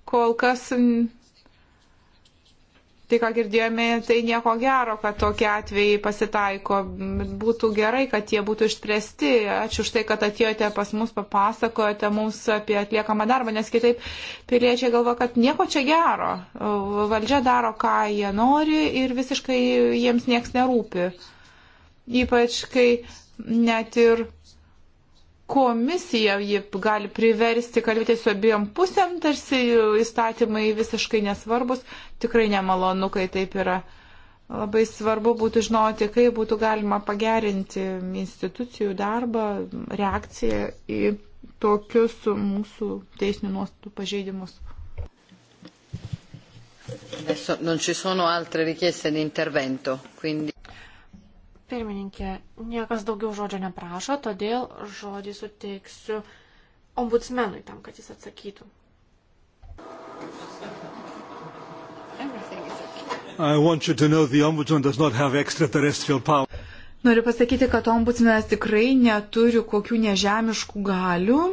kol kas Tai, ką girdėjome, tai nieko gero, kad tokie atvejai pasitaiko. Būtų gerai, kad jie būtų išspręsti. Ačiū už tai, kad atėjote pas mus, papasakojote mums apie atliekamą darbą, nes kitaip piliečiai galvo, kad nieko čia gero. Valdžia daro, ką jie nori ir visiškai jiems nieks nerūpi. Ypač, kai net ir komisija jį gali priversti kalbėti su abiem pusėm, tarsi įstatymai visiškai nesvarbus. Tikrai nemalonu, kai taip yra. Labai svarbu būtų žinoti, kaip būtų galima pagerinti institucijų darbą, reakciją į tokius mūsų teisinių nuostatų pažeidimus. Adesso non ci sono altre richieste di intervento, quindi... Pirmininkė, niekas daugiau žodžio neprašo, todėl žodį suteiksiu ombudsmenui tam, kad jis atsakytų. Know, Noriu pasakyti, kad ombudsmenas tikrai neturi kokių nežemiškų galių.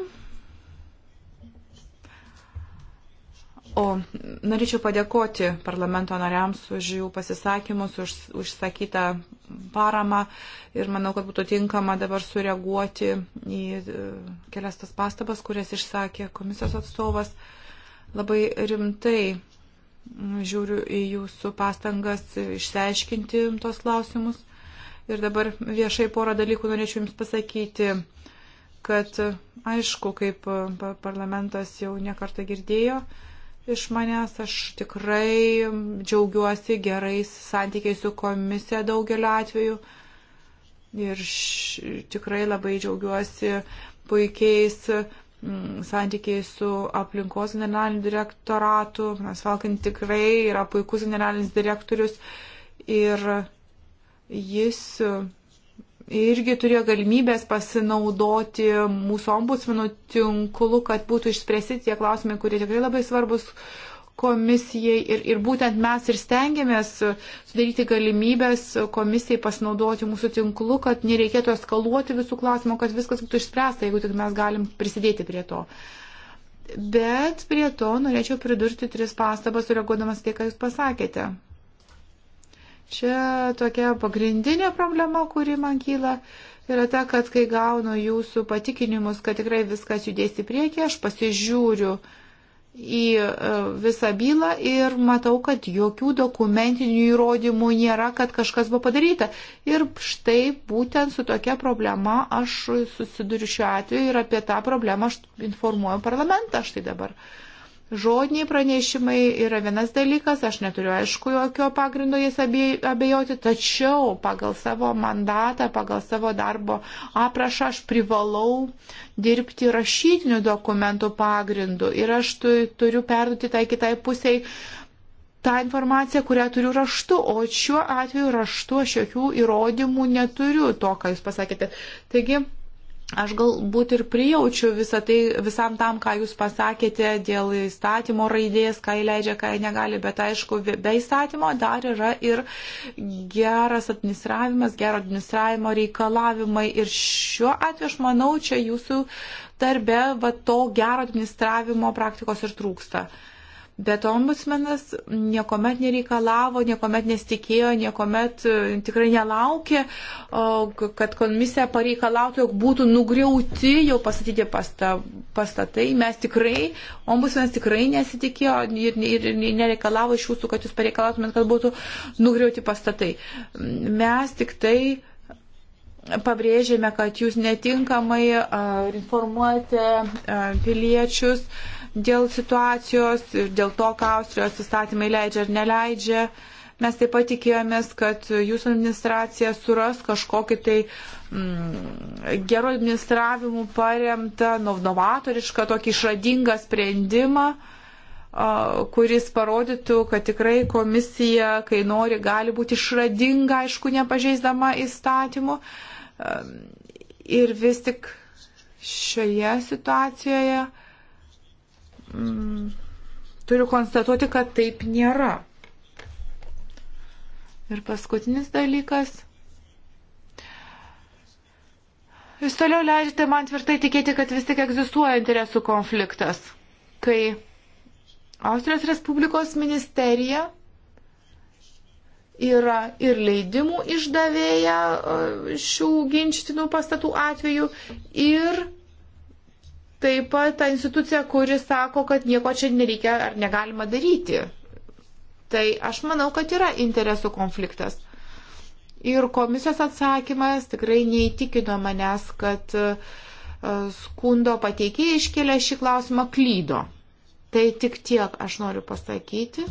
O norėčiau padėkoti parlamento nariams už jų pasisakymus, už užsakytą paramą ir manau, kad būtų tinkama dabar sureaguoti į e, kelias tas pastabas, kurias išsakė komisijos atstovas. Labai rimtai žiūriu į jūsų pastangas išsiaiškinti tos klausimus. Ir dabar viešai porą dalykų norėčiau Jums pasakyti, kad aišku, kaip e, parlamentas jau nekartą girdėjo, iš manęs. Aš tikrai džiaugiuosi gerais santykiais su komisija daugeliu atveju. Ir š, tikrai labai džiaugiuosi puikiais mm, santykiai su aplinkos generaliniu direktoratu. Mes Falkin tikrai yra puikus generalinis direktorius ir jis irgi turėjo galimybės pasinaudoti mūsų ombudsmenų tinklu, kad būtų išspręsti tie klausimai, kurie tikrai labai svarbus komisijai. Ir, ir būtent mes ir stengiamės sudaryti galimybės komisijai pasinaudoti mūsų tinklu, kad nereikėtų eskaluoti visų klausimų, kad viskas būtų išspręsta, jeigu tik mes galim prisidėti prie to. Bet prie to norėčiau pridurti tris pastabas, sureaguodamas tai, ką Jūs pasakėte. Čia tokia pagrindinė problema, kuri man kyla, yra ta, kad kai gaunu jūsų patikinimus, kad tikrai viskas judės į priekį, aš pasižiūriu į e, visą bylą ir matau, kad jokių dokumentinių įrodymų nėra, kad kažkas buvo padaryta. Ir štai būtent su tokia problema aš susiduriu šiuo atveju ir apie tą problemą aš informuoju parlamentą štai dabar. Uh, Žodiniai pranešimai yra vienas dalykas, aš neturiu aišku jokio pagrindo jais abejoti, tačiau pagal savo mandatą, pagal savo darbo aprašą aš privalau dirbti rašytinių dokumentų pagrindu ir aš turiu perduoti tai kitai pusiai tą informaciją, kurią turiu raštu, o šiuo atveju raštu aš jokių įrodymų neturiu to, ką jūs pasakėte. Taigi, Aš galbūt ir prijaučiu visą tai, visam tam, ką jūs pasakėte dėl įstatymo raidės, ką įleidžia, ką negali, bet aišku, be įstatymo dar yra ir geras administravimas, gero administravimo reikalavimai. Ir šiuo atveju, aš manau, čia jūsų darbe va, to gero administravimo praktikos ir trūksta. Uh, Bet ombudsmenas niekuomet nereikalavo, niekuomet nesitikėjo, niekuomet e, tikrai nelaukė, kad komisija pareikalautų, jog būtų nugriauti jau pastatyti pastatai. Mes tikrai, ombudsmenas tikrai nesitikėjo ir, ir, ir nereikalavo iš jūsų, kad jūs pareikalautumėt, kad būtų nugriauti pastatai. Mes tik tai pabrėžėme, kad jūs netinkamai informuojate piliečius. Uh, dėl situacijos ir dėl to, ką Austrijos įstatymai leidžia ar neleidžia. Mes taip pat tikėjomės, kad jūsų administracija suras kažkokį tai mm, gerų administravimų paremtą, novatorišką, tokį išradingą sprendimą, kuris parodytų, kad tikrai komisija, kai nori, gali būti išradinga, aišku, nepažeisdama įstatymų. Ir vis tik šioje situacijoje mm, turiu konstatuoti, kad taip nėra. Ir paskutinis dalykas. Jūs toliau leidžiate man tvirtai tikėti, kad vis tik egzistuoja interesų konfliktas, kai Austrijos Respublikos ministerija yra ir leidimų išdavėja e, šių ginčytinų pastatų atveju, ir taip pat ta institucija, kuri sako, kad nieko čia nereikia ar negalima daryti. Tai aš manau, kad yra interesų konfliktas. Ir komisijos atsakymas tikrai neįtikino manęs, kad e, skundo pateikėjai iškėlė šį klausimą klydo. Tai tik tiek aš noriu pasakyti.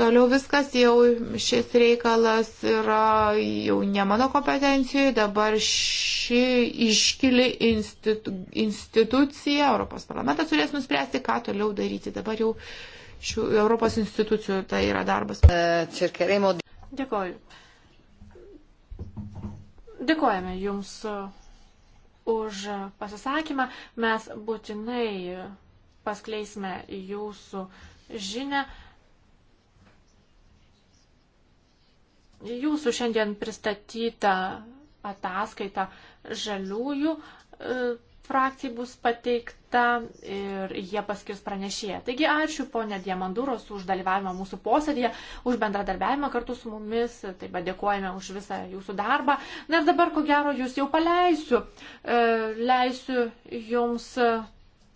Toliau viskas jau šis reikalas yra jau ne mano kompetencijoje, dabar ši iškili institu, institucija, Europos parlamentas turės nuspręsti, ką toliau daryti. Dabar jau šių Europos institucijų tai yra darbas. E, Dėkoju. Dėkojame Jums e, už pasisakymą. Mes būtinai paskleisime Jūsų žinę. jūsų šiandien pristatyta ataskaita žaliųjų e, frakcijai bus pateikta ir jie paskirs pranešėją. Taigi ačiū ponė Diamandūros už dalyvavimą mūsų posėdėje, už bendradarbiavimą kartu su mumis, taip pat dėkojame už visą jūsų darbą. Na ir dabar, ko gero, jūs jau paleisiu. E, leisiu jums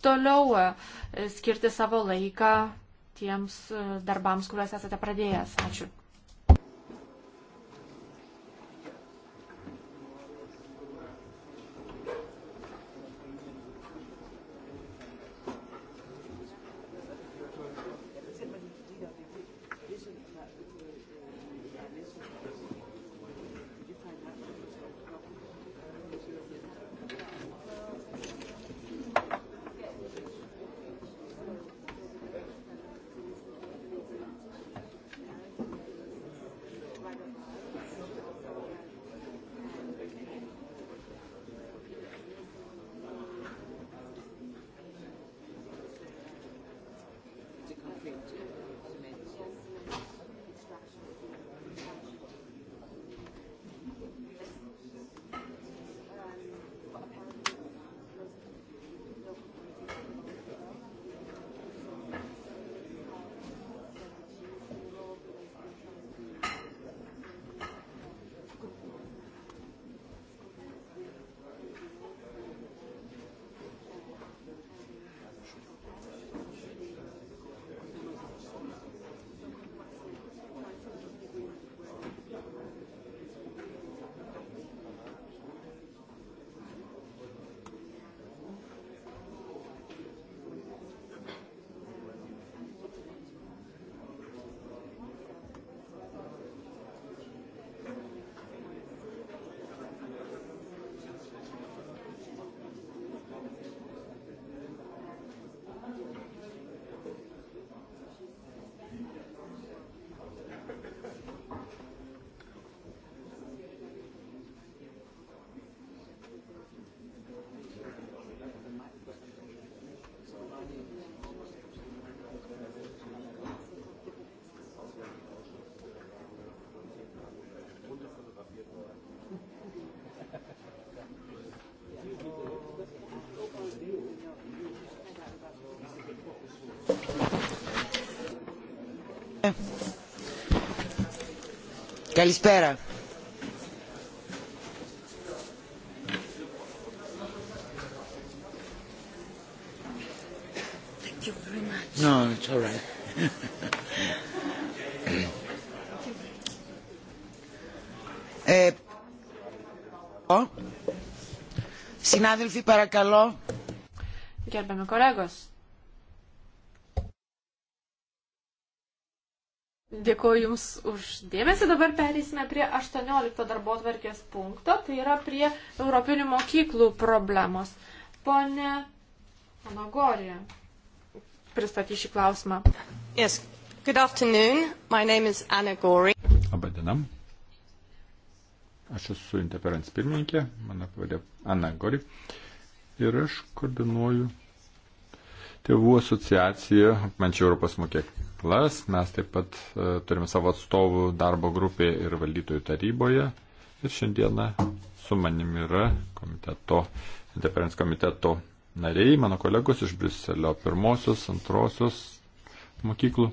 toliau e, skirti savo laiką tiems darbams, kuriuos esate pradėjęs. Ačiū. Καλησπέρα. Thank you very much. No, it's all right. ε, ο, συνάδελφοι παρακαλώ. Gerbiami kolegos, Dėkuoju Jums už dėmesį. Dabar perėsime prie 18 darbo tvarkės punkto, tai yra prie Europinių mokyklų problemos. Pone Anagorija, pristatys šį klausimą. Yes. Good afternoon. My name is Anna Gori. Labadiena. Aš esu interferens pirmininkė, mano pavadė Anna Gori. Ir aš koordinuoju tėvų asociaciją, man čia Europos mokėk, veiklas. Mes taip pat e, turime savo atstovų darbo grupėje ir valdytojų taryboje. Ir šiandieną su manim yra komiteto, interferencijos komiteto nariai, mano kolegos iš Briuselio pirmosios, antrosios mokyklų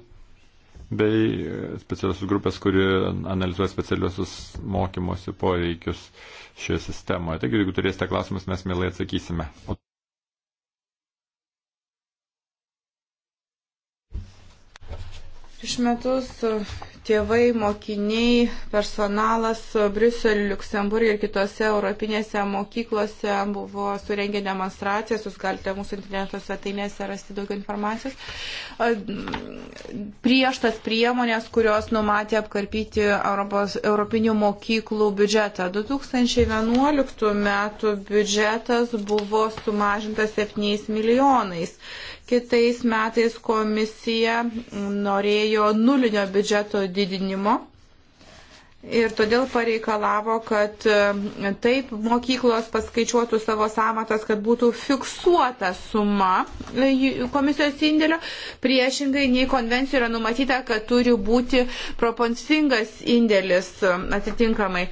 bei e, specialiosios grupės, kuri analizuoja specialiosius mokymosi poreikius šioje sistemoje. Taigi, jeigu turėsite klausimus, mes mielai atsakysime. O Prieš metus e, tėvai, mokiniai, personalas e, Briuselį, Luksemburgį ir kitose europinėse mokyklose buvo surengę demonstracijas, jūs galite mūsų interneto svetainėse rasti daugiau informacijos, e, prieš tas priemonės, kurios numatė apkarpyti Europos, europinių mokyklų biudžetą. 2011 metų biudžetas buvo sumažintas 7 milijonais. Kitais metais komisija norėjo nulinio biudžeto didinimo Ir todėl pareikalavo, kad e, taip mokyklos paskaičiuotų savo samatas, kad būtų fiksuota suma e, komisijos indėlio, priešingai nei konvencijoje yra numatyta, kad turi būti proporcingas indėlis e, atitinkamai.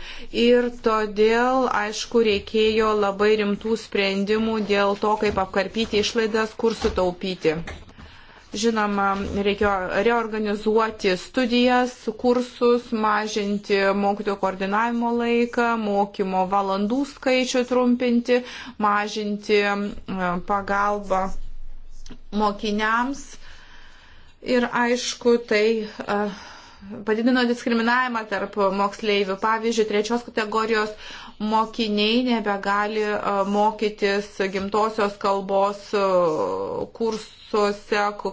Ir todėl, aišku, reikėjo labai rimtų sprendimų dėl to, kaip apkarpyti išlaidas, kur sutaupyti. Žinoma, reikėjo reorganizuoti studijas, kursus, mažinti mokytojų koordinavimo laiką, mokymo valandų skaičių trumpinti, mažinti e, pagalbą mokiniams. Ir aišku, tai e, padidino diskriminavimą tarp moksleivių. Pavyzdžiui, trečios kategorijos mokiniai nebegali e, mokytis gimtosios kalbos e, kursuose,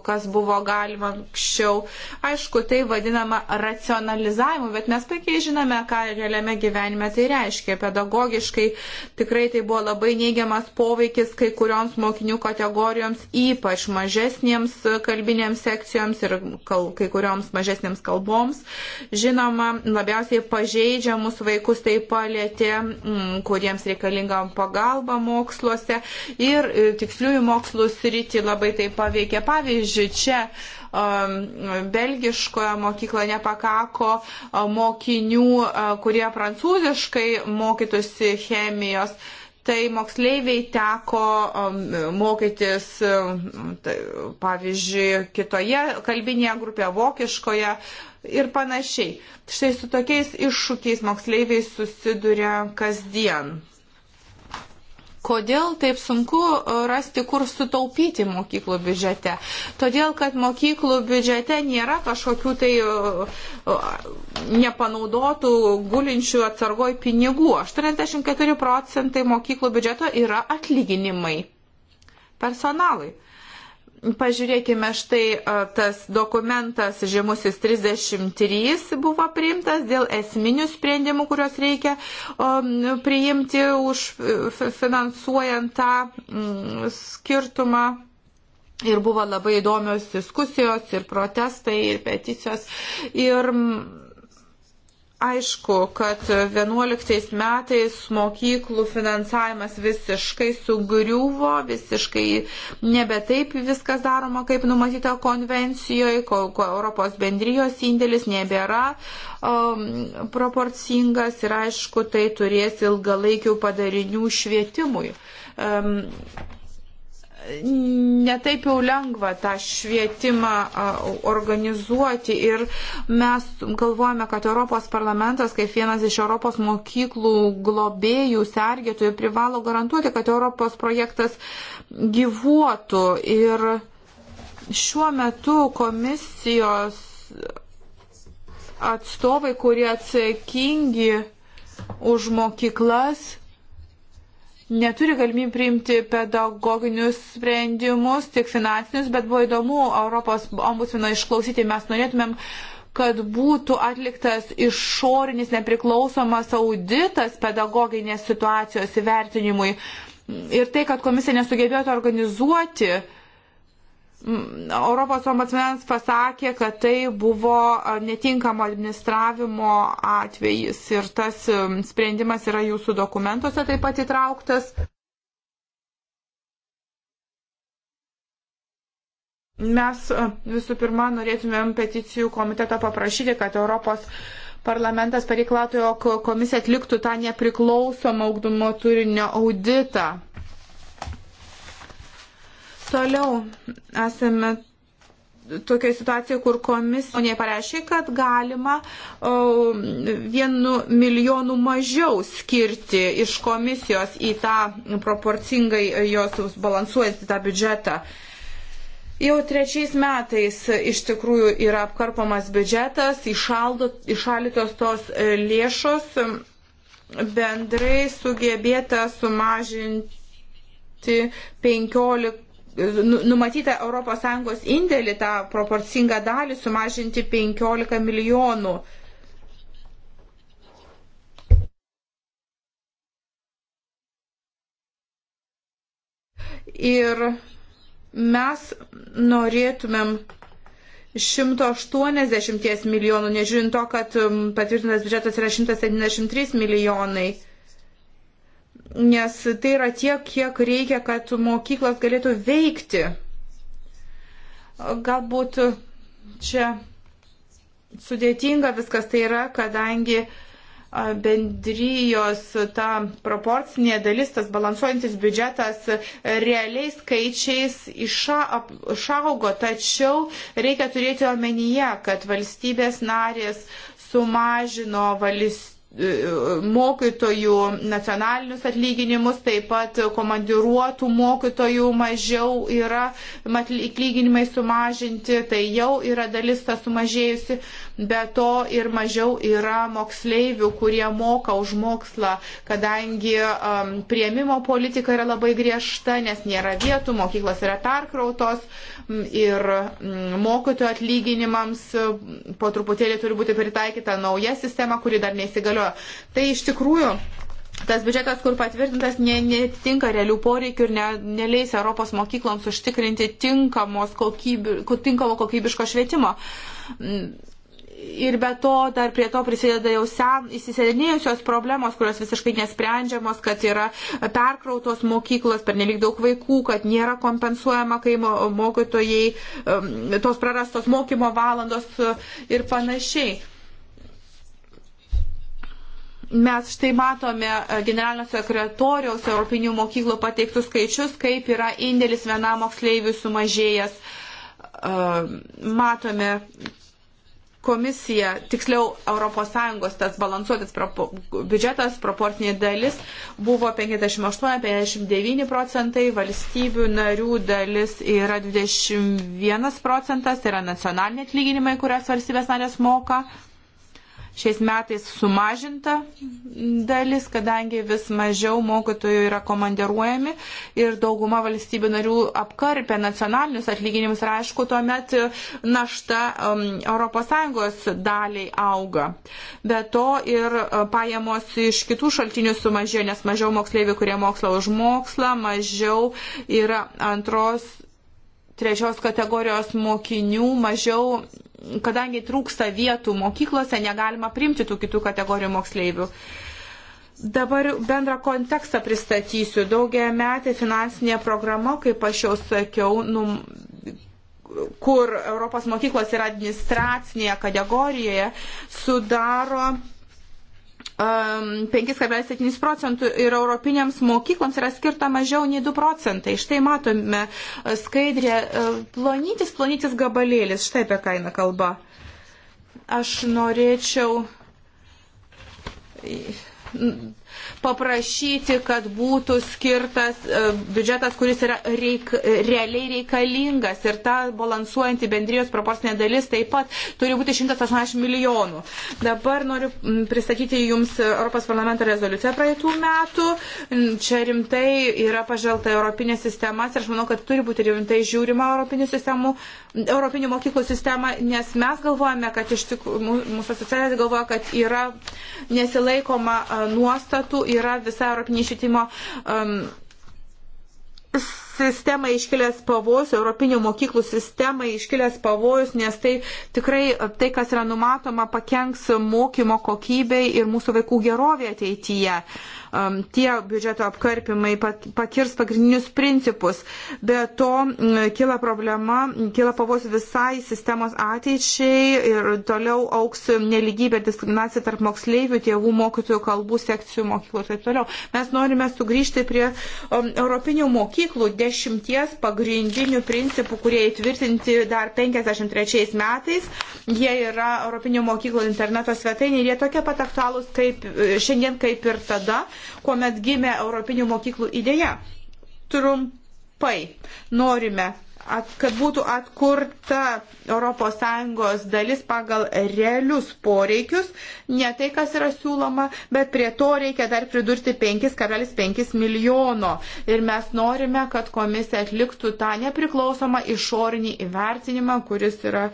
kas buvo galima anksčiau. Aišku, tai vadinama racionalizavimu, bet mes puikiai žinome, ką realiame gyvenime tai reiškia. Pedagogiškai tikrai tai buvo labai neigiamas poveikis kai kurioms mokinių kategorijoms, ypač mažesniems kalbinėms sekcijoms ir kal, kai kurioms mažesniems kalboms. Žinoma, labiausiai pažeidžiamus vaikus tai palėtė Mm, kuriems reikalinga pagalba moksluose ir e, tiksliųjų mokslų sritį labai tai paveikė. Pavyzdžiui, čia um, belgiškoje mokykloje nepakako mokinių, kurie prancūziškai mokytųsi chemijos tai moksleiviai teko um, mokytis, um, tai, pavyzdžiui, kitoje kalbinėje grupėje, vokiškoje ir panašiai. Štai su tokiais iššūkiais moksleiviai susiduria kasdien. Kodėl taip sunku e, rasti, kur sutaupyti mokyklų biudžete? Todėl, kad mokyklų biudžete nėra kažkokių tai e, e, nepanaudotų gulinčių atsargoj pinigų. 84 procentai mokyklų biudžeto yra atlyginimai personalui. Pažiūrėkime, štai tas dokumentas žymusis 33 buvo priimtas dėl esminių sprendimų, kuriuos reikia priimti už e, finansuojant tą mm, skirtumą. Ir buvo labai įdomios diskusijos ir protestai ir peticijos. Ir mm, Aišku, kad 11 metais mokyklų finansavimas visiškai sugriuvo, visiškai nebe taip viskas daroma, kaip numatyta konvencijoje, ko, ko Europos bendrijos indėlis nebėra um, proporcingas ir aišku, tai turės ilgalaikių padarinių švietimui. Um, netaip jau lengva tą švietimą organizuoti ir mes galvojame, kad Europos parlamentas, kaip vienas iš Europos mokyklų globėjų, sergėtojų, privalo garantuoti, kad Europos projektas gyvuotų ir šiuo metu komisijos atstovai, kurie atsakingi už mokyklas, neturi galimybę priimti pedagoginius sprendimus, tik finansinius, bet buvo įdomu Europos ombudsmino išklausyti. Mes norėtumėm, kad būtų atliktas išorinis nepriklausomas auditas pedagoginės situacijos įvertinimui. Ir tai, kad komisija nesugebėjo organizuoti uh, Europos ombudsmens pasakė, kad tai buvo netinkamo administravimo atvejis ir tas sprendimas yra jūsų dokumentuose taip pat įtrauktas. Mes visų pirma norėtumėm peticijų komiteto paprašyti, kad Europos parlamentas pareiklautų, jog komisija atliktų tą nepriklausomą augdymo turinio auditą Toliau esame tokioje situacijoje, kur komisija pareiškė, kad galima o, vienu milijonu mažiau skirti iš komisijos į tą proporcingai jos balansuojantį tą biudžetą. Jau trečiais metais iš tikrųjų yra apkarpamas biudžetas, išaldo, išalytos tos lėšos, bendrai sugebėta sumažinti 15 Nu, numatytą ES indėlį tą proporcingą dalį sumažinti 15 milijonų. Ir mes norėtumėm 180 milijonų, nežiūrint to, kad um, patvirtintas biudžetas yra 173 milijonai nes tai yra tiek, kiek reikia, kad mokyklos galėtų veikti. Galbūt čia sudėtinga viskas tai yra, kadangi bendrijos ta proporcinė dalis, tas balansuojantis biudžetas realiais skaičiais išaugo, tačiau reikia turėti omenyje, kad valstybės narės sumažino valstybės E, mokytojų nacionalinius atlyginimus, taip pat komandiruotų mokytojų mažiau yra atlyginimai sumažinti, tai jau yra dalis ta sumažėjusi, be to ir mažiau yra moksleivių, kurie moka už mokslą, kadangi um, prieimimo politika yra labai griežta, nes nėra vietų, mokyklos yra perkrautos ir um, mokytojų atlyginimams po truputėlį turi būti pritaikyta nauja sistema, kuri dar neįsigalioja biudžeto, tai iš tikrųjų tas biudžetas, kur patvirtintas, netinka realių poreikių ir ne, neleis Europos mokykloms užtikrinti kokybi, tinkamo kokybiško švietimo. Ir be to dar prie to prisideda jau sen, įsisenėjusios problemos, kurios visiškai nesprendžiamos, kad yra perkrautos mokyklos, per nelik daug vaikų, kad nėra kompensuojama, kai mokytojai um, tos prarastos mokymo valandos uh, ir panašiai. Mes štai matome e, generalinio sekretoriaus Europinių mokyklų pateiktus skaičius, kaip yra indėlis vienam moksleiviui sumažėjęs. E, matome, komisija, tiksliau ES tas balansuotas propo, biudžetas, proporcinė dalis buvo 58-59 procentai, valstybių narių dalis yra 21 procentas, tai yra nacionaliniai atlyginimai, kurias valstybės narės moka šiais metais sumažinta dalis, kadangi vis mažiau mokytojų yra komandiruojami ir dauguma valstybių narių apkarpė nacionalinius atlyginimus ir aišku, tuomet našta um, ES daliai auga. Be to ir uh, pajamos iš kitų šaltinių sumažėjo, nes mažiau moksleivių, kurie mokslo už mokslą, mažiau yra antros trečios kategorijos mokinių mažiau kadangi trūksta vietų mokyklose, negalima priimti tų kitų kategorijų moksleivių. Dabar bendrą kontekstą pristatysiu. Daugia metė finansinė programa, kaip aš jau sakiau, num, kur Europos mokyklos yra administracinėje kategorijoje, sudaro 5,7 procentų ir europinėms mokykloms yra skirta mažiau nei 2 procentai. Štai matome e, skaidrė e, plonytis, plonytis gabalėlis. Štai apie kainą kalba. Aš norėčiau paprašyti, kad būtų skirtas e, biudžetas, kuris yra reik, realiai reikalingas ir ta balansuojanti bendrijos proporcinė dalis taip pat turi būti 180 milijonų. Dabar noriu pristatyti Jums Europos parlamento rezoliuciją praeitų metų. Čia rimtai yra pažvelgta Europinės sistemas ir aš manau, kad turi būti rimtai žiūrima Europinių, sistemų, Europinių mokyklų sistema, nes mes galvojame, kad iš tikrųjų mūsų asociacija galvoja, kad yra nesilaikoma nuostatų yra visa Europinė švietimo um, sistemai iškilęs pavojus, Europinių mokyklų sistemai iškilęs pavojus, nes tai tikrai tai, kas yra numatoma, pakenks mokymo kokybei ir mūsų vaikų gerovė ateityje. Um, tie biudžeto apkarpimai pat, pakirs pagrindinius principus. Be to, kila problema, kila pavojus visai sistemos ateičiai ir toliau auks neligybė ir diskriminacija tarp moksleivių, tėvų, mokytojų, kalbų, sekcijų, mokyklų ir taip toliau. Mes norime sugrįžti prie um, Europinių mokyklų dešimties pagrindinių principų, kurie įtvirtinti dar 53 metais. Jie yra Europinio mokyklo interneto svetainė ir jie tokie pat aktualūs kaip, šiandien kaip ir tada, kuomet gimė Europinių mokyklų idėja. Trumpai norime at, kad būtų atkurta ES dalis pagal realius poreikius, ne tai, kas yra siūloma, bet prie to reikia dar pridurti 5,5 milijono. Ir mes norime, kad komisija atliktų tą nepriklausomą išorinį įvertinimą, kuris yra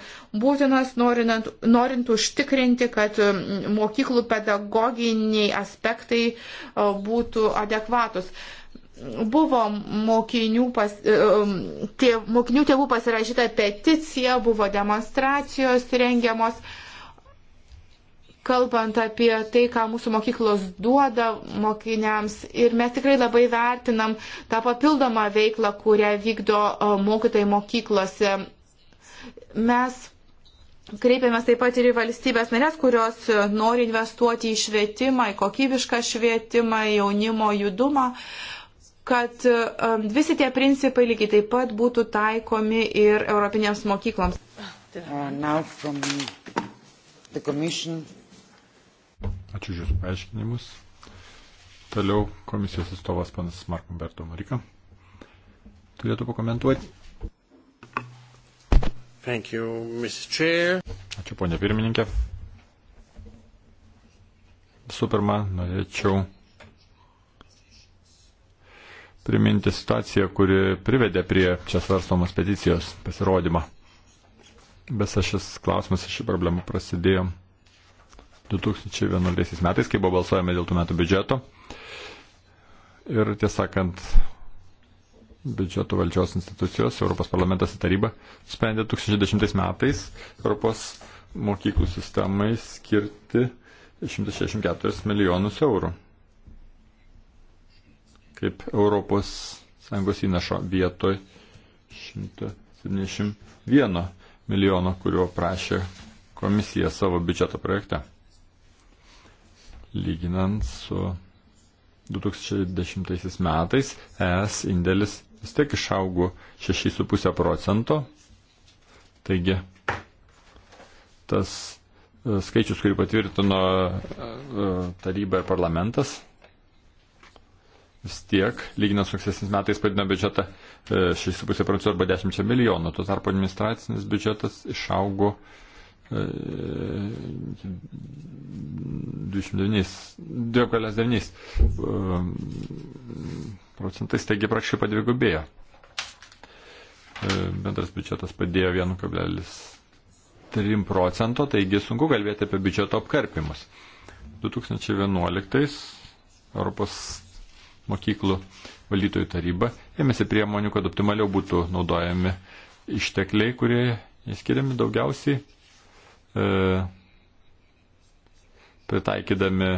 būtinas norint, norint užtikrinti, kad mokyklų pedagoginiai aspektai būtų adekvatus. Buvo mokinių, pas, e, um, tė, mokinių tėvų pasirašyta peticija, buvo demonstracijos rengiamos. Kalbant apie tai, ką mūsų mokyklos duoda mokiniams ir mes tikrai labai vertinam tą papildomą veiklą, kurią vykdo e, mokytojai mokyklose. Mes Kreipiamės taip pat ir į valstybės narės, kurios e, nori investuoti į švietimą, į kokybišką švietimą, į jaunimo judumą. Uh, kad um, visi tie principai lygiai taip pat būtų taikomi ir Europinėms mokykloms. Uh, Ačiū už Jūsų paaiškinimus. Toliau komisijos atstovas panas Markumberto Marika. Turėtų pakomentuoti. Thank you, Mr. Chair. Ačiū, ponė pirmininkė. Visų pirma, norėčiau priminti situaciją, kuri privedė prie čia svarstomos peticijos pasirodymo. Visas šis klausimas ir ši problema prasidėjo 2011 metais, kai buvo balsuojama dėl tų metų biudžeto. Ir tiesąkant, biudžeto valdžios institucijos, Europos parlamentas ir taryba, sprendė 2010 metais Europos mokyklų sistemai skirti 164 milijonus eurų kaip ES įnašo vietoj 171 milijono, kurio prašė komisija savo biudžeto projekte. Lyginant su 2010 metais ES indėlis vis tiek išaugo 6,5 procento. Taigi tas e, skaičius, kurį patvirtino e, e, taryba ir parlamentas, vis tiek, lyginant su ankstesniais metais, padidino biudžetą 6,5 e, procentų arba 10 milijonų. Tuo tarpu administracinis biudžetas išaugo 2,9 e, e, procentais, taigi praktiškai padvigubėjo. Bendras biudžetas padėjo 1,3 procento, taigi sunku kalbėti apie biudžeto apkarpimus. 2011 Europos mokyklų valdytojų taryba ėmėsi priemonių, kad optimaliau būtų naudojami ištekliai, kurie įskiriami daugiausiai, e, pritaikydami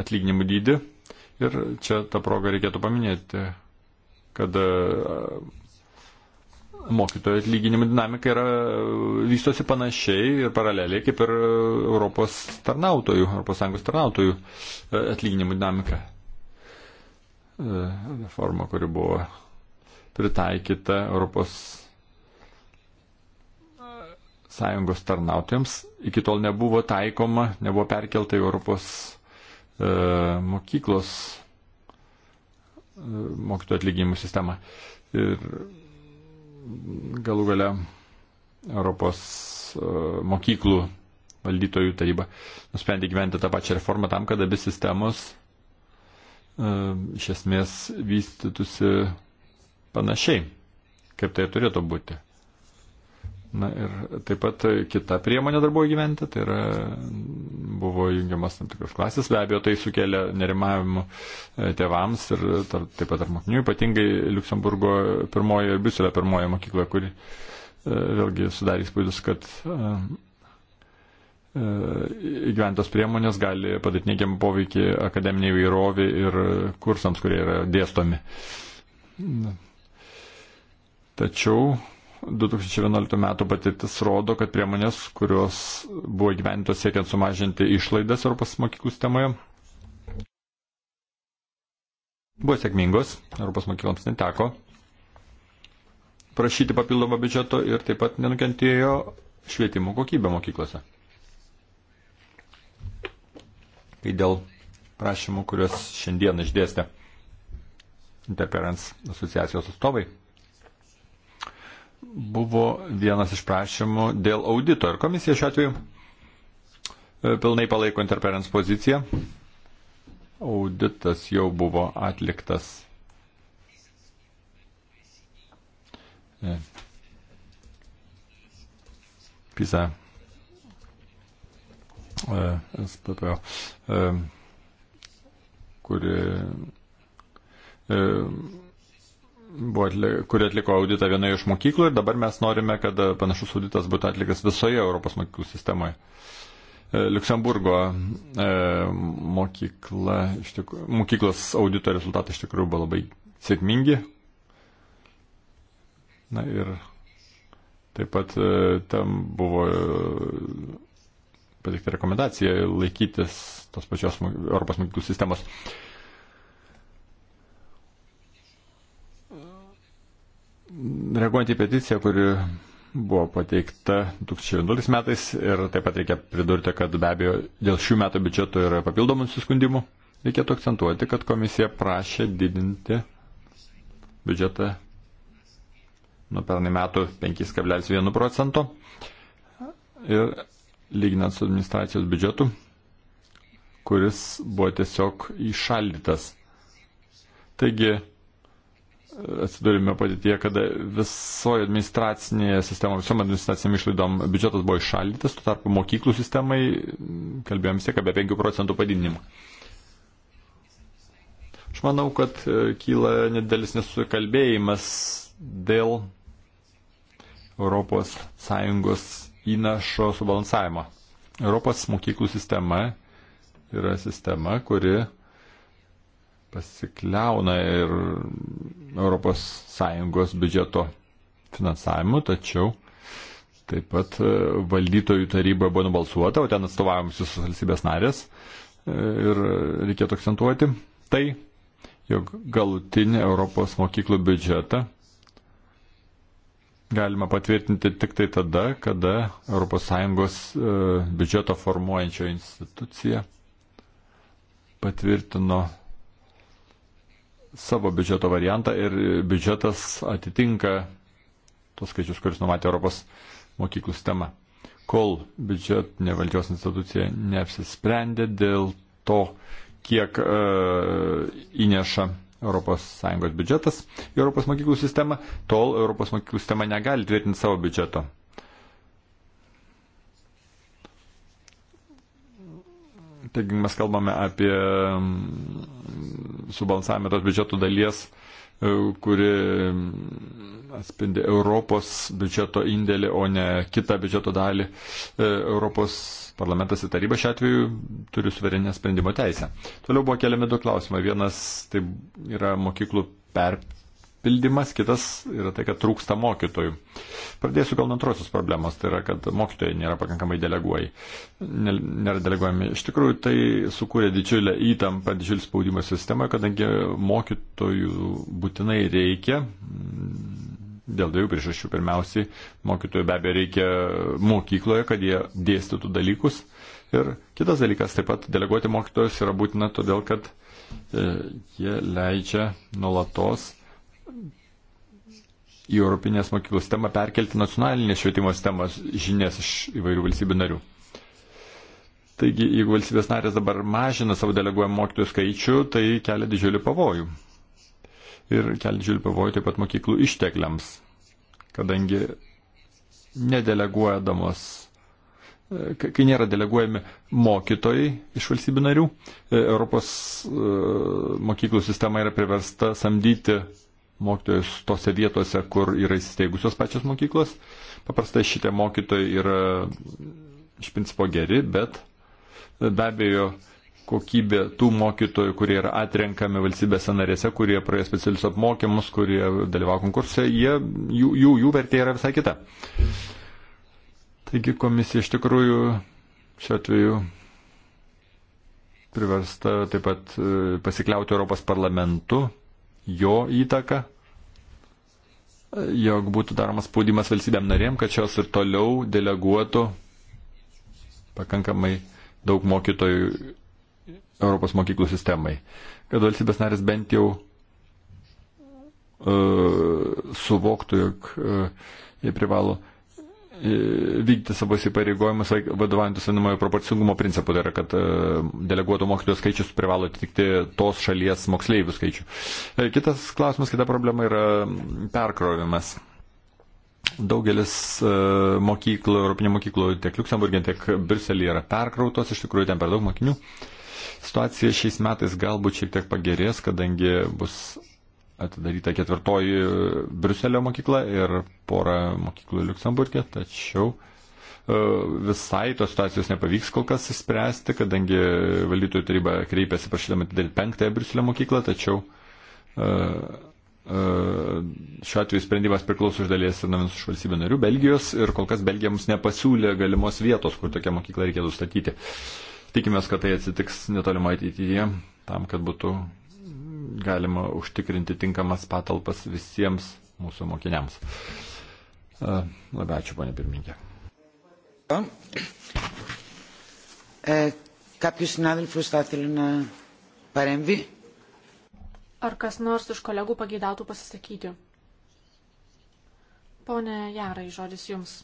atlyginimų dydį. Ir čia tą progą reikėtų paminėti, kad e, mokytojų atlyginimų dinamika yra e, vystosi panašiai ir paraleliai kaip ir Europos tarnautojų, Europos Sąjungos tarnautojų e, atlyginimų dinamika reforma, kuri buvo pritaikyta Europos sąjungos tarnautojams, iki tol nebuvo taikoma, nebuvo perkelta į Europos e, mokyklos e, mokytojų atlyginimų sistemą. Ir galų gale Europos e, mokyklų valdytojų taryba nusprendė gyventi tą pačią reformą tam, kad abi sistemos E, iš esmės vystytųsi panašiai, kaip tai turėtų būti. Na ir taip pat kita priemonė dar buvo gyventi, tai yra buvo jungiamas tam tikros klasės, be abejo tai sukelia nerimavimų e, tėvams ir tar, taip pat ar mokinių, ypatingai Luksemburgo pirmojo ir Briuselio pirmojo mokykloje, kuri e, vėlgi sudarys spaudus, kad įgyventos priemonės gali padaryti neigiamą poveikį akademiniai įvairovį ir kursams, kurie yra dėstomi. Tačiau 2011 metų patirtis rodo, kad priemonės, kurios buvo įgyventos siekiant sumažinti išlaidas Europos mokyklų sistemoje, buvo sėkmingos, Europos mokykloms neteko prašyti papildomą biudžeto ir taip pat nenukentėjo švietimo kokybė mokyklose. kai dėl prašymų, kuriuos šiandien išdėstė Interference asociacijos atstovai, buvo vienas iš prašymų dėl audito. Ir komisija šiuo atveju e, pilnai palaiko Interference poziciją. Auditas jau buvo atliktas. E. PISA E, SPPO, e, kuri e, buvo atli kuri atliko auditą vienoje iš mokyklų ir dabar mes norime, kad panašus auditas būtų atliktas visoje Europos mokyklų sistemoje. Liuksemburgo e, mokykla, tik, mokyklos audito rezultatai iš tikrųjų buvo labai sėkmingi. Na ir taip pat e, tam buvo e, pateikta rekomendacija laikytis tos pačios Europos mokyklų sistemos. Reaguojant į peticiją, kuri buvo pateikta 2011 metais ir taip pat reikia pridurti, kad be abejo dėl šių metų biudžeto yra papildomų nusiskundimų, reikėtų akcentuoti, kad komisija prašė didinti biudžetą nuo pernai metų 5,1 procento ir lyginant su administracijos biudžetu, kuris buvo tiesiog įšaldytas. Taigi, atsidūrėme padėtyje, kada visoje administracinėje sistemoje, visom administracinėm išlaidom biudžetas buvo iššaldytas, tuo tarpu mokyklų sistemai kalbėjom siek apie 5 procentų padidinimą. Aš manau, kad e, kyla nedėlis nesukalbėjimas dėl Europos Sąjungos įnašo subalansavimą. Europos mokyklų sistema yra sistema, kuri pasikliauna ir ES biudžeto finansavimu, tačiau taip pat e, valdytojų taryboje buvo nubalsuota, o ten atstovavimus visus valstybės narės e, ir reikėtų akcentuoti tai, jog galutinį Europos mokyklų biudžetą galima patvirtinti tik tai tada, kada ES e, biudžeto formuojančio institucija patvirtino savo biudžeto variantą ir biudžetas atitinka tos skaičius, kuris numatė Europos mokyklų sistema. Kol biudžetinė valdžios institucija neapsisprendė dėl to, kiek e, įneša ES biudžetas į ES mokyklų sistemą, tol ES mokyklų sistema negali tvirtinti savo biudžeto. Taigi mes kalbame apie mm, subalansavimą tos biudžeto dalies E, kuri atspindi Europos biudžeto indėlį, o ne kitą biudžeto dalį. E, Europos parlamentas ir taryba šiuo atveju turi suverenę sprendimo teisę. Toliau buvo keliami du klausimai. Vienas tai yra mokyklų perpirkimas pildymas, kitas yra tai, kad trūksta mokytojų. Pradėsiu gal nuo antrosios problemos, tai yra, kad mokytojai nėra pakankamai deleguojai. Nėra deleguojami. Iš tikrųjų, tai sukūrė didžiulę įtampą, didžiulį spaudimą sistemoje, kadangi mokytojų būtinai reikia. Dėl dviejų priežasčių. Pirmiausiai, mokytojų be abejo reikia mokykloje, kad jie dėstytų dalykus. Ir kitas dalykas, taip pat deleguoti mokytojus yra būtina todėl, kad e, jie leidžia nuolatos į Europinės mokyklų sistemą perkelti nacionalinės švietimo sistemos žinias iš įvairių valstybių narių. Taigi, jeigu valstybės narės dabar mažina savo deleguojamų mokytojų skaičių, tai kelia didžiulį pavojų. Ir kelia didžiulį pavojų taip pat mokyklų ištekliams, kadangi nedeleguojamos, kai nėra deleguojami mokytojai iš valstybių narių, Europos e, mokyklų sistema yra priversta samdyti mokytojus tose vietose, kur yra įsisteigusios pačios mokyklos. Paprastai šitie mokytojai yra iš principo geri, bet be abejo kokybė tų mokytojų, kurie yra atrenkami valstybėse narėse, kurie praėjo specialius apmokymus, kurie dalyvavo konkurse, jie, jų, jų, jų vertė yra visai kita. Taigi komisija iš tikrųjų šiuo atveju priversta taip pat e, pasikliauti Europos parlamentu, jo įtaka jog būtų daromas spaudimas valstybėm narėm, kad šios ir toliau deleguotų pakankamai daug mokytojų Europos mokyklų sistemai. Kad valstybės narės bent jau uh, suvoktų, jog uh, jie privalo vykdyti savo įsipareigojimus vadovantis vadinamojo proporcingumo principu, tai yra, kad e, deleguotų mokytojų skaičius privalo atitikti tos šalies moksleivių skaičių. E, kitas klausimas, kita problema yra perkrovimas. Daugelis e, mokyklų, Europinių mokyklų tiek Luksemburgė, tiek Briuselėje yra perkrautos, iš tikrųjų ten per daug mokinių. Situacija šiais metais galbūt šiek tiek pagerės, kadangi bus atidaryta ketvirtoji e, Bruselio mokykla ir pora mokyklų Luksemburgė, tačiau e, visai tos situacijos nepavyks kol kas įspręsti, kadangi valdytojų taryba kreipėsi prašydama atidaryti penktąją Bruselio mokyklą, tačiau e, šiuo atveju sprendimas priklauso iš dalies ir nuo vienos iš valstybių narių Belgijos ir kol kas Belgija mums nepasiūlė galimos vietos, kur tokia mokykla reikėtų statyti. Tikimės, kad tai atsitiks netolimo ateityje, tam, kad būtų galima užtikrinti tinkamas patalpas visiems mūsų mokiniams. Labai ačiū, ponė pirmininkė. E, Ar kas nors iš kolegų pageidautų pasisakyti? Pone Jarai, žodis jums.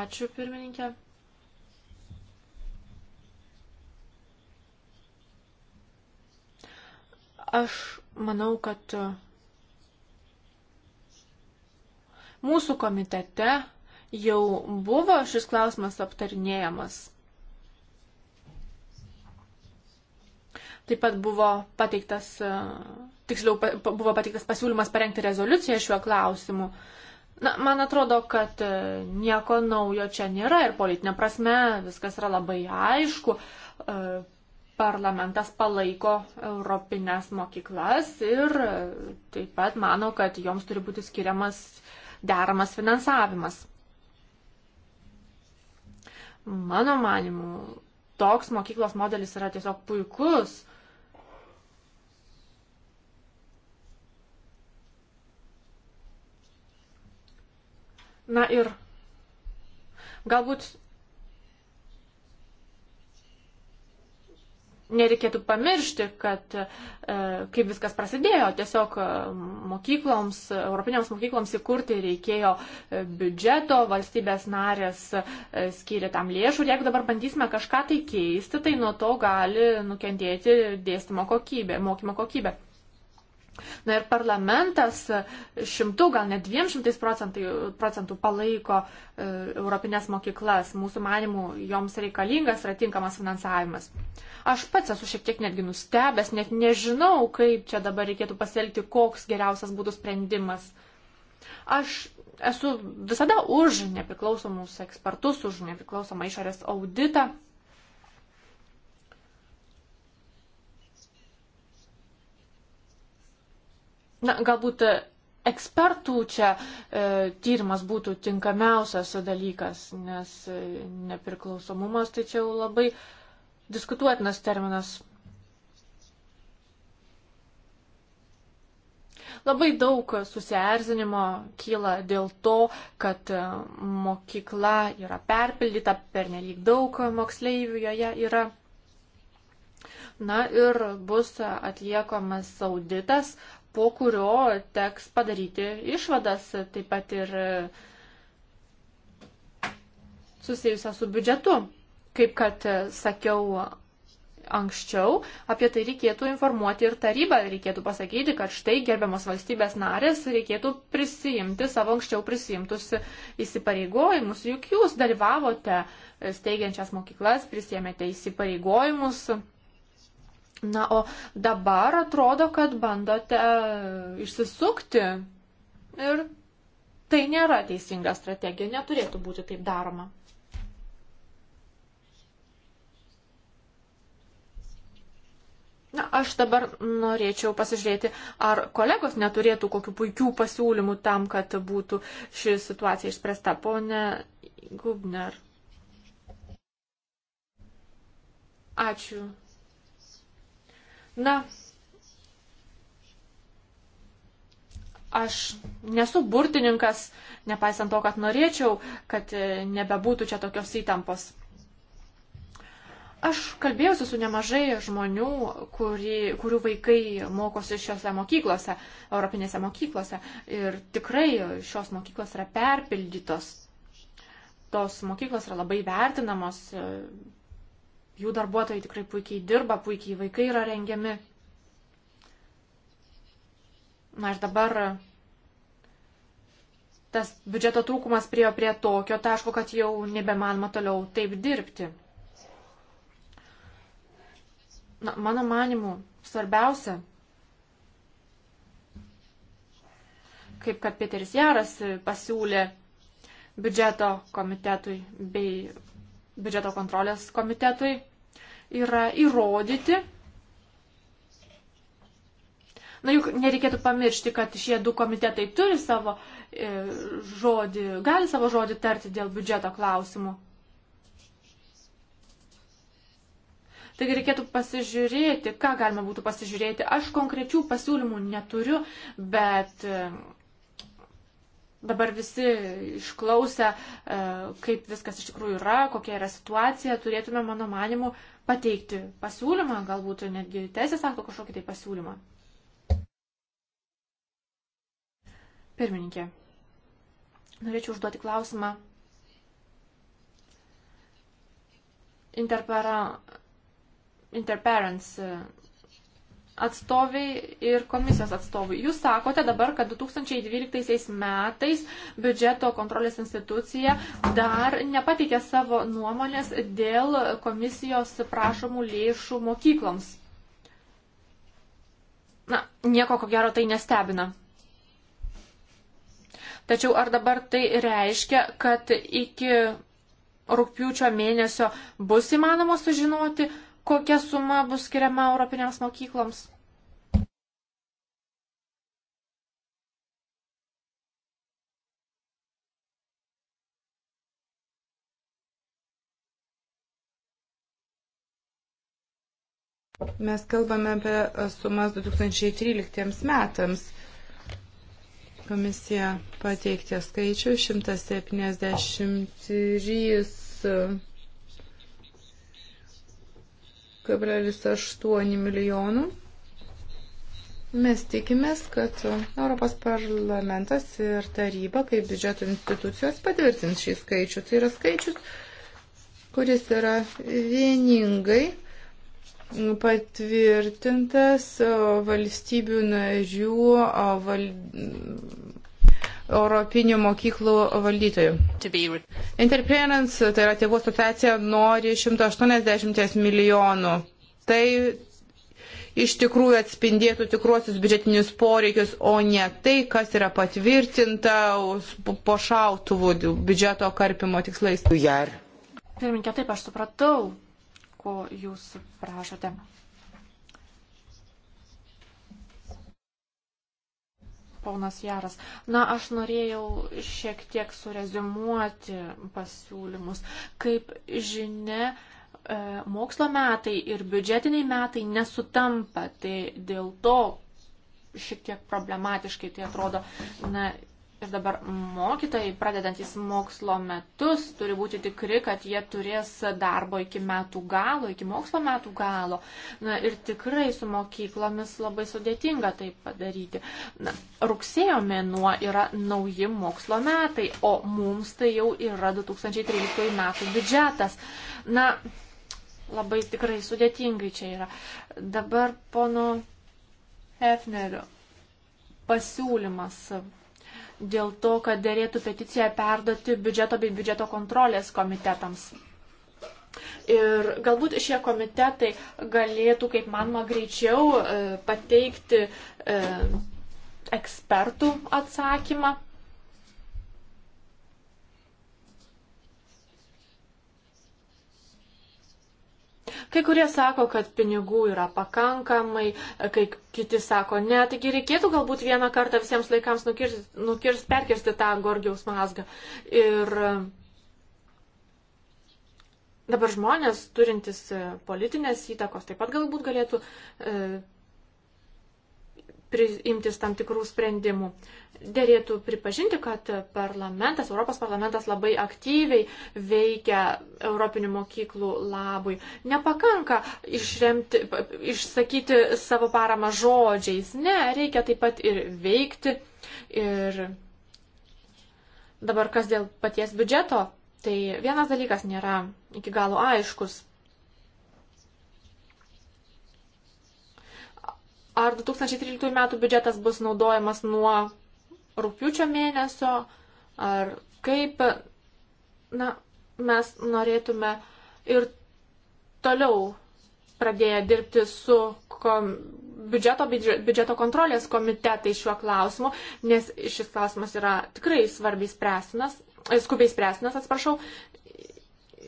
Ačiū, pirmininkė. Aš manau, kad mūsų komitete jau buvo šis klausimas aptarinėjamas. Taip pat buvo pateiktas, tiksliau, buvo pateiktas pasiūlymas parengti rezoliuciją šiuo klausimu. Na, man atrodo, kad e, nieko naujo čia nėra ir politinė prasme viskas yra labai aišku. E, parlamentas palaiko europinės mokyklas ir taip pat mano, kad joms turi būti skiriamas deramas finansavimas. Mano manimu, toks mokyklos modelis yra tiesiog puikus. Na ir galbūt nereikėtų pamiršti, kad e, kaip viskas prasidėjo, tiesiog e, mokykloms, europinėms mokykloms įkurti reikėjo e, biudžeto, valstybės narės e, skyrė tam lėšų ir jeigu dabar bandysime kažką tai keisti, tai nuo to gali nukentėti dėstymo kokybė, mokymo kokybė. Na ir parlamentas šimtų, gal net dviem šimtais procentų, procentų palaiko e, Europinės mokyklas. Mūsų manimų joms reikalingas yra tinkamas finansavimas. Aš pats esu šiek tiek netgi nustebęs, net nežinau, kaip čia dabar reikėtų pasielgti, koks geriausias būtų sprendimas. Aš esu visada už nepriklausomus ekspertus, už nepriklausomą išorės auditą. Na, galbūt e, ekspertų čia e, tyrimas būtų tinkamiausias dalykas, nes e, nepriklausomumas tai čia jau labai diskutuotinas terminas. Labai daug susierzinimo kyla dėl to, kad e, mokykla yra perpildyta, pernelyg daug moksleivių joje yra. Na ir bus atliekamas auditas, po kurio teks padaryti išvadas, taip pat ir e, susijusią su biudžetu. Kaip kad e, sakiau anksčiau, apie tai reikėtų informuoti ir tarybą. Reikėtų pasakyti, kad štai gerbiamas valstybės narės reikėtų prisijimti savo anksčiau prisijimtus įsipareigojimus. Juk jūs dalyvavote e, steigiančias mokyklas, prisėmėte įsipareigojimus Na, o dabar atrodo, kad bandote e, išsisukti ir tai nėra teisinga strategija, neturėtų būti taip daroma. Na, aš dabar norėčiau pasižiūrėti, ar kolegos neturėtų kokių puikių pasiūlymų tam, kad būtų ši situacija išspręsta. Pone Gubner. Ačiū, Na, aš nesu burtininkas, nepaisant to, kad norėčiau, kad e, nebebūtų čia tokios įtampos. Aš kalbėjausi su nemažai žmonių, kuri, kurių vaikai mokosi šiuose mokyklose, europinėse mokyklose. Ir tikrai šios mokyklos yra perpildytos. Tos mokyklos yra labai vertinamos, e, Jų darbuotojai tikrai puikiai dirba, puikiai vaikai yra rengiami. Na ir dabar tas biudžeto trūkumas priejo prie tokio taško, kad jau nebemanoma toliau taip dirbti. Na, mano manimu, svarbiausia, kaip kad Peteris Jaras pasiūlė biudžeto komitetui bei biudžeto kontrolės komitetui, yra įrodyti. Na juk nereikėtų pamiršti, kad šie du komitetai turi savo e, žodį, gali savo žodį tarti dėl biudžeto klausimų. Taigi reikėtų pasižiūrėti, ką galima būtų pasižiūrėti. Aš konkrečių pasiūlymų neturiu, bet e, dabar visi išklausę, e, kaip viskas iš tikrųjų yra, kokia yra situacija, turėtume, mano manimu, pateikti pasiūlymą, galbūt netgi teisės akto kažkokį tai pasiūlymą. Pirmininkė, norėčiau užduoti klausimą. Interpara, interparents atstoviai ir komisijos atstovai. Jūs sakote dabar, kad 2012 metais biudžeto kontrolės institucija dar nepateikė savo nuomonės dėl komisijos prašomų lėšų mokykloms. Na, nieko ko gero tai nestebina. Tačiau ar dabar tai reiškia, kad iki rūpiučio mėnesio bus įmanoma sužinoti, kokia suma bus skiriama Europinėms mokykloms? Mes kalbame apie sumas 2013 metams. Komisija pateikė skaičių 173 2,8 milijonų. Mes tikimės, kad Europos parlamentas ir taryba, kaip biudžeto institucijos, patvirtins šį skaičių. Tai yra skaičius, kuris yra vieningai patvirtintas valstybių nažių val... Europinių mokyklų valdytojų. Interference, tai yra tėvų asociacija, nori 180 milijonų. Tai iš tikrųjų atspindėtų tikruosius biudžetinius poreikius, o ne tai, kas yra patvirtinta po šautuvų biudžeto karpimo tikslais. Pirminkė, taip aš supratau, ko jūs prašote. ponas Jaras. Na, aš norėjau šiek tiek surezumuoti pasiūlymus. Kaip žinia, e, mokslo metai ir biudžetiniai metai nesutampa, tai dėl to šiek tiek problematiškai tai atrodo. Na, Ir dabar mokytojai, pradedantis mokslo metus, turi būti tikri, kad jie turės darbo iki metų galo, iki mokslo metų galo. Na, ir tikrai su mokyklomis labai sudėtinga tai padaryti. Na, rugsėjo mėnuo yra nauji mokslo metai, o mums tai jau yra 2013 metų biudžetas. Na, labai tikrai sudėtingai čia yra. Dabar pono Hefnerio pasiūlymas dėl to, kad dėrėtų peticiją perduoti biudžeto bei biudžeto kontrolės komitetams. Ir galbūt šie komitetai galėtų, kaip manoma, greičiau e, pateikti e, ekspertų atsakymą Kai kurie sako, kad pinigų yra pakankamai, kai kiti sako, ne, taigi reikėtų galbūt vieną kartą visiems laikams nukirsti, nukirsti perkirsti tą gorgiaus mazgą. Ir e, dabar žmonės turintys e, politinės įtakos taip pat galbūt galėtų e, imtis tam tikrų sprendimų. Dėrėtų pripažinti, kad parlamentas, Europos parlamentas labai aktyviai veikia Europinių mokyklų labui. Nepakanka išremti, išsakyti savo paramą žodžiais. Ne, reikia taip pat ir veikti. Ir dabar kas dėl paties biudžeto, tai vienas dalykas nėra iki galo aiškus. ar 2013 metų biudžetas bus naudojamas nuo rūpiučio mėnesio, ar kaip na, mes norėtume ir toliau pradėję dirbti su kom, biudžeto, biudžeto kontrolės komitetai šiuo klausimu, nes šis klausimas yra tikrai svarbiai spręsinas, e, skubiai spręsinas, atsiprašau.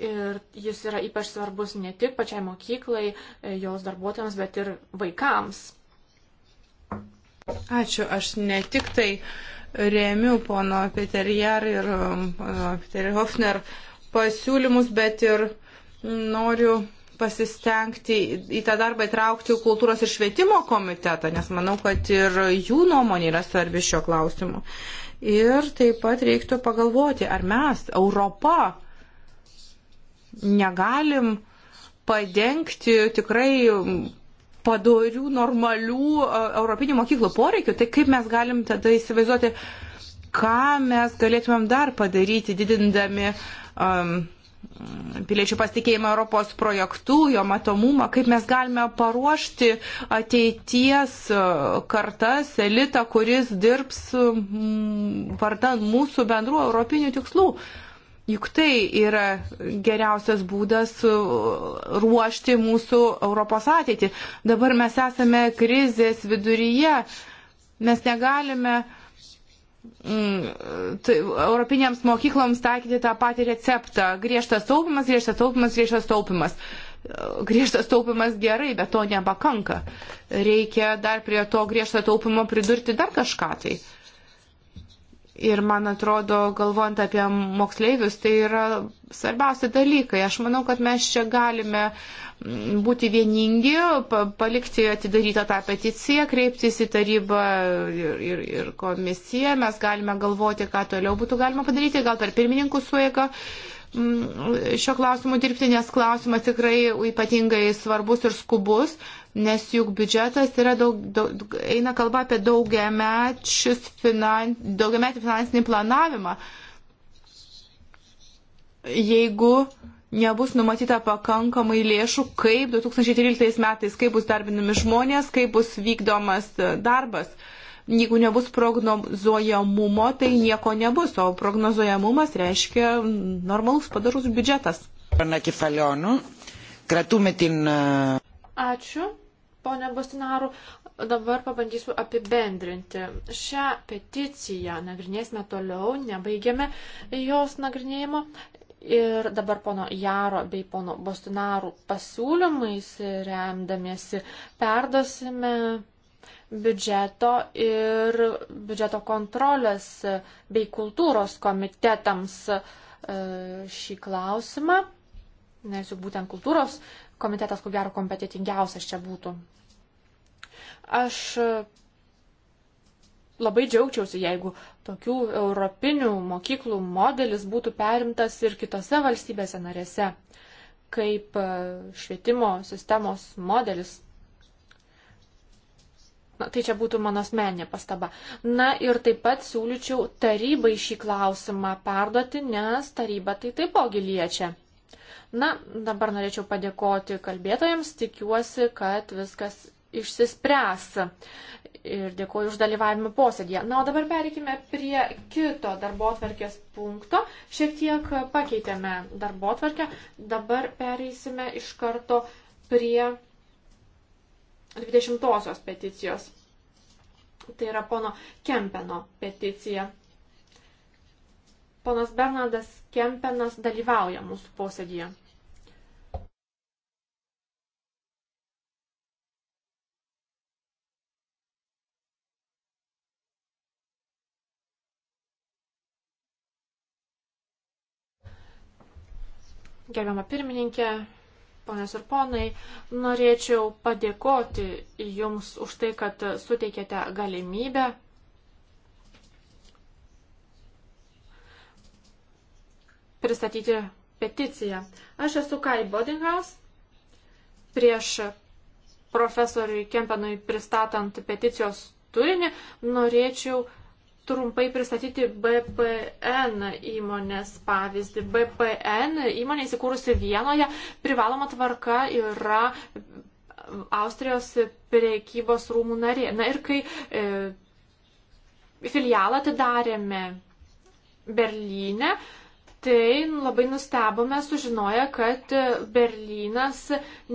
Ir jis yra ypač svarbus ne tik pačiai mokyklai, e, jos darbuotojams, bet ir vaikams. Ačiū, aš ne tik tai remiu pono Peterjar ir um, pono Peterį Hofner pasiūlymus, bet ir noriu pasistengti į tą darbą įtraukti kultūros ir švietimo komitetą, nes manau, kad ir jų nuomonė yra svarbi šio klausimu. Ir taip pat reiktų pagalvoti, ar mes, Europa, negalim padengti tikrai padorių, normalių e, europinių mokyklų poreikių, tai kaip mes galim tada įsivaizduoti, ką mes galėtumėm dar padaryti, didindami um, piliečių pasitikėjimą Europos projektų, jo matomumą, kaip mes galime paruošti ateities e, kartas, elitą, kuris dirbs vardan mūsų bendrų europinių tikslų. Uh, Juk tai yra geriausias būdas e, ruošti mūsų Europos ateitį. Dabar mes esame krizės viduryje. Mes negalime mm, tai, europinėms mokykloms taikyti tą patį receptą. Griežtas taupimas, griežtas taupimas, griežtas taupimas. E, griežtas taupimas gerai, bet to nepakanka. Reikia dar prie to griežto taupimo pridurti dar kažką tai. Uh, Ir man atrodo, galvojant apie moksleivius, tai yra svarbiausia dalykai. Aš manau, kad mes čia galime mm, būti vieningi, palikti atidarytą tą peticiją, kreiptis į tarybą ir, ir, ir komisiją. Mes galime galvoti, ką toliau būtų galima padaryti, gal per pirmininkų suėgą. Uh, Mm, šio klausimu dirbti, nes klausimas tikrai ypatingai svarbus ir skubus, nes juk biudžetas yra daug, daug eina kalba apie daugiametį finan, daugiametį finansinį planavimą. Jeigu nebus numatyta pakankamai lėšų, kaip 2013 metais, kaip bus darbinami žmonės, kaip bus vykdomas darbas. Uh, Jeigu nebus prognozuojamumo, tai nieko nebus, o prognozuojamumas reiškia normalus padarus biudžetas. E, Ačiū, ponė Bostinaru. Dabar pabandysiu apibendrinti. Šią peticiją nagrinėsime toliau, nebaigėme jos nagrinėjimo. Ir dabar pono Jaro bei pono Bostinarų pasiūlymais remdamiesi perdosime biudžeto ir biudžeto kontrolės bei kultūros komitetams e, šį klausimą, nes jau būtent kultūros komitetas, ko gero, kompetitingiausias čia būtų. Aš e, labai džiaugčiausi, jeigu tokių europinių mokyklų modelis būtų perimtas ir kitose valstybėse narėse, kaip e, švietimo sistemos modelis Na, tai čia būtų mano asmeninė pastaba. Na ir taip pat siūlyčiau tarybai šį klausimą perduoti, nes taryba tai taipogi liečia. Na, dabar norėčiau padėkoti kalbėtojams, tikiuosi, kad viskas išsispręs. Ir dėkuoju už dalyvavimą posėdėje. Na, o dabar pereikime prie kito darbo atverkės punkto. Šiek tiek pakeitėme darbo atverkę. Dabar pereisime iš karto prie 20-osios peticijos. Tai yra pono Kempeno peticija. Ponas Bernardas Kempenas dalyvauja mūsų posėdėje. Gerbiama pirmininkė, Ponios ir ponai, norėčiau padėkoti Jums už tai, kad suteikėte galimybę pristatyti peticiją. Aš esu Kai Bodinghaus. Prieš profesoriui Kempenui pristatant peticijos turinį norėčiau trumpai pristatyti BPN įmonės pavyzdį. BPN įmonė įsikūrusi Vienoje privaloma tvarka yra Austrijos priekybos rūmų narė. Na ir kai e, filialą atidarėme Berlyne, tai labai nustebome sužinoję, kad Berlynas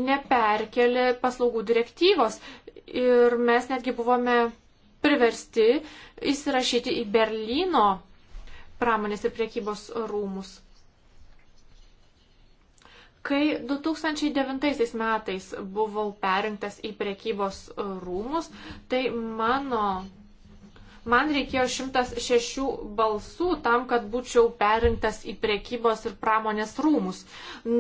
neperkelė paslaugų direktyvos. Ir mes netgi buvome priversti įsirašyti į Berlyno pramonės ir priekybos rūmus. Kai 2009 metais buvau perinktas į priekybos rūmus, tai mano, man reikėjo 106 balsų tam, kad būčiau perinktas į priekybos ir pramonės rūmus.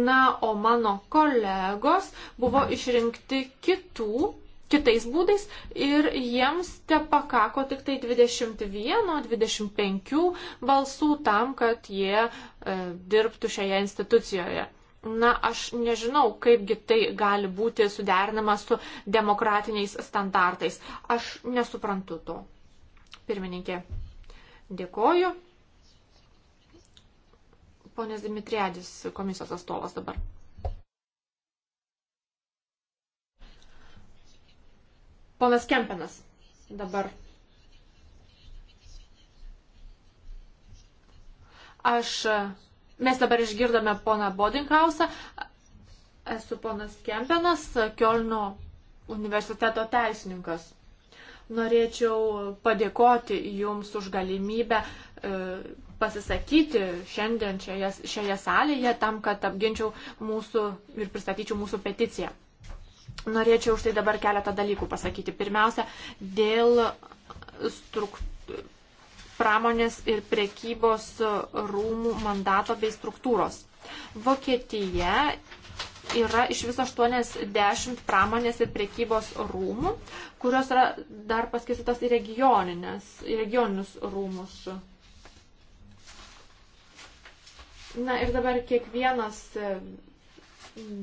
Na, o mano kolegos buvo išrinkti kitų kitais būdais ir jiems te pakako tik tai 21-25 balsų tam, kad jie e, dirbtų šioje institucijoje. Na, aš nežinau, kaipgi tai gali būti suderinama su demokratiniais standartais. Aš nesuprantu to. Pirmininkė, dėkoju. Ponės Dimitriadis, komisijos atstovas dabar. Ponas Kempenas dabar. Aš, mes dabar išgirdome poną Bodinkausą, esu ponas Kempenas, Kielno universiteto teisininkas. Norėčiau padėkoti Jums už galimybę e, pasisakyti šiandien šioje, šioje salėje tam, kad apginčiau mūsų ir pristatyčiau mūsų peticiją norėčiau už tai dabar keletą dalykų pasakyti. Pirmiausia, dėl struk... pramonės ir prekybos rūmų mandato bei struktūros. Vokietija yra iš viso 80 pramonės ir prekybos rūmų, kurios yra dar paskirstytos į regioninius rūmus. Na ir dabar kiekvienas e,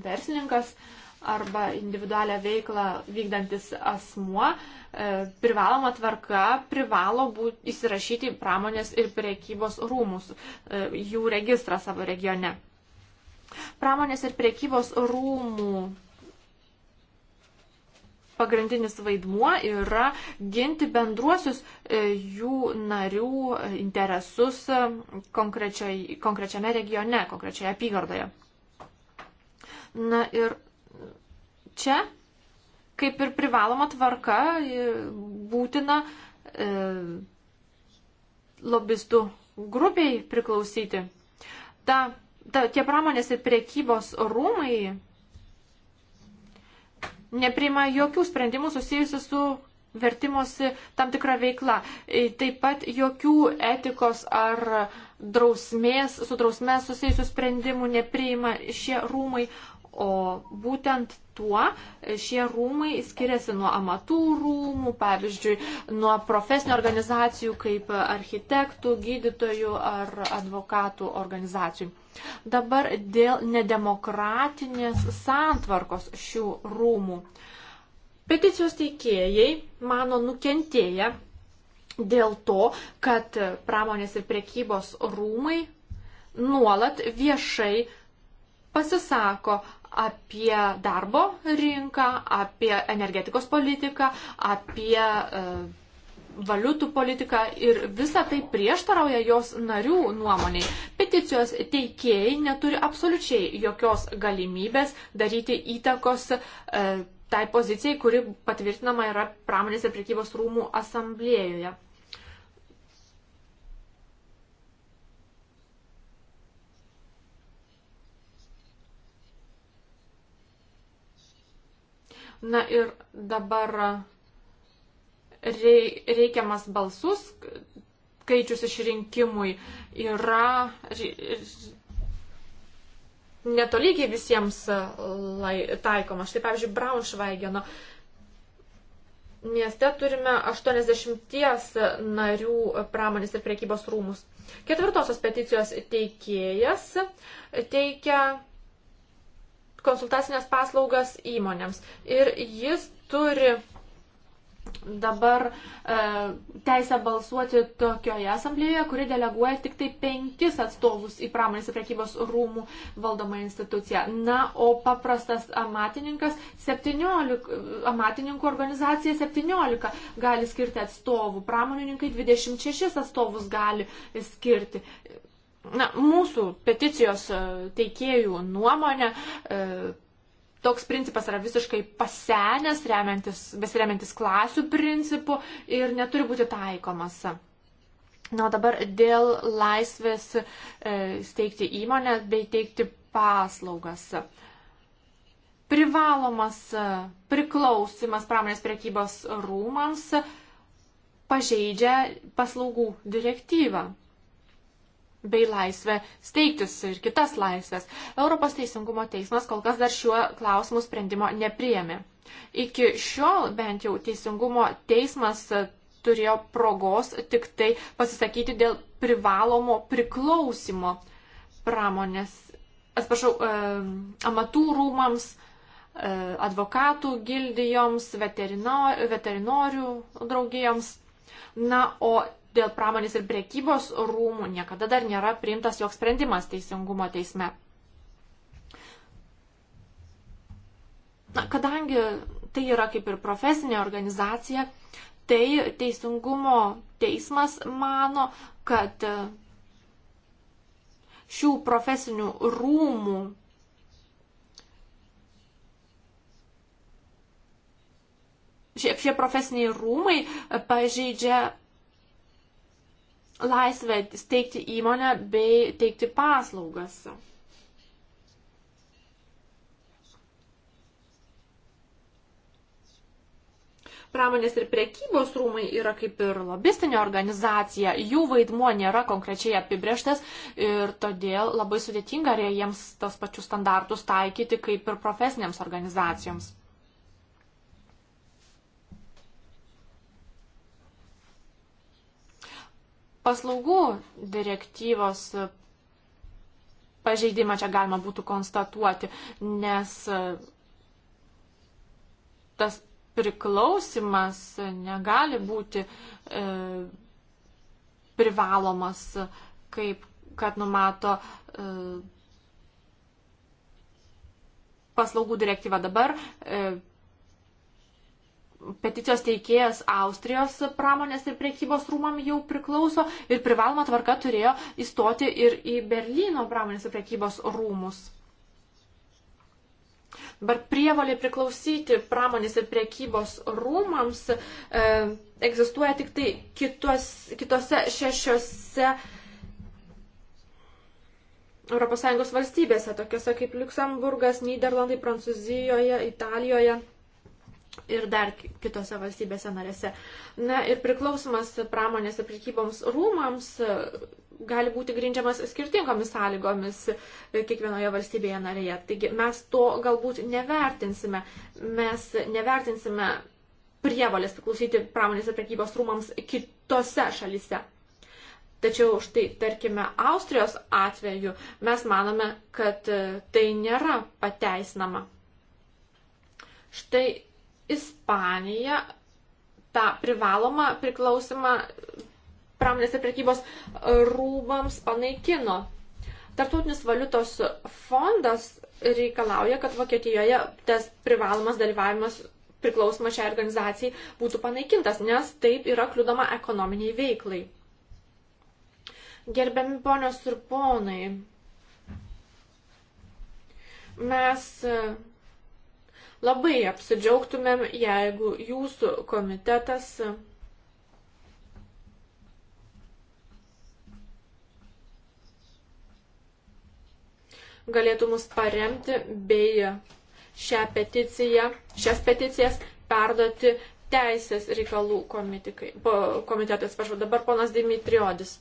verslininkas uh, arba individualią veiklą vykdantis asmuo e, privaloma tvarka privalo būti įsirašyti į pramonės ir priekybos rūmus, e, jų registrą savo regione. Pramonės ir priekybos rūmų pagrindinis vaidmuo yra ginti bendruosius e, jų narių interesus konkrečiame regione, konkrečioje apygardoje. Na ir čia, kaip ir privaloma tvarka, būtina e, lobistų grupiai priklausyti. Ta, ta, tie pramonės ir priekybos rūmai neprima jokių sprendimų susijusių su vertimosi tam tikra veikla. Taip pat jokių etikos ar drausmės, su drausmės susijusių sprendimų nepriima šie rūmai, O būtent tuo e, šie rūmai skiriasi nuo amatų rūmų, pavyzdžiui, nuo profesinių organizacijų kaip architektų, gydytojų ar advokatų organizacijų. Dabar dėl nedemokratinės santvarkos šių rūmų. Peticijos teikėjai mano nukentėję dėl to, kad pramonės ir priekybos rūmai nuolat viešai pasisako apie darbo rinką, apie energetikos politiką, apie e, valiutų politiką ir visa tai prieštarauja jos narių nuomoniai. Peticijos teikėjai neturi absoliučiai jokios galimybės daryti įtakos e, tai pozicijai, kuri patvirtinama yra pramonės ir prekybos rūmų asamblėjoje. Na ir dabar reikiamas balsus skaičius išrinkimui yra netolygiai visiems e, lai, taikoma. Štai pavyzdžiui, Braunšvaigeno mieste turime 80 narių pramonės ir priekybos rūmus. Ketvirtosios peticijos teikėjas teikia konsultacinės paslaugas įmonėms. Ir jis turi dabar e, teisę balsuoti tokioje asamblėje, kuri deleguoja tik tai penkis atstovus į pramonės ir prekybos rūmų valdomą instituciją. Na, o paprastas amatininkas, 17, amatininkų organizacija 17 gali skirti atstovų, pramonininkai 26 atstovus gali skirti. Na, mūsų peticijos e, teikėjų nuomonė, e, toks principas yra visiškai pasenęs, besiremiantis klasių principu ir neturi būti taikomas. Na, dabar dėl laisvės e, steigti įmonę bei teikti paslaugas. Privalomas priklausimas pramonės priekybos rūmams pažeidžia paslaugų direktyvą bei laisvę steigtis ir kitas laisvės. Europos Teisingumo teismas kol kas dar šiuo klausimu sprendimo nepriėmė. Iki šiol bent jau Teisingumo teismas e, turėjo progos tik tai pasisakyti dėl privalomo priklausimo pramonės, atsiprašau, e, amatų rūmams, e, advokatų gildijoms, veterinorių draugijoms. Na, o dėl pramonės ir priekybos rūmų niekada dar nėra priimtas joks sprendimas teisingumo teisme. Na, kadangi tai yra kaip ir profesinė organizacija, tai teisingumo teismas mano, kad e, šių profesinių rūmų šie, šie profesiniai rūmai pažeidžia laisvę steigti įmonę bei teikti paslaugas. pramonės ir prekybos rūmai yra kaip ir lobistinė organizacija, jų vaidmuo nėra konkrečiai apibrieštas ir todėl labai sudėtinga jiems tos pačius standartus taikyti kaip ir profesinėms organizacijoms. paslaugų direktyvos pažeidimą čia galima būtų konstatuoti, nes e, tas priklausimas negali būti e, privalomas, kaip kad numato e, paslaugų direktyva dabar. E, peticijos teikėjas Austrijos pramonės ir priekybos rūmam jau priklauso ir privaloma tvarka turėjo įstoti ir į Berlyno pramonės ir priekybos rūmus. Dabar prievalė priklausyti pramonės ir priekybos rūmams e, egzistuoja tik tai kitos, kitose šešiose ES valstybėse, tokiuose kaip Luksemburgas, Niderlandai, Prancūzijoje, Italijoje ir dar kitose valstybėse narėse. Na ir priklausimas pramonės ir prekyboms rūmams e, gali būti grindžiamas skirtingomis sąlygomis e, kiekvienoje valstybėje narėje. Taigi mes to galbūt nevertinsime. Mes nevertinsime prievalės priklausyti pramonės ir prekybos rūmams kitose šalise. Tačiau štai, tarkime, Austrijos atveju mes manome, kad e, tai nėra pateisinama. Štai Ispanija tą privalomą priklausimą pramonės ir prekybos rūbams panaikino. Tartutinis valiutos fondas reikalauja, kad Vokietijoje tas privalomas dalyvavimas priklausimas šiai organizacijai būtų panaikintas, nes taip yra kliūdama ekonominiai veiklai. Gerbiami ponios ir ponai, mes Labai apsidžiaugtumėm, jeigu jūsų komitetas galėtų mus paremti bei šią peticiją, šias peticijas perduoti teisės reikalų komitikai, komitetui. Atsiprašau, dabar ponas Dimitriodis.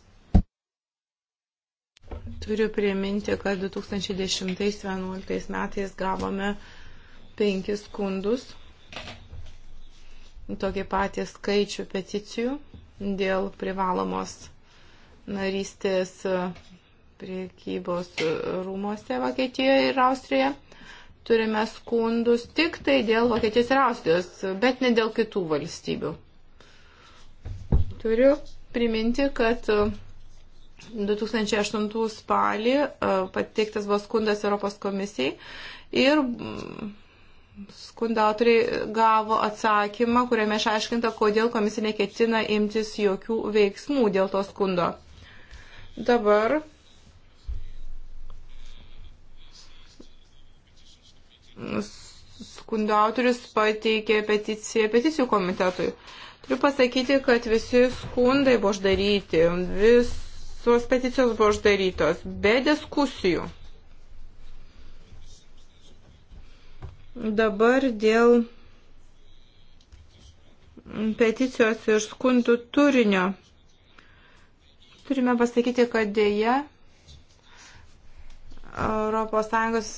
Turiu priminti, kad 2010-2011 metais gavome uh, penkis skundus, tokį patį skaičių peticijų dėl privalomos narystės e, priekybos e, rūmose Vokietijoje ir Austrijoje. Turime skundus tik tai dėl Vokietijos ir Austrijos, bet ne dėl kitų valstybių. Turiu priminti, kad 2008 e, spalį pateiktas buvo skundas Europos komisijai ir skundautoriai gavo atsakymą, kuriame išaiškinta, kodėl komisija neketina imtis jokių veiksmų dėl to skundo. Dabar skundautorius pateikė peticiją peticijų komitetui. Turiu pasakyti, kad visi skundai buvo uždaryti, visos peticijos buvo uždarytos be diskusijų. Dabar dėl peticijos ir skundų turinio. Turime pasakyti, kad dėja ES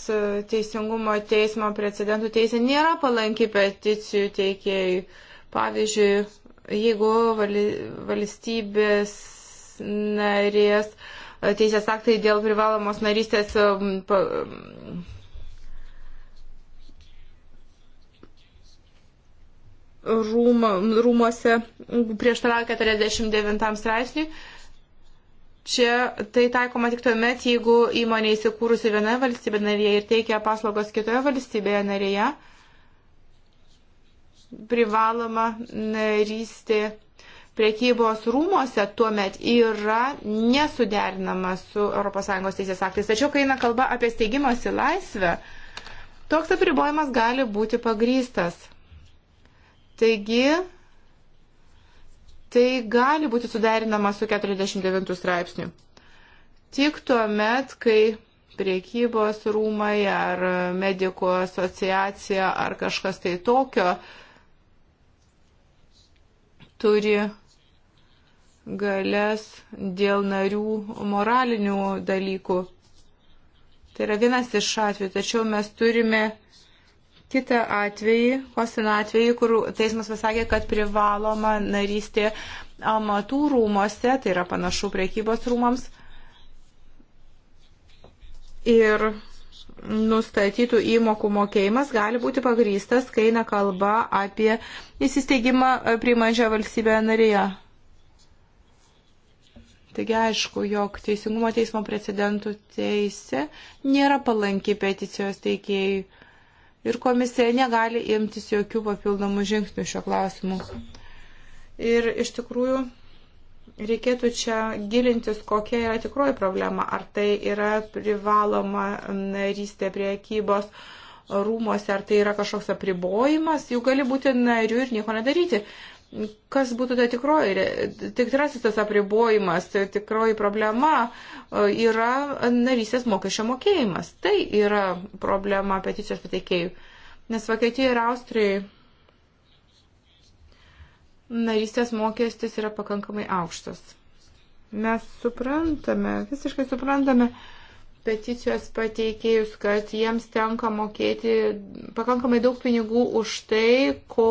teisingumo teismo precedentų teisė nėra palanki peticijų teikėjai. Pavyzdžiui, jeigu valstybės narės teisės aktai dėl privalomos narystės um, rūmo, rūmose prieštarauja 49 straipsniui. Čia tai taikoma tik tuo met, jeigu įmonė įsikūrusi vienoje valstybėje narėje ir teikia paslaugos kitoje valstybėje narėje, privaloma narystė priekybos rūmose tuo met yra nesuderinama su ES teisės aktais. Tačiau, kai eina kalba apie steigimosi laisvę, toks apribojimas gali būti pagrystas. Taigi, tai gali būti suderinama su 49 straipsniu. Tik tuo met, kai priekybos rūmai ar medikų asociacija ar kažkas tai tokio turi galės dėl narių moralinių dalykų. Tai yra vienas iš atvejų, tačiau mes turime kitą atvejį, Kostino atvejį, kur teismas pasakė, kad privaloma narystė amatų rūmose, tai yra panašu priekybos rūmams. Ir nustatytų įmokų mokėjimas gali būti pagrystas, kai eina kalba apie įsisteigimą priimančią valstybę narėje. Taigi aišku, jog Teisingumo teismo precedentų teisė nėra palanki peticijos teikėjai ir komisija negali imtis jokių papildomų žingsnių šio klausimu. Ir iš tikrųjų reikėtų čia gilintis, kokia yra tikroji problema. Ar tai yra privaloma narystė priekybos rūmose, ar tai yra kažkoks apribojimas, jų gali būti nariu ir nieko nedaryti. Uh, kas būtų ta tikroji, tikrasis tas apribojimas, tikroji problema e, yra narysės mokesčio mokėjimas. Tai yra problema peticijos pateikėjų. Nes Vokietijoje ir Austrijoje narystės mokestis yra pakankamai aukštas. Mes suprantame, visiškai suprantame peticijos pateikėjus, kad jiems tenka mokėti pakankamai daug pinigų už tai, ko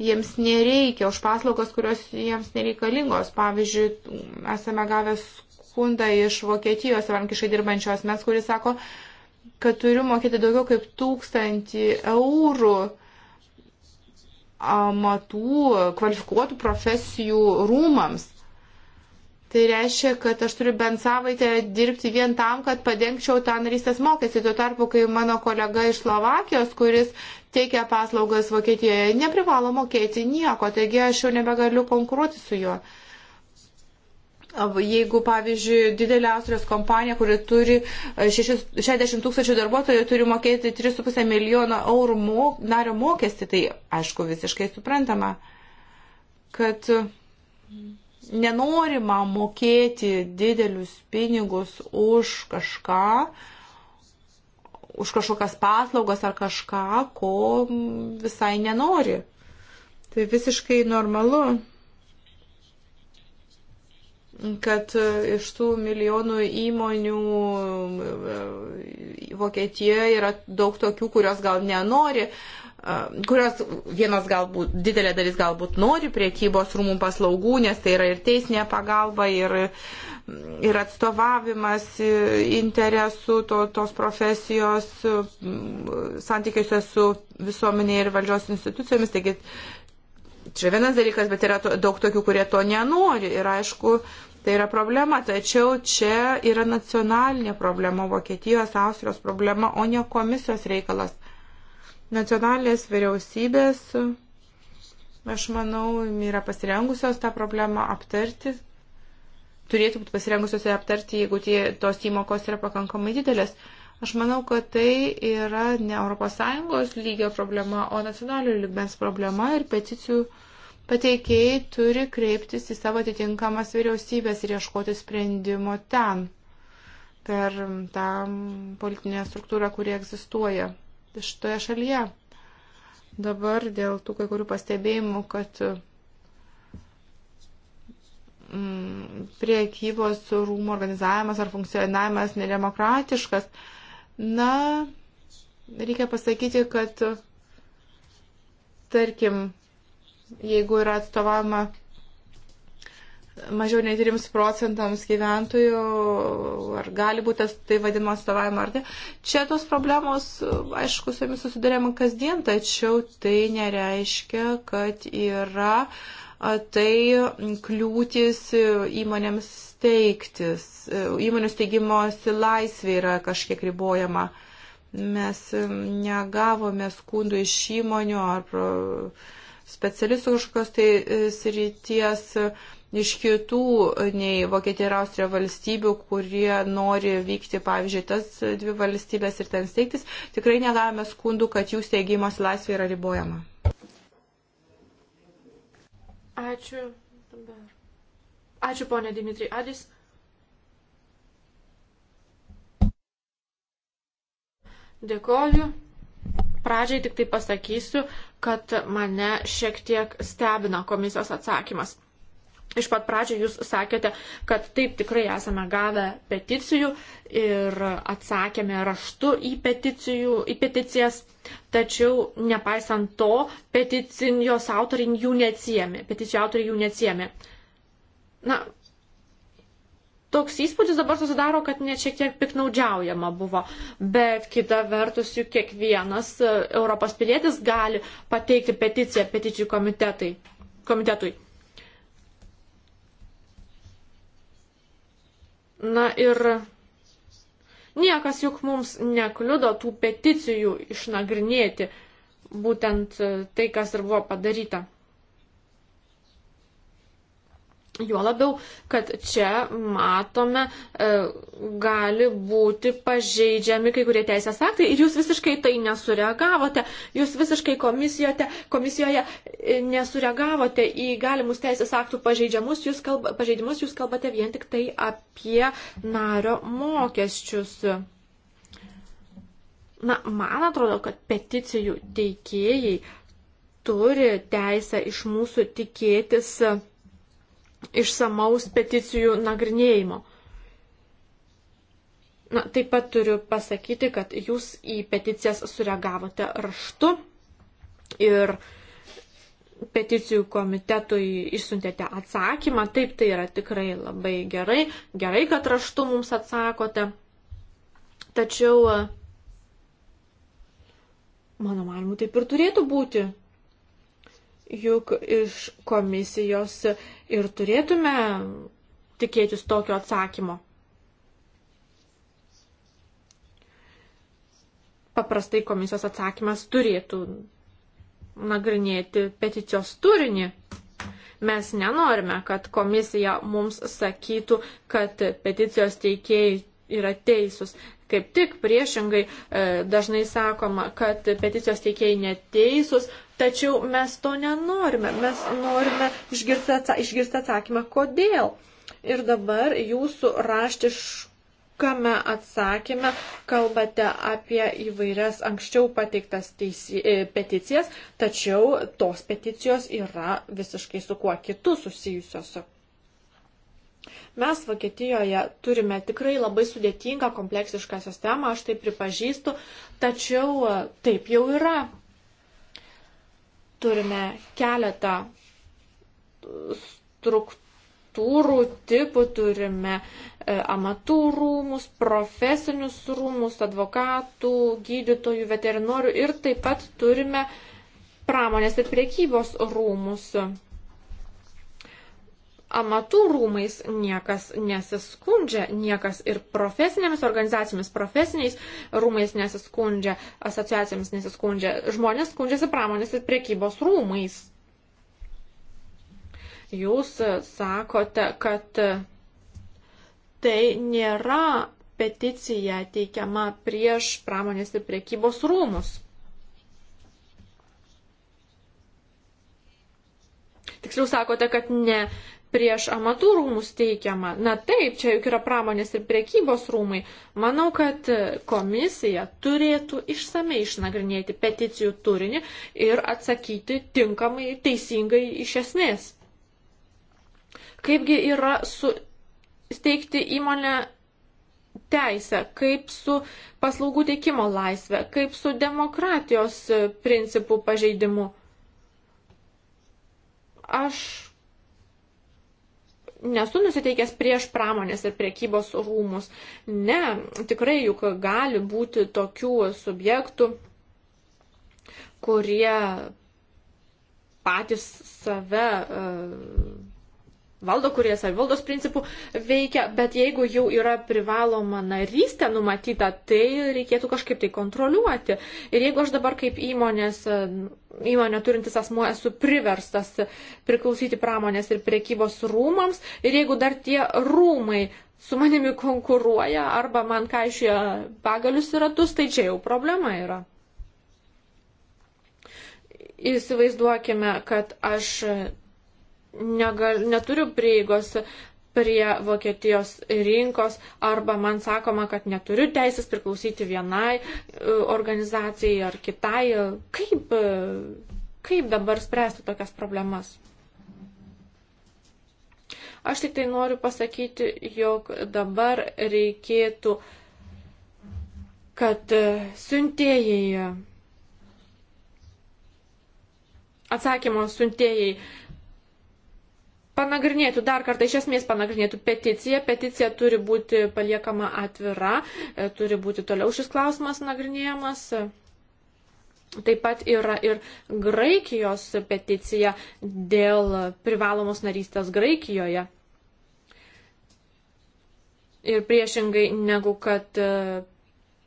jiems nereikia, už paslaugas, kurios jiems nereikalingos. Pavyzdžiui, esame gavę skundą iš Vokietijos rankiškai dirbančios mes, kuris sako, kad turiu mokėti daugiau kaip tūkstantį eurų amatų, kvalifikuotų profesijų rūmams. Tai reiškia, kad aš turiu bent savaitę dirbti vien tam, kad padengčiau tą narystės mokestį. Tuo tarpu, kai mano kolega iš Slovakijos, kuris teikia paslaugas Vokietijoje, neprivalo mokėti nieko, taigi aš jau nebegaliu konkuruoti su juo. Jeigu, pavyzdžiui, didelė Austrijos kompanija, kuri turi 60 tūkstančių darbuotojų, turi mokėti 3,5 milijono eurų mo, nario mokestį, tai aišku visiškai suprantama, kad. Mm nenorima mokėti didelius pinigus už kažką, už kažkokias paslaugas ar kažką, ko visai nenori. Tai visiškai normalu, kad iš tų milijonų įmonių e, Vokietijoje yra daug tokių, kurios gal nenori uh, kurios vienos galbūt, didelė dalis galbūt nori priekybos rūmų paslaugų, nes tai yra ir teisinė pagalba, ir, ir atstovavimas interesų to, tos profesijos santykiuose su visuomenė ir valdžios institucijomis. Taigi, čia vienas dalykas, bet yra to, daug tokių, kurie to nenori. Ir aišku, tai yra problema, tačiau čia yra nacionalinė problema, Vokietijos, Austrijos problema, o ne komisijos reikalas. Nacionalinės vyriausybės, aš manau, yra pasirengusios tą problemą aptarti, turėtų būti pasirengusios ją aptarti, jeigu tie, tos įmokos yra pakankamai didelės. Aš manau, kad tai yra ne ES lygio problema, o nacionalinio lygmens problema ir peticijų pateikėjai turi kreiptis į savo atitinkamas vyriausybės ir ieškoti sprendimo ten per tą politinę struktūrą, kuri egzistuoja šitoje šalyje. Dabar dėl tų kai kurių pastebėjimų, kad mm, priekybos rūmų organizavimas ar funkcionavimas nedemokratiškas. Na, reikia pasakyti, kad, tarkim, jeigu yra atstovama mažiau nei 3 procentams gyventojų, ar gali būti tas tai vadinama atstovavimo ar ne. Čia tos problemos, aišku, su jomis susidurėme kasdien, tačiau tai nereiškia, kad yra tai kliūtis įmonėms steigtis. Įmonių steigimosi laisvė yra kažkiek ribojama. Mes negavome skundų iš įmonių ar specialistų kažkokios tai e, srities. Tai iš kitų nei Vokietija ir Austrija valstybių, kurie nori vykti, pavyzdžiui, tas dvi valstybės ir ten steigtis, tikrai negavome skundų, kad jų steigimas laisvė yra ribojama. Ačiū. Ačiū, ponė Dimitri Adis. Dėkoju. Pradžiai tik tai pasakysiu, kad mane šiek tiek stebina komisijos atsakymas. Iš pat pradžio jūs sakėte, kad taip tikrai esame gavę peticijų ir atsakėme raštu į, peticijų, į peticijas, tačiau nepaisant to, peticijos autoriai jų neatsijėmė. Peticijų autoriai jų neatsijėmė. Na, toks įspūdis dabar susidaro, kad net šiek tiek piknaudžiaujama buvo, bet kita vertus juk kiekvienas e, Europos pilietis gali pateikti peticiją peticijų komitetui Na ir niekas juk mums nekliudo tų peticijų išnagrinėti būtent tai, kas ir buvo padaryta. Juo labiau, kad čia matome, e, gali būti pažeidžiami kai kurie teisės aktai ir jūs visiškai tai nesureagavote, jūs visiškai komisijoje e, nesureagavote į galimus teisės aktų pažeidimus, jūs, kalba, pažeidimus, jūs kalbate vien tik tai apie nario mokesčius. Na, man atrodo, kad peticijų teikėjai turi teisę iš mūsų tikėtis išsamaus peticijų nagrinėjimo. Na, taip pat turiu pasakyti, kad jūs į peticijas sureagavote raštu ir peticijų komitetui išsiuntėte atsakymą. Taip, tai yra tikrai labai gerai. Gerai, kad raštu mums atsakote. Tačiau, mano manimu, taip ir turėtų būti. Juk iš komisijos ir turėtume tikėtis tokio atsakymo. Paprastai komisijos atsakymas turėtų nagrinėti peticijos turinį. Mes nenorime, kad komisija mums sakytų, kad peticijos teikėjai yra teisūs. Kaip tik priešingai e, dažnai sakoma, kad peticijos teikėjai neteisūs, Tačiau mes to nenorime. Mes norime išgirsti, atsa išgirsti atsakymą, kodėl. Ir dabar jūsų raštiškame atsakyme kalbate apie įvairias anksčiau pateiktas teisi, e, peticijas, tačiau tos peticijos yra visiškai su kuo kitu susijusios. Mes Vokietijoje turime tikrai labai sudėtingą kompleksišką sistemą, aš tai pripažįstu, tačiau e, taip jau yra. Turime keletą struktūrų, tipų, turime e, amatų rūmus, profesinius rūmus, advokatų, gydytojų, veterinorių ir taip pat turime pramonės ir priekybos rūmus amatų rūmais niekas nesiskundžia, niekas ir profesinėmis organizacijomis, profesiniais rūmais nesiskundžia, asociacijomis nesiskundžia. Žmonės skundžiasi pramonės ir priekybos rūmais. Jūs sakote, kad tai nėra peticija teikiama prieš pramonės ir priekybos rūmus. Tiksliau sakote, kad ne prieš amatų rūmus teikiama. Na taip, čia juk yra pramonės ir priekybos rūmai. Manau, kad komisija turėtų išsamei išnagrinėti peticijų turinį ir atsakyti tinkamai, teisingai iš esmės. Kaipgi yra su steigti įmonę teisę, kaip su paslaugų teikimo laisvė, kaip su demokratijos principų pažeidimu. Aš nesu nusiteikęs prieš pramonės ir priekybos rūmus. Ne, tikrai juk gali būti tokių subjektų, kurie patys save e, valdo, kurie savivaldos principų veikia, bet jeigu jau yra privaloma narystė numatyta, tai reikėtų kažkaip tai kontroliuoti. Ir jeigu aš dabar kaip įmonės, įmonė turintis asmuo esu priverstas priklausyti pramonės ir priekybos rūmams, ir jeigu dar tie rūmai su manimi konkuruoja arba man kaišia pagalius ir ratus, tai čia jau problema yra. Įsivaizduokime, kad aš negal, neturiu prieigos prie Vokietijos rinkos arba man sakoma, kad neturiu teisės priklausyti vienai e, organizacijai ar kitai. Kaip, e, kaip dabar spręsti tokias problemas? Aš tik tai noriu pasakyti, jog dabar reikėtų, kad e, siuntėjai, atsakymo siuntėjai panagrinėtų dar kartą, iš esmės panagrinėtų peticiją. Peticija turi būti paliekama atvira, e, turi būti toliau šis klausimas nagrinėjamas. Taip pat yra ir Graikijos peticija dėl privalomos narystės Graikijoje. Ir priešingai negu kad e,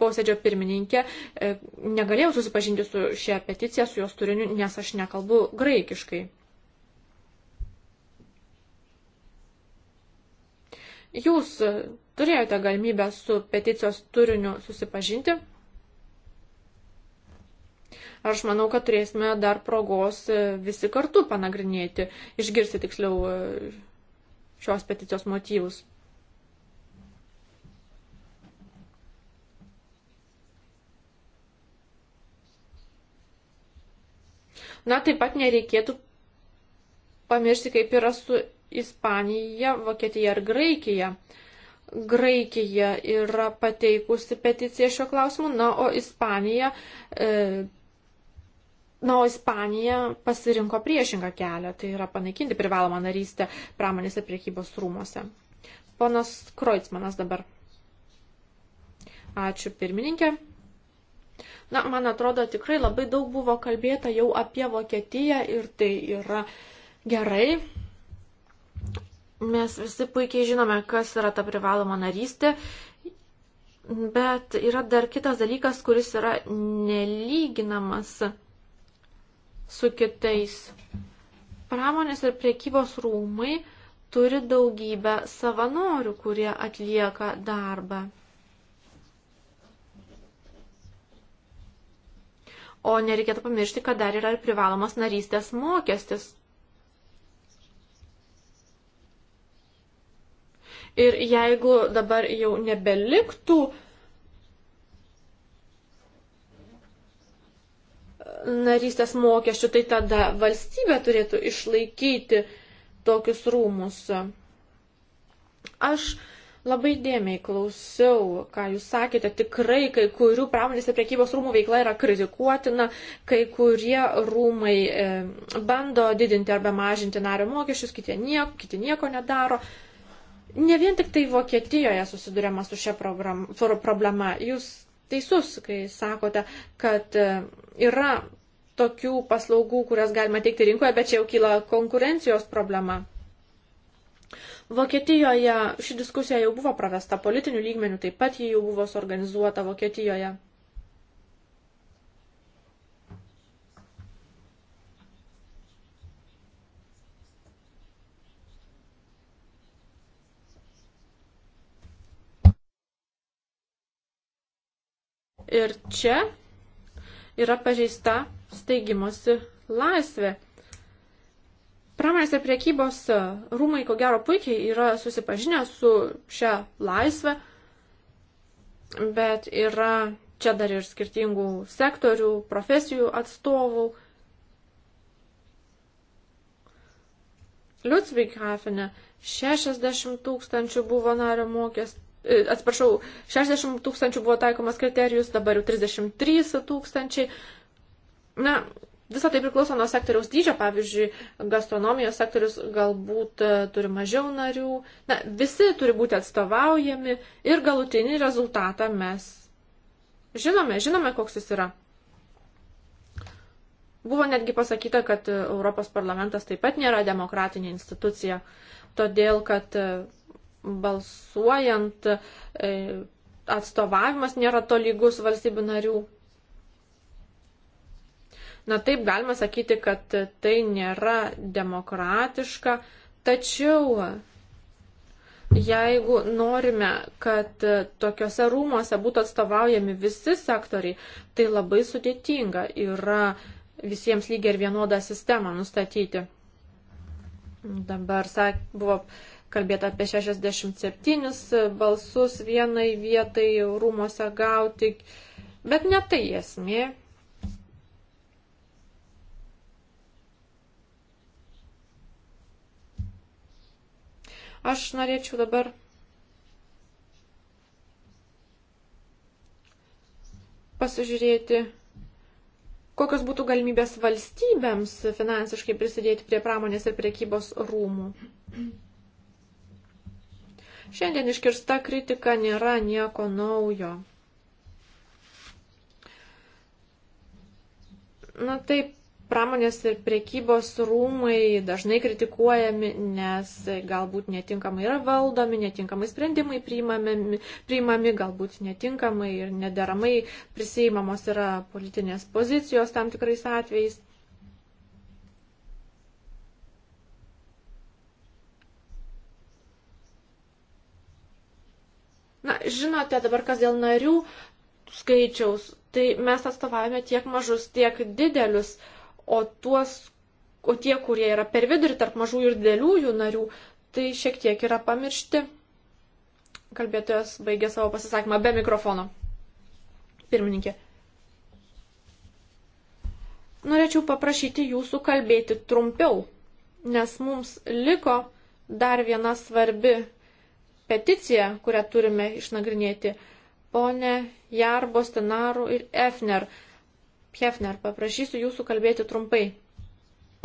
posėdžio pirmininkė, e, negalėjau susipažinti su šia peticija, su jos turiniu, nes aš nekalbu graikiškai. Jūs turėjote galimybę su peticijos turiniu susipažinti. Aš manau, kad turėsime dar progos e, visi kartu panagrinėti, išgirsti tiksliau e, šios peticijos motyvus. Na, taip pat nereikėtų pamiršti, kaip yra su Ispanija, Vokietija ar Graikija. Graikija yra pateikusi peticiją šiuo klausimu, na, o Ispanija, e, na, o Ispanija pasirinko priešingą kelią, tai yra panaikinti privalomą narystę pramonės ir priekybos rūmose. Ponas Kroitsmanas dabar. Ačiū pirmininkė. Na, man atrodo, tikrai labai daug buvo kalbėta jau apie Vokietiją ir tai yra gerai. Mes visi puikiai žinome, kas yra ta privaloma narystė, bet yra dar kitas dalykas, kuris yra nelyginamas su kitais. Pramonės ir priekybos rūmai turi daugybę savanorių, kurie atlieka darbą. O nereikėtų pamiršti, kad dar yra ir privalomas narystės mokestis, Ir jeigu dabar jau nebeliktų e, narystės mokesčių, tai tada valstybė turėtų išlaikyti tokius rūmus. Aš labai dėmiai klausiau, ką jūs sakėte, tikrai kai kurių pramonės ir priekybos rūmų veikla yra kritikuotina, kai kurie rūmai e, bando didinti arba mažinti nario mokesčius, kiti nieko, kiti nieko nedaro. E, Ne vien tik tai Vokietijoje susidurėma su šia program, problema. Jūs teisus, kai sakote, kad e, yra tokių paslaugų, kurias galima teikti rinkoje, bet čia jau kyla konkurencijos problema. Vokietijoje ši diskusija jau buvo pravesta politinių lygmenių, taip pat ji jau buvo suorganizuota Vokietijoje. Ir čia yra pažeista steigimosi laisvė. Pramonės ir priekybos rūmai, ko gero, puikiai yra susipažinę su šia laisvė, bet yra čia dar ir skirtingų sektorių, profesijų atstovų. Liutsvighafinė 60 tūkstančių buvo nario mokestis E, atsiprašau, 60 tūkstančių buvo taikomas kriterijus, dabar jau 33 tūkstančiai. Na, visą tai priklauso nuo sektoriaus dydžio, pavyzdžiui, gastronomijos sektorius galbūt e, turi mažiau narių. Na, visi turi būti atstovaujami ir galutinį rezultatą mes žinome, žinome, koks jis yra. Buvo netgi pasakyta, kad Europos parlamentas taip pat nėra demokratinė institucija, todėl kad e, balsuojant e, atstovavimas nėra tolygus valstybių narių. Na taip, galima sakyti, kad tai nėra demokratiška, tačiau jeigu norime, kad tokiuose rūmuose būtų atstovaujami visi sektoriai, tai labai sudėtinga yra visiems lygiai ir vienodą sistemą nustatyti. Dabar sak, buvo kalbėta apie 67 balsus vienai vietai rūmose gauti, bet ne tai esmė. Aš norėčiau dabar pasižiūrėti kokios būtų galimybės valstybėms finansiškai prisidėti prie pramonės ir priekybos rūmų. Šiandien iškirsta kritika nėra nieko naujo. Na taip, pramonės ir priekybos rūmai dažnai kritikuojami, nes galbūt netinkamai yra valdomi, netinkamai sprendimai priimami, priimami galbūt netinkamai ir nederamai prisijimamos yra politinės pozicijos tam tikrais atvejais. Na, žinote dabar, kas dėl narių skaičiaus, tai mes atstovavome tiek mažus, tiek didelius, o, tuos, o tie, kurie yra per vidurį tarp mažų ir dideliųjų narių, tai šiek tiek yra pamiršti. Kalbėtojas baigė savo pasisakymą be mikrofono. Pirmininkė. Norėčiau paprašyti jūsų kalbėti trumpiau, nes mums liko dar viena svarbi peticiją, kurią turime išnagrinėti. Pone Jarbo, Stenaru ir Efner. Hefner, paprašysiu jūsų kalbėti trumpai.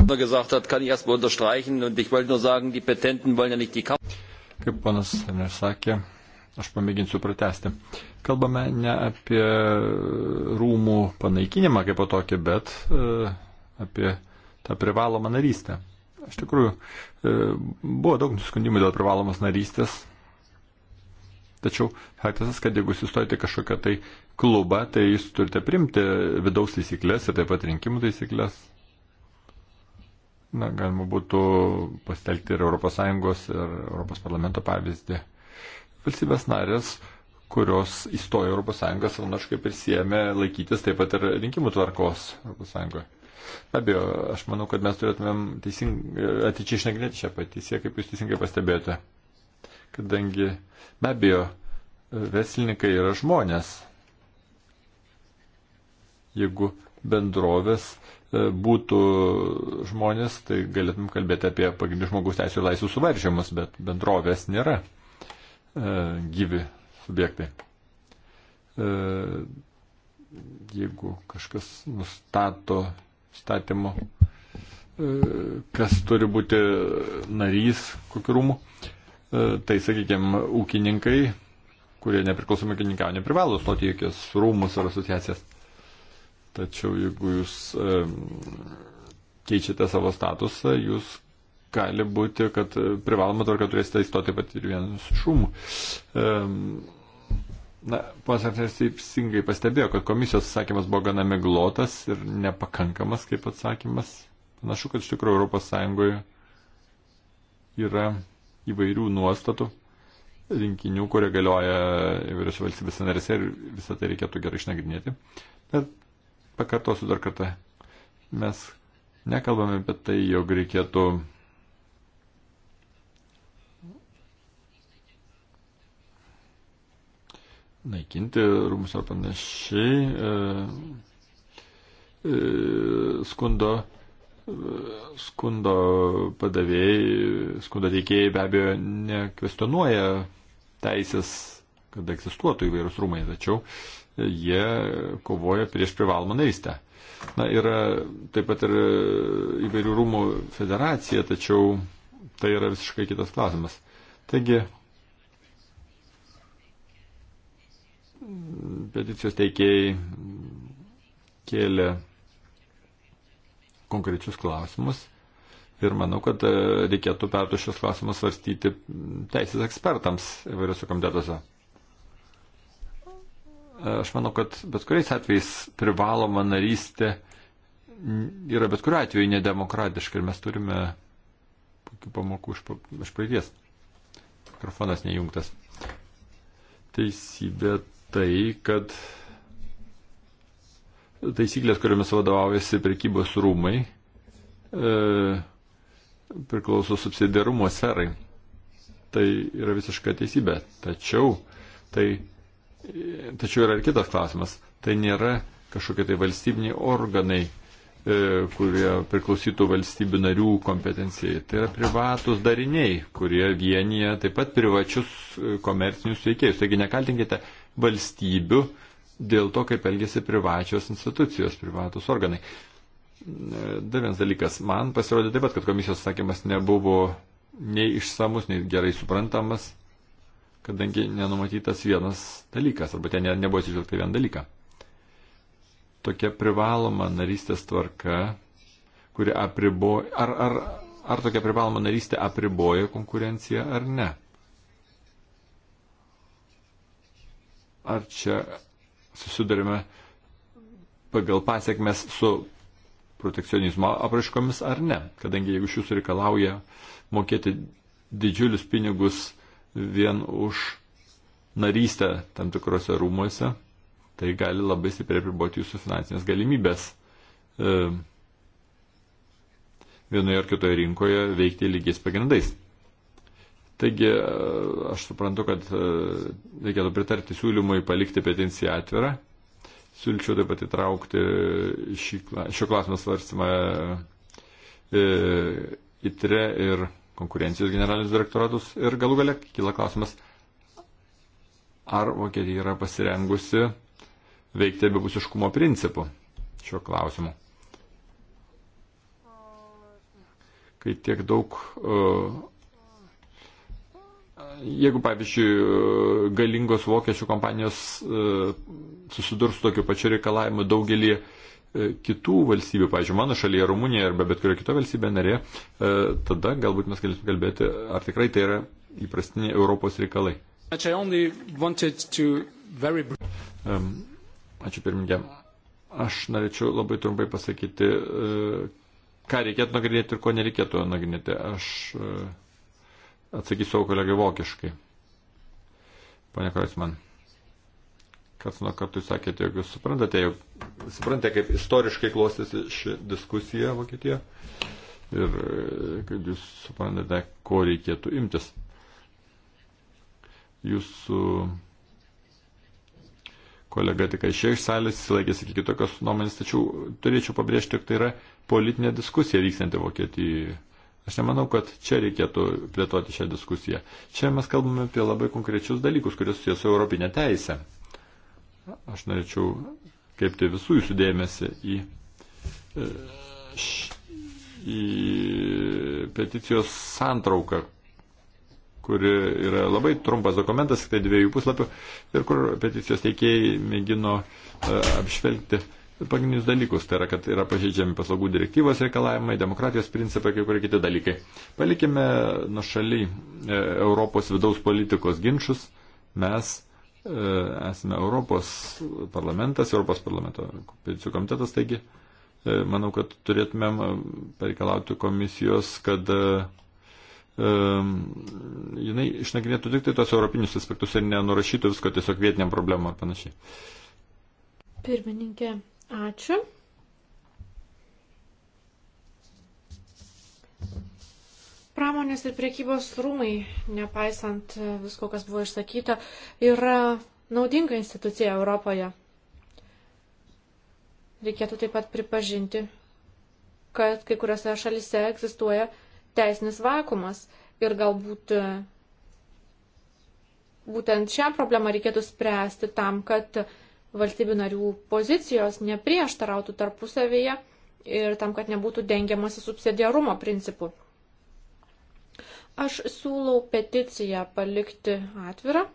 Gesagt hat, kann ich erstmal unterstreichen und ich wollte nur sagen, die Petenten wollen ja nicht die Kampf. Kaip panas Hefner sakė, aš pamėginsiu pratesti. Kalbame ne apie rūmų panaikinimą kaip po tokį, bet e, apie tą privalomą narystę. Iš tikrųjų, e, buvo daug nusiskundimų dėl privalomos narystės Tačiau faktas, kad jeigu jūs stojate kažkokią tai klubą, tai jūs turite primti vidaus taisyklės ir taip pat rinkimų taisyklės. Na, galima būtų pastelgti ir ES ir ES parlamento pavyzdį. Valstybės narės, kurios įstojo ES, savanaškai prisėmė laikytis taip pat ir rinkimų tvarkos ES. Be abejo, aš manau, kad mes turėtumėm ateičiai išnagrinėti šią patysiją, kaip jūs teisingai pastebėjote kadangi be abejo verslininkai yra žmonės. Jeigu bendrovės e, būtų žmonės, tai galėtum kalbėti apie pagrindinių žmogaus teisų ir laisvų suvaržymus, bet bendrovės nėra e, gyvi subjektai. E, jeigu kažkas nustato statymu, e, kas turi būti narys kokiu rūmu, e, E, tai, sakykime, ūkininkai, kurie nepriklausomai ūkininkavo, neprivalo stoti jokios rūmus ar asociacijas. Tačiau jeigu jūs e, keičiate savo statusą, jūs gali būti, kad privaloma tvarka turėsite įstoti pat ir vienus šumų. E, na, ponas Arteris teisingai pastebėjo, kad komisijos atsakymas buvo gana miglotas ir nepakankamas kaip atsakymas. Panašu, kad iš tikrųjų ES yra įvairių nuostatų rinkinių, kurie galioja įvairiose valstybėse narėse ir visą tai reikėtų gerai išnagrinėti. Bet pakartosiu dar kartą. Mes nekalbame apie tai, jog reikėtų naikinti rūmus ar panašiai. E, e, skundo skundo padavėjai, skundo teikėjai be abejo nekvestionuoja teisės, kad egzistuotų įvairūs rūmai, tačiau jie kovoja prieš privalomą narystę. Na, yra taip pat ir įvairių rūmų federacija, tačiau tai yra visiškai kitas klausimas. Taigi, peticijos teikėjai kėlė konkrečius klausimus ir manau, kad e, reikėtų perduoti šios klausimus svarstyti teisės ekspertams įvairiose komitetuose. Aš manau, kad bet kuriais atvejais privaloma narystė yra bet kuriuo atveju nedemokratiška ir mes turime puikių pamokų iš, iš praeities. Mikrofonas nejungtas. Teisybė tai, kad taisyklės, kuriomis vadovaujasi prekybos rūmai, e, priklauso subsidiarumo sferai. Tai yra visiška teisybė. Tačiau, tai, tačiau yra ir kitas klausimas. Tai nėra kažkokie tai valstybiniai organai, e, kurie priklausytų valstybių narių kompetencijai. Tai yra privatus dariniai, kurie vienyje taip pat privačius e, komercinius veikėjus. Taigi nekaltinkite valstybių, e, dėl to, kaip elgėsi privačios institucijos, privatus organai. Dar vienas dalykas, man pasirodė taip pat, kad komisijos sakymas nebuvo nei išsamus, nei gerai suprantamas, kadangi nenumatytas vienas dalykas, arba ten nebuvo atsižvelgta vieną dalyką. Tokia privaloma narystės tvarka, kuri apriboja, ar, ar, ar tokia privaloma narystė apriboja konkurenciją ar ne. Ar čia susidurime pagal pasiekmes su protekcionizmo apraiškomis ar ne. Kadangi jeigu iš jūsų reikalauja mokėti didžiulius pinigus vien už narystę tam tikrose rūmuose, tai gali labai stipriai priboti jūsų finansinės galimybės e, vienoje ar kitoje rinkoje veikti lygiais pagrindais. Taigi e, aš suprantu, kad e, reikėtų pritarti siūlymui palikti peticiją atvirą. Siūlyčiau taip pat įtraukti šį, šio klausimo svarstymą e, ITRE ir konkurencijos generalinius direktoratus. Ir galų gale kyla klausimas, ar Vokietija yra pasirengusi veikti abipusiškumo principu šiuo klausimu. Kai tiek daug uh, Jeigu, pavyzdžiui, e, galingos vokiečių kompanijos e, susidurs su tokiu pačiu reikalavimu daugelį e, kitų valstybių, pavyzdžiui, mano šalyje, Rumunija arba bet kurio kito valstybė narė, tada galbūt mes galėsime kalbėti, ar tikrai tai yra įprastiniai Europos reikalai. Ačiū pirmininkė. Aš norėčiau labai trumpai pasakyti, ką reikėtų nagrinėti ir ko nereikėtų nagrinėti. Aš Atsakysiu savo kolegai vokiškai. Pane Kreisman, kas nuo kartų sakėte, jog jūs suprantate, jog suprantate, kaip istoriškai klostėsi ši diskusija Vokietija ir e, kad jūs suprantate, ko reikėtų imtis. Jūsų kolega tik išėjo iš salės, laikėsi iki kitokios nuomonės, tačiau turėčiau pabrėžti, jog tai yra politinė diskusija vykstanti Vokietijoje Aš nemanau, kad čia reikėtų plėtoti šią diskusiją. Čia mes kalbame apie labai konkrečius dalykus, kurie susijęs su Europinė teisė. Aš norėčiau kreipti visų jūsų dėmesį į, e, į peticijos santrauką, kuri yra labai trumpas dokumentas, tik tai dviejų puslapių, ir kur peticijos teikėjai mėgino e, apžvelgti pagrindinius dalykus. Tai yra, kad yra pažeidžiami paslaugų direktyvos reikalavimai, demokratijos principai, kai kurie kiti dalykai. Palikime nuo šaliai e, Europos vidaus politikos ginčius. Mes e, esame Europos parlamentas, Europos parlamento peticijų komitetas, taigi e, manau, kad turėtumėm pareikalauti komisijos, kad jinai išnagrinėtų tik tai tos europinius aspektus ir nenurašytų visko tiesiog vietiniam problemam ar panašiai. Pirmininkė, Ačiū. pramonės ir priekybos rūmai, nepaisant visko, kas buvo išsakyta, yra naudinga institucija Europoje. Reikėtų taip pat pripažinti, kad kai kuriuose šalise egzistuoja teisinis vakumas ir galbūt būtent šią problemą reikėtų spręsti tam, kad valstybių narių pozicijos neprieštarautų tarpusavėje ir tam, kad nebūtų dengiamasi subsidiarumo principu. Aš siūlau peticiją palikti atvirą.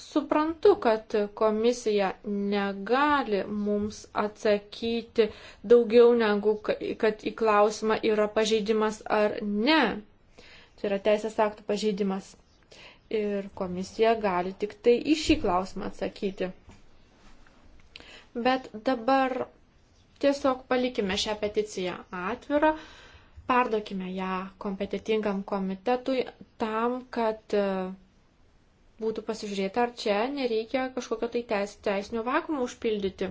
Suprantu, kad komisija negali mums atsakyti daugiau negu, kad į klausimą yra pažeidimas ar ne. Tai yra teisės aktų pažeidimas. Ir komisija gali tik tai į šį klausimą atsakyti bet dabar tiesiog palikime šią peticiją atvirą, perdokime ją kompetitingam komitetui tam, kad e, būtų pasižiūrėta, ar čia nereikia kažkokio tai teis, teisinio vakumo užpildyti.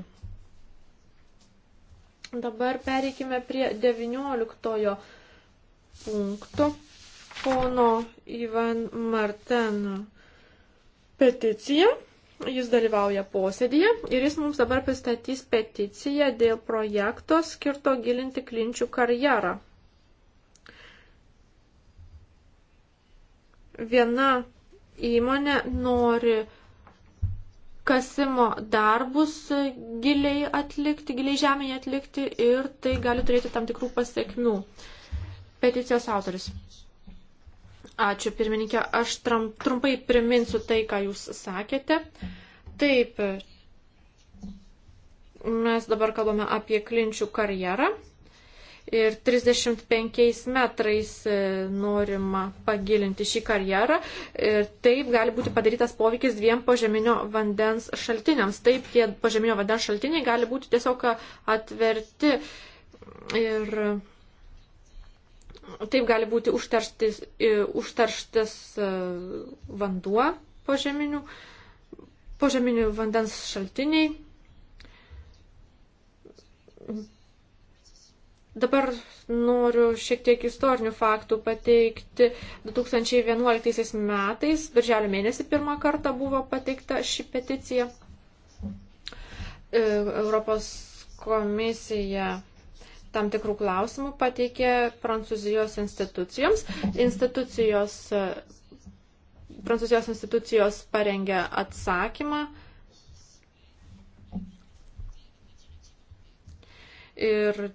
Dabar pereikime prie 19 punkto pono Ivan Marten peticiją jis dalyvauja posėdėje ir jis mums dabar pristatys peticiją dėl projekto skirto gilinti klinčių karjerą. Viena įmonė nori kasimo darbus giliai atlikti, giliai žemėje atlikti ir tai gali turėti tam tikrų pasiekmių. Peticijos autoris. Ačiū pirmininkė, aš tram, trumpai priminsiu tai, ką jūs sakėte. Taip, mes dabar kalbame apie klinčių karjerą ir 35 metrais e, norima pagilinti šį karjerą ir taip gali būti padarytas poveikis dviem požeminio vandens šaltiniams. Taip, tie požeminio vandens šaltiniai gali būti tiesiog atverti ir. Taip gali būti užterštis, e, užterštas e, vanduo požeminių, požeminių vandens šaltiniai. Dabar noriu šiek tiek istorinių faktų pateikti. 2011 metais, birželio mėnesį pirmą kartą buvo pateikta ši peticija. E, Europos komisija tam tikrų klausimų pateikė Prancūzijos institucijoms. Institucijos, Prancūzijos institucijos parengė atsakymą. Ir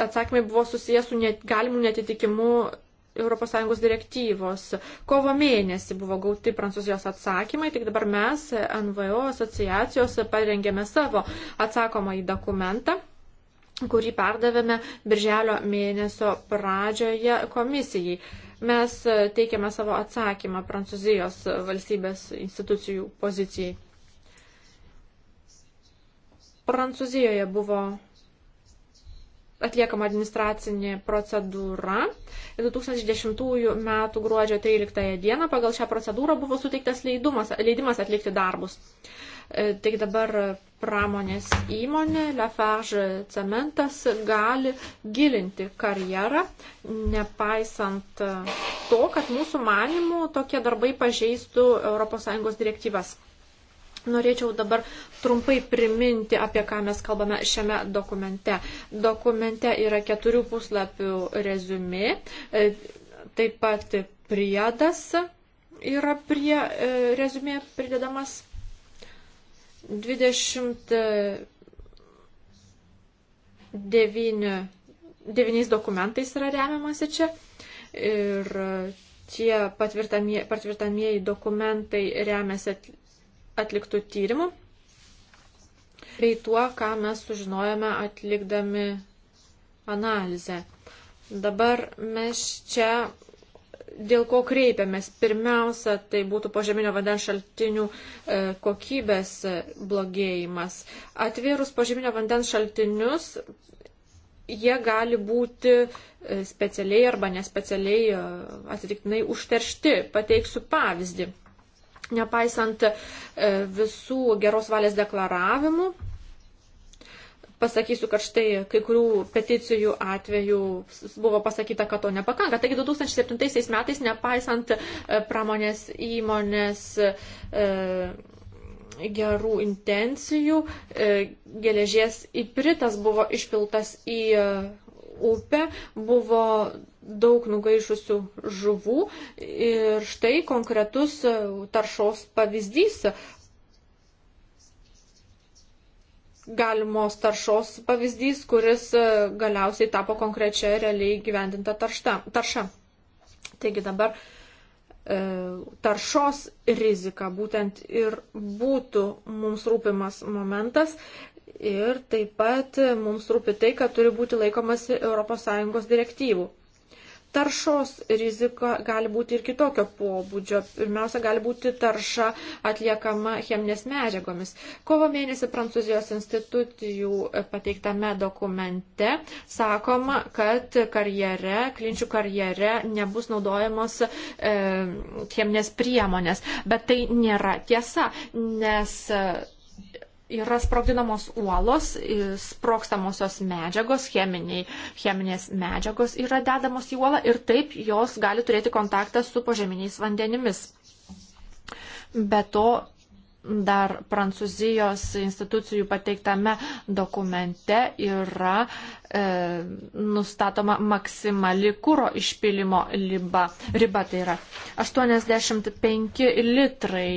atsakymai buvo susijęs su net, galimų netitikimu ES direktyvos. Kovo mėnesį buvo gauti Prancūzijos atsakymai, tik dabar mes, NVO asociacijos, parengėme savo atsakomą į dokumentą kurį perdavėme birželio mėnesio pradžioje komisijai. Mes e, teikiame savo atsakymą Prancūzijos valstybės institucijų pozicijai. Prancūzijoje buvo atliekama administracinė procedūra. 2010 m. gruodžio 13 d. pagal šią procedūrą buvo suteiktas leidumas, leidimas atlikti darbus. E, tik dabar pramonės įmonė Lafarge cementas gali gilinti karjerą, nepaisant e, to, kad mūsų manimų tokie darbai pažeistų ES direktyvas. Norėčiau dabar trumpai priminti, apie ką mes kalbame šiame dokumente. Dokumente yra keturių puslapių rezumi, e, taip pat priedas yra prie rezumė pridedamas 29 devyniais dokumentais yra remiamasi čia. Ir tie patvirtamieji, patvirtamieji dokumentai remiasi atliktų tyrimų. Bei tuo, ką mes sužinojame atlikdami analizę. Dabar mes čia dėl ko kreipiamės. Pirmiausia, tai būtų požeminio vandens šaltinių e, kokybės e, blogėjimas. Atvėrus požeminio vandens šaltinius, jie gali būti e, specialiai arba nespecialiai atsitiktinai užteršti. Pateiksiu pavyzdį. Nepaisant visų geros valės deklaravimų, pasakysiu, kad štai kai kurių peticijų atveju buvo pasakyta, kad to nepakanka. Taigi 2007 metais, nepaisant e, pramonės įmonės e, gerų intencijų, e, geležies įpritas buvo išpiltas į e, upę, buvo daug nugaišusių žuvų ir štai konkretus e, taršos pavyzdys, galimos taršos pavyzdys, kuris e, galiausiai tapo konkrečia realiai gyvendinta taršta, tarša. Taigi dabar e, taršos rizika būtent ir būtų mums rūpimas momentas ir taip pat mums rūpi tai, kad turi būti laikomasi ES direktyvų. Taršos rizika gali būti ir kitokio pobūdžio. Pirmiausia, gali būti tarša atliekama cheminės medžiagomis. Kovo mėnesį Prancūzijos institucijų pateiktame dokumente sakoma, kad karjere, klinčių karjere nebus naudojamos e, cheminės priemonės. Bet tai nėra tiesa, nes yra sprogdinamos uolos, sprokstamosios medžiagos, cheminiai, cheminės medžiagos yra dedamos į uolą ir taip jos gali turėti kontaktą su požeminiais vandenimis. Be to, dar Prancūzijos institucijų pateiktame dokumente yra e, nustatoma maksimali kūro išpilimo riba. Riba tai yra 85 litrai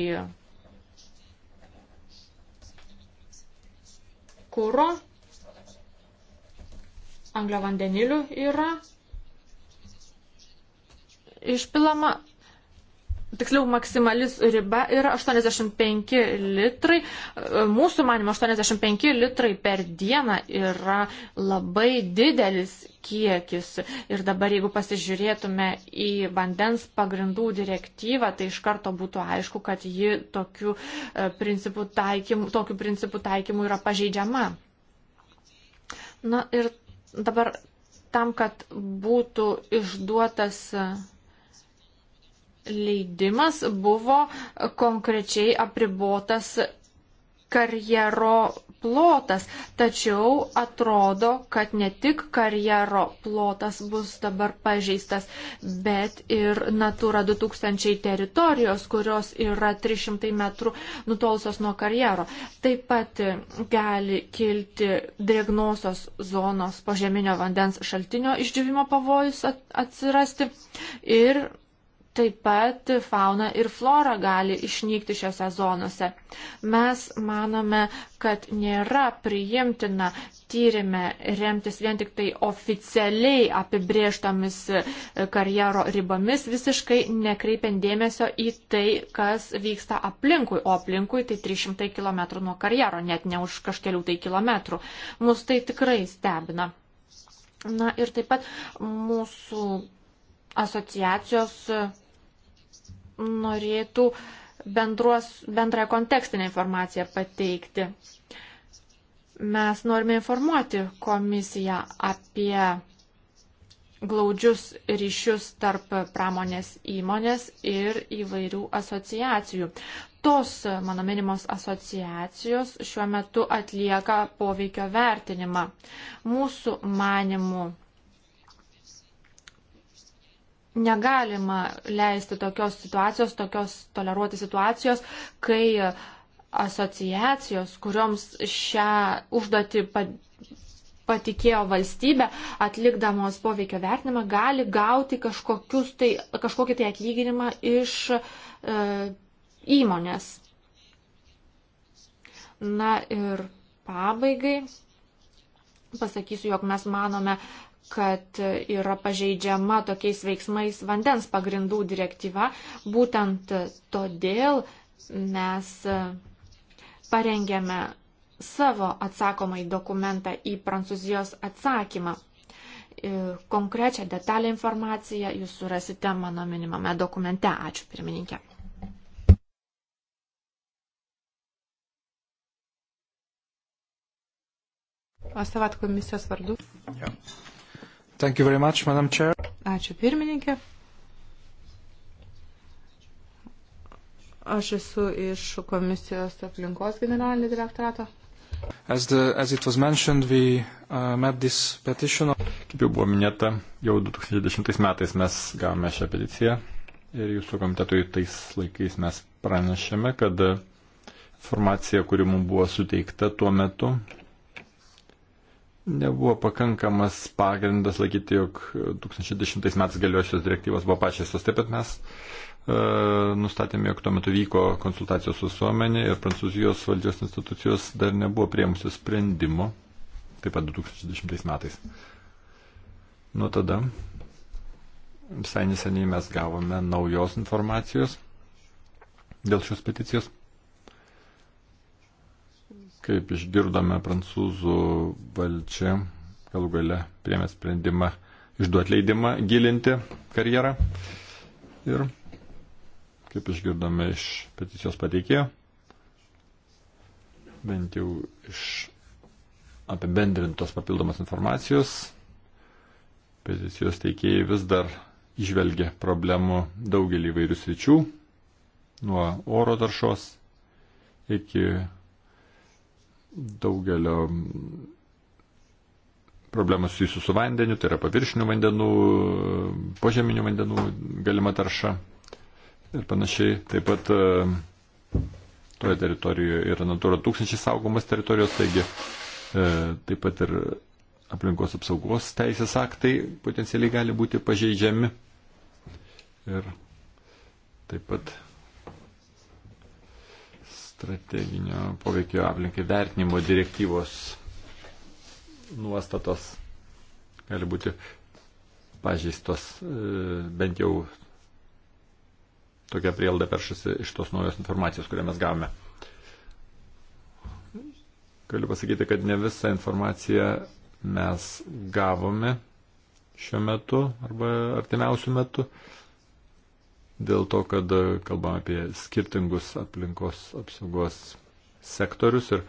kūro, angliavandenilių yra išpilama tiksliau maksimalis riba yra 85 litrai. E, mūsų manimo 85 litrai per dieną yra labai didelis kiekis. Ir dabar jeigu pasižiūrėtume į vandens pagrindų direktyvą, tai iš karto būtų aišku, kad ji tokiu e, principu taikymu, tokiu principu taikymu yra pažeidžiama. Na ir dabar tam, kad būtų išduotas leidimas buvo konkrečiai apribotas karjero plotas, tačiau atrodo, kad ne tik karjero plotas bus dabar pažeistas, bet ir Natura 2000 teritorijos, kurios yra 300 metrų nutolusios nuo karjero. Taip pat gali kilti drėgnosios zonos požeminio vandens šaltinio išdžiūvimo pavojus atsirasti ir Taip pat fauna ir flora gali išnykti šiuose zonuose. Mes manome, kad nėra priimtina tyrime remtis vien tik tai oficialiai apibrieštomis e, karjero ribomis, visiškai nekreipiant dėmesio į tai, kas vyksta aplinkui, o aplinkui tai 300 km nuo karjero, net ne už kažkelių tai kilometrų. Mus tai tikrai stebina. Na ir taip pat mūsų asociacijos norėtų bendruos, bendrą kontekstinę informaciją pateikti. Mes norime informuoti komisiją apie glaudžius ryšius tarp pramonės įmonės ir įvairių asociacijų. Tos mano minimos asociacijos šiuo metu atlieka poveikio vertinimą. Mūsų manimų negalima leisti tokios situacijos, tokios toleruoti situacijos, kai asociacijos, kurioms šią užduotį patikėjo valstybė, atlikdamos poveikio vertinimą, gali gauti tai, kažkokį tai atlyginimą iš e, įmonės. Na ir pabaigai pasakysiu, jog mes manome, kad yra pažeidžiama tokiais veiksmais vandens pagrindų direktyva. Būtent todėl mes parengėme savo atsakomai dokumentą į Prancūzijos atsakymą. Konkrečią detalę informaciją jūs surasite mano minimame dokumente. Ačiū pirmininkė. Astavat komisijos vardu. Ja. Thank you very much, Madam Chair. Ačiū pirmininkė. Aš esu iš komisijos aplinkos generalinio direktorato. As the, as we, uh, Kaip jau buvo minėta, jau 2010 metais mes gavome šią peticiją ir jūsų komitetui tais laikais mes pranešėme, kad informacija, kuri mums buvo suteikta tuo metu, nebuvo pakankamas pagrindas laikyti, jog 2010 metais galiojusios direktyvos buvo pačiasios. Taip pat mes e, nustatėme, jog tuo metu vyko konsultacijos su visuomenė ir prancūzijos valdžios institucijos dar nebuvo priemusios sprendimo, taip pat 2010 metais. Nuo tada visai neseniai mes gavome naujos informacijos dėl šios peticijos kaip išgirdome prancūzų valdžia, galų gale priemė sprendimą išduoti leidimą gilinti karjerą. Ir kaip išgirdome iš peticijos pateikėjo, bent jau iš apibendrintos papildomas informacijos, peticijos teikėjai vis dar išvelgia problemų daugelį įvairių sričių, nuo oro taršos iki daugelio problemų susijusių su vandeniu, tai yra paviršinių vandenų, požeminių vandenų galima tarša ir panašiai. Taip pat e, toje teritorijoje yra Natura 1000 saugomas teritorijos, taigi e, taip pat ir aplinkos apsaugos teisės aktai potencialiai gali būti pažeidžiami. Ir taip pat strateginio poveikio aplinkai vertinimo direktyvos nuostatos gali būti pažeistos, e, bent jau tokia prielda peršasi iš tos naujos informacijos, kurią mes gavome. Galiu pasakyti, kad ne visą informaciją mes gavome šiuo metu arba artimiausių metų. Uh, dėl to, kad e, kalbam apie skirtingus aplinkos apsaugos sektorius ir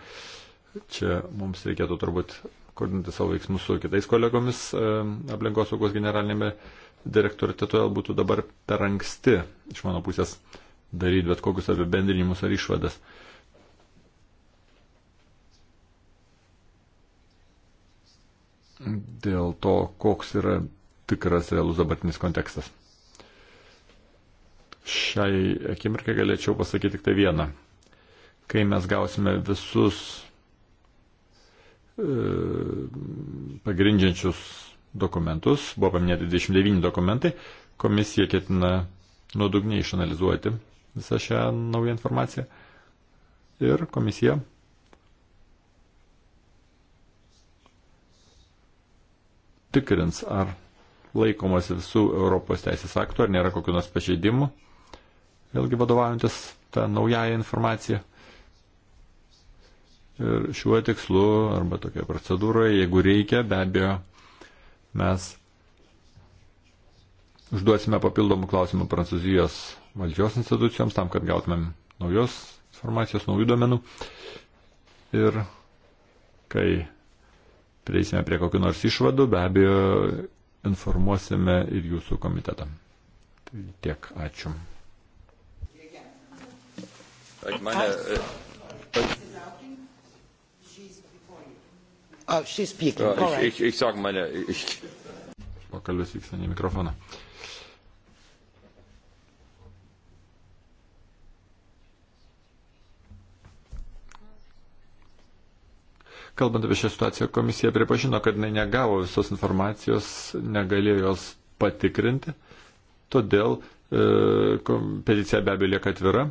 čia mums reikėtų turbūt koordinuoti savo veiksmus su kitais kolegomis e, aplinkos saugos generalinėme direktorate, todėl būtų dabar per anksti iš mano pusės daryti bet kokius apibendrinimus ar išvadas. Dėl to, koks yra tikras realus dabartinis kontekstas šiai akimirkai galėčiau pasakyti tik tai vieną. Kai mes gausime visus e, pagrindžiančius dokumentus, buvo paminėti 29 dokumentai, komisija ketina nuodugniai išanalizuoti visą šią naują informaciją. Ir komisija tikrins, ar laikomasi visų Europos teisės aktų, ar nėra kokių nors pažeidimų vėlgi vadovaujantis tą naująją informaciją. Ir šiuo tikslu arba tokia procedūra, jeigu reikia, be abejo, mes užduosime papildomų klausimų Prancūzijos valdžios institucijoms tam, kad gautumėm naujos informacijos, naujų domenų. Ir kai prieisime prie kokių nors išvadų, be abejo, informuosime ir jūsų komitetą. Tai tiek, ačiū. Ich meine, äh, Oh, she's speaking. Ja, uh, right. ich, ich, ich sage meine. Ich. Pokalbis vyksta ne mikrofoną. Kalbant apie šią situaciją, komisija pripažino, kad jinai negavo visos informacijos, negalėjo jos patikrinti, todėl E, peticija be abejo lieka atvira.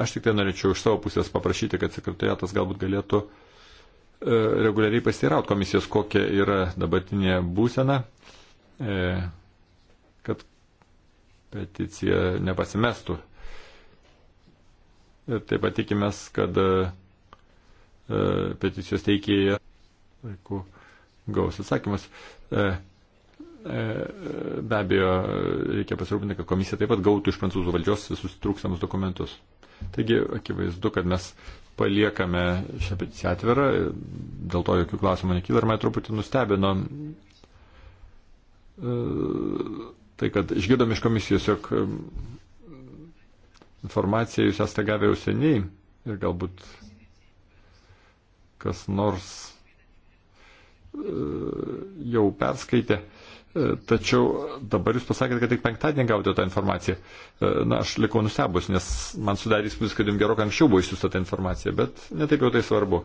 Aš tik tai norėčiau iš savo pusės paprašyti, kad sekretariatas galbūt galėtų e, reguliariai pasiteirauti komisijos, kokia yra dabartinė būsena, e, kad peticija nepasimestų. Ir taip pat tikimės, kad peticijos teikėja laiku gaus atsakymas. E, be abejo, reikia pasirūpinti, kad komisija taip pat gautų iš prancūzų valdžios visus trūkstamus dokumentus. Taigi, akivaizdu, kad mes paliekame šią peticiją atvirą, dėl to jokių klausimų nekyla ir mane truputį nustebino e, tai, kad išgirdom iš komisijos, jog e, informaciją jūs esate gavę jau seniai ir galbūt kas nors jau perskaitė. E, tačiau dabar jūs pasakėte, kad tik penktadienį gavote tą informaciją. E, na, aš likau nustebus, nes man sudarė įspūdis, kad jums gerokai anksčiau buvo išsiųsta ta informacija, bet netaip jau tai svarbu.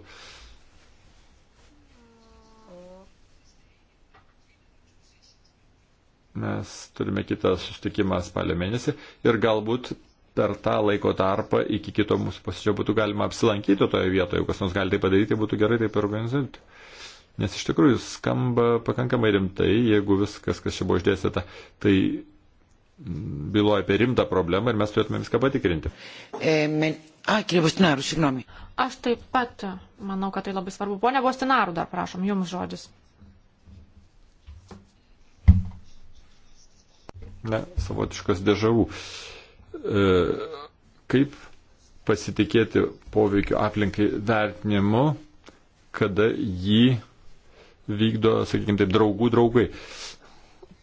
Mes turime kitą sustikimą spalio mėnesį ir galbūt per tą laiko tarpą iki kito mūsų posėdžio būtų galima apsilankyti toje vietoje, jeigu kas nors gali tai padaryti, būtų gerai taip organizuoti. Nes iš tikrųjų skamba pakankamai rimtai, jeigu viskas, kas čia buvo išdėstyta, tai byloja apie rimtą problemą ir mes turėtume viską patikrinti. E, men... Ai, kirė Bostinaru, signomi. Aš taip pat manau, kad tai labai svarbu. Pone Bostinaru, dar prašom, jums žodis. Na, savotiškas dėžavų. E, kaip pasitikėti poveikio aplinkai vertinimu, kada jį vykdo, sakykime taip, draugų draugai.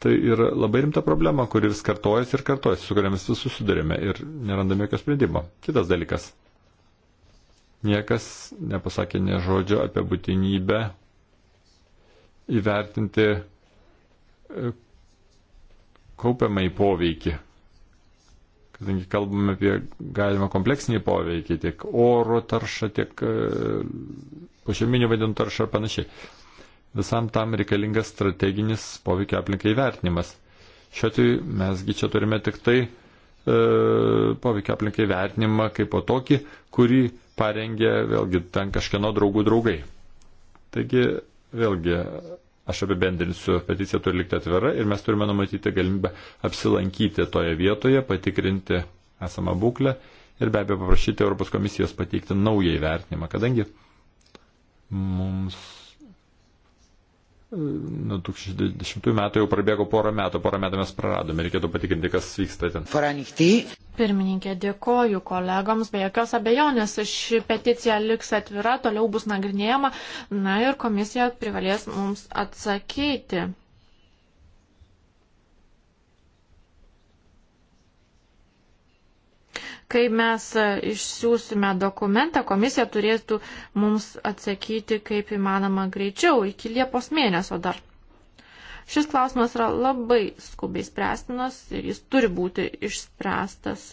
Tai yra labai rimta problema, kuri vis kartojasi ir kartojasi, su kuriamis vis susidurime ir nerandame jokio sprendimo. Kitas dalykas. Niekas nepasakė ne žodžio apie būtinybę įvertinti e, kaupiamai poveikį. Kadangi kalbame apie galimą kompleksinį poveikį, tiek oro taršą, tiek e, požeminio vandenų taršą ir panašiai visam tam reikalingas strateginis poveikio aplinkai vertinimas. Šiuo atveju mesgi čia turime tik tai e, poveikio aplinkai vertinimą kaip po tokį, kurį parengė vėlgi ten kažkieno draugų draugai. Taigi vėlgi aš apibendrinsiu, peticija turi likti atvira ir mes turime numatyti galimybę apsilankyti toje vietoje, patikrinti esamą būklę ir be abejo paprašyti Europos komisijos pateikti naują įvertinimą, kadangi mums nuo 2010 metų jau prabėgo porą metų, porą metų mes praradome, reikėtų patikrinti, kas vyksta ten. Paranykti. Pirmininkė, dėkoju kolegoms, be jokios abejonės, ši peticija liks atvira, toliau bus nagrinėjama, na ir komisija privalės mums atsakyti. Kai mes e, išsiųsime dokumentą, komisija turėtų mums atsakyti kaip įmanoma greičiau, iki Liepos mėnesio dar. Šis klausimas yra labai skubiai spręstinas ir jis turi būti išspręstas.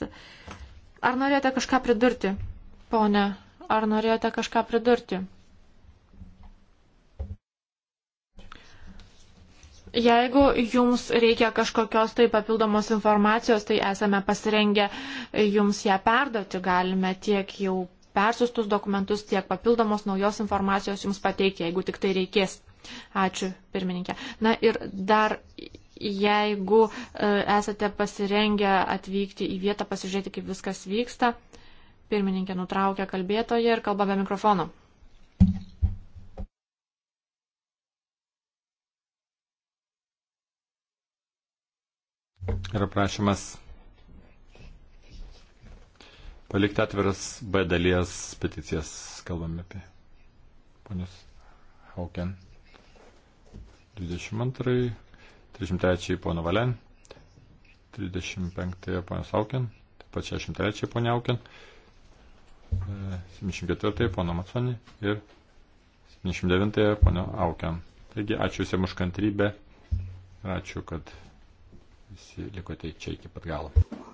Ar norėjote kažką pridurti, ponė? Ar norėjote kažką pridurti? Jeigu jums reikia kažkokios tai papildomos informacijos, tai esame pasirengę jums ją perduoti. Galime tiek jau persiustus dokumentus, tiek papildomos naujos informacijos jums pateikti, jeigu tik tai reikės. Ačiū, pirmininkė. Na ir dar, jeigu e, esate pasirengę atvykti į vietą, pasižiūrėti, kaip viskas vyksta, pirmininkė nutraukia kalbėtoje ir kalba be mikrofono. Yra prašymas palikti atviras B dalies peticijas, kalbame apie ponius Hauken. 22, 33 pono Valen, 35 ponios Hauken, taip pat 63 ponia Hauken, 74 pono Matsoni ir 79 ponio Hauken. Taigi ačiū visiems už kantrybę ir ačiū, kad visi likote čia iki pat galo.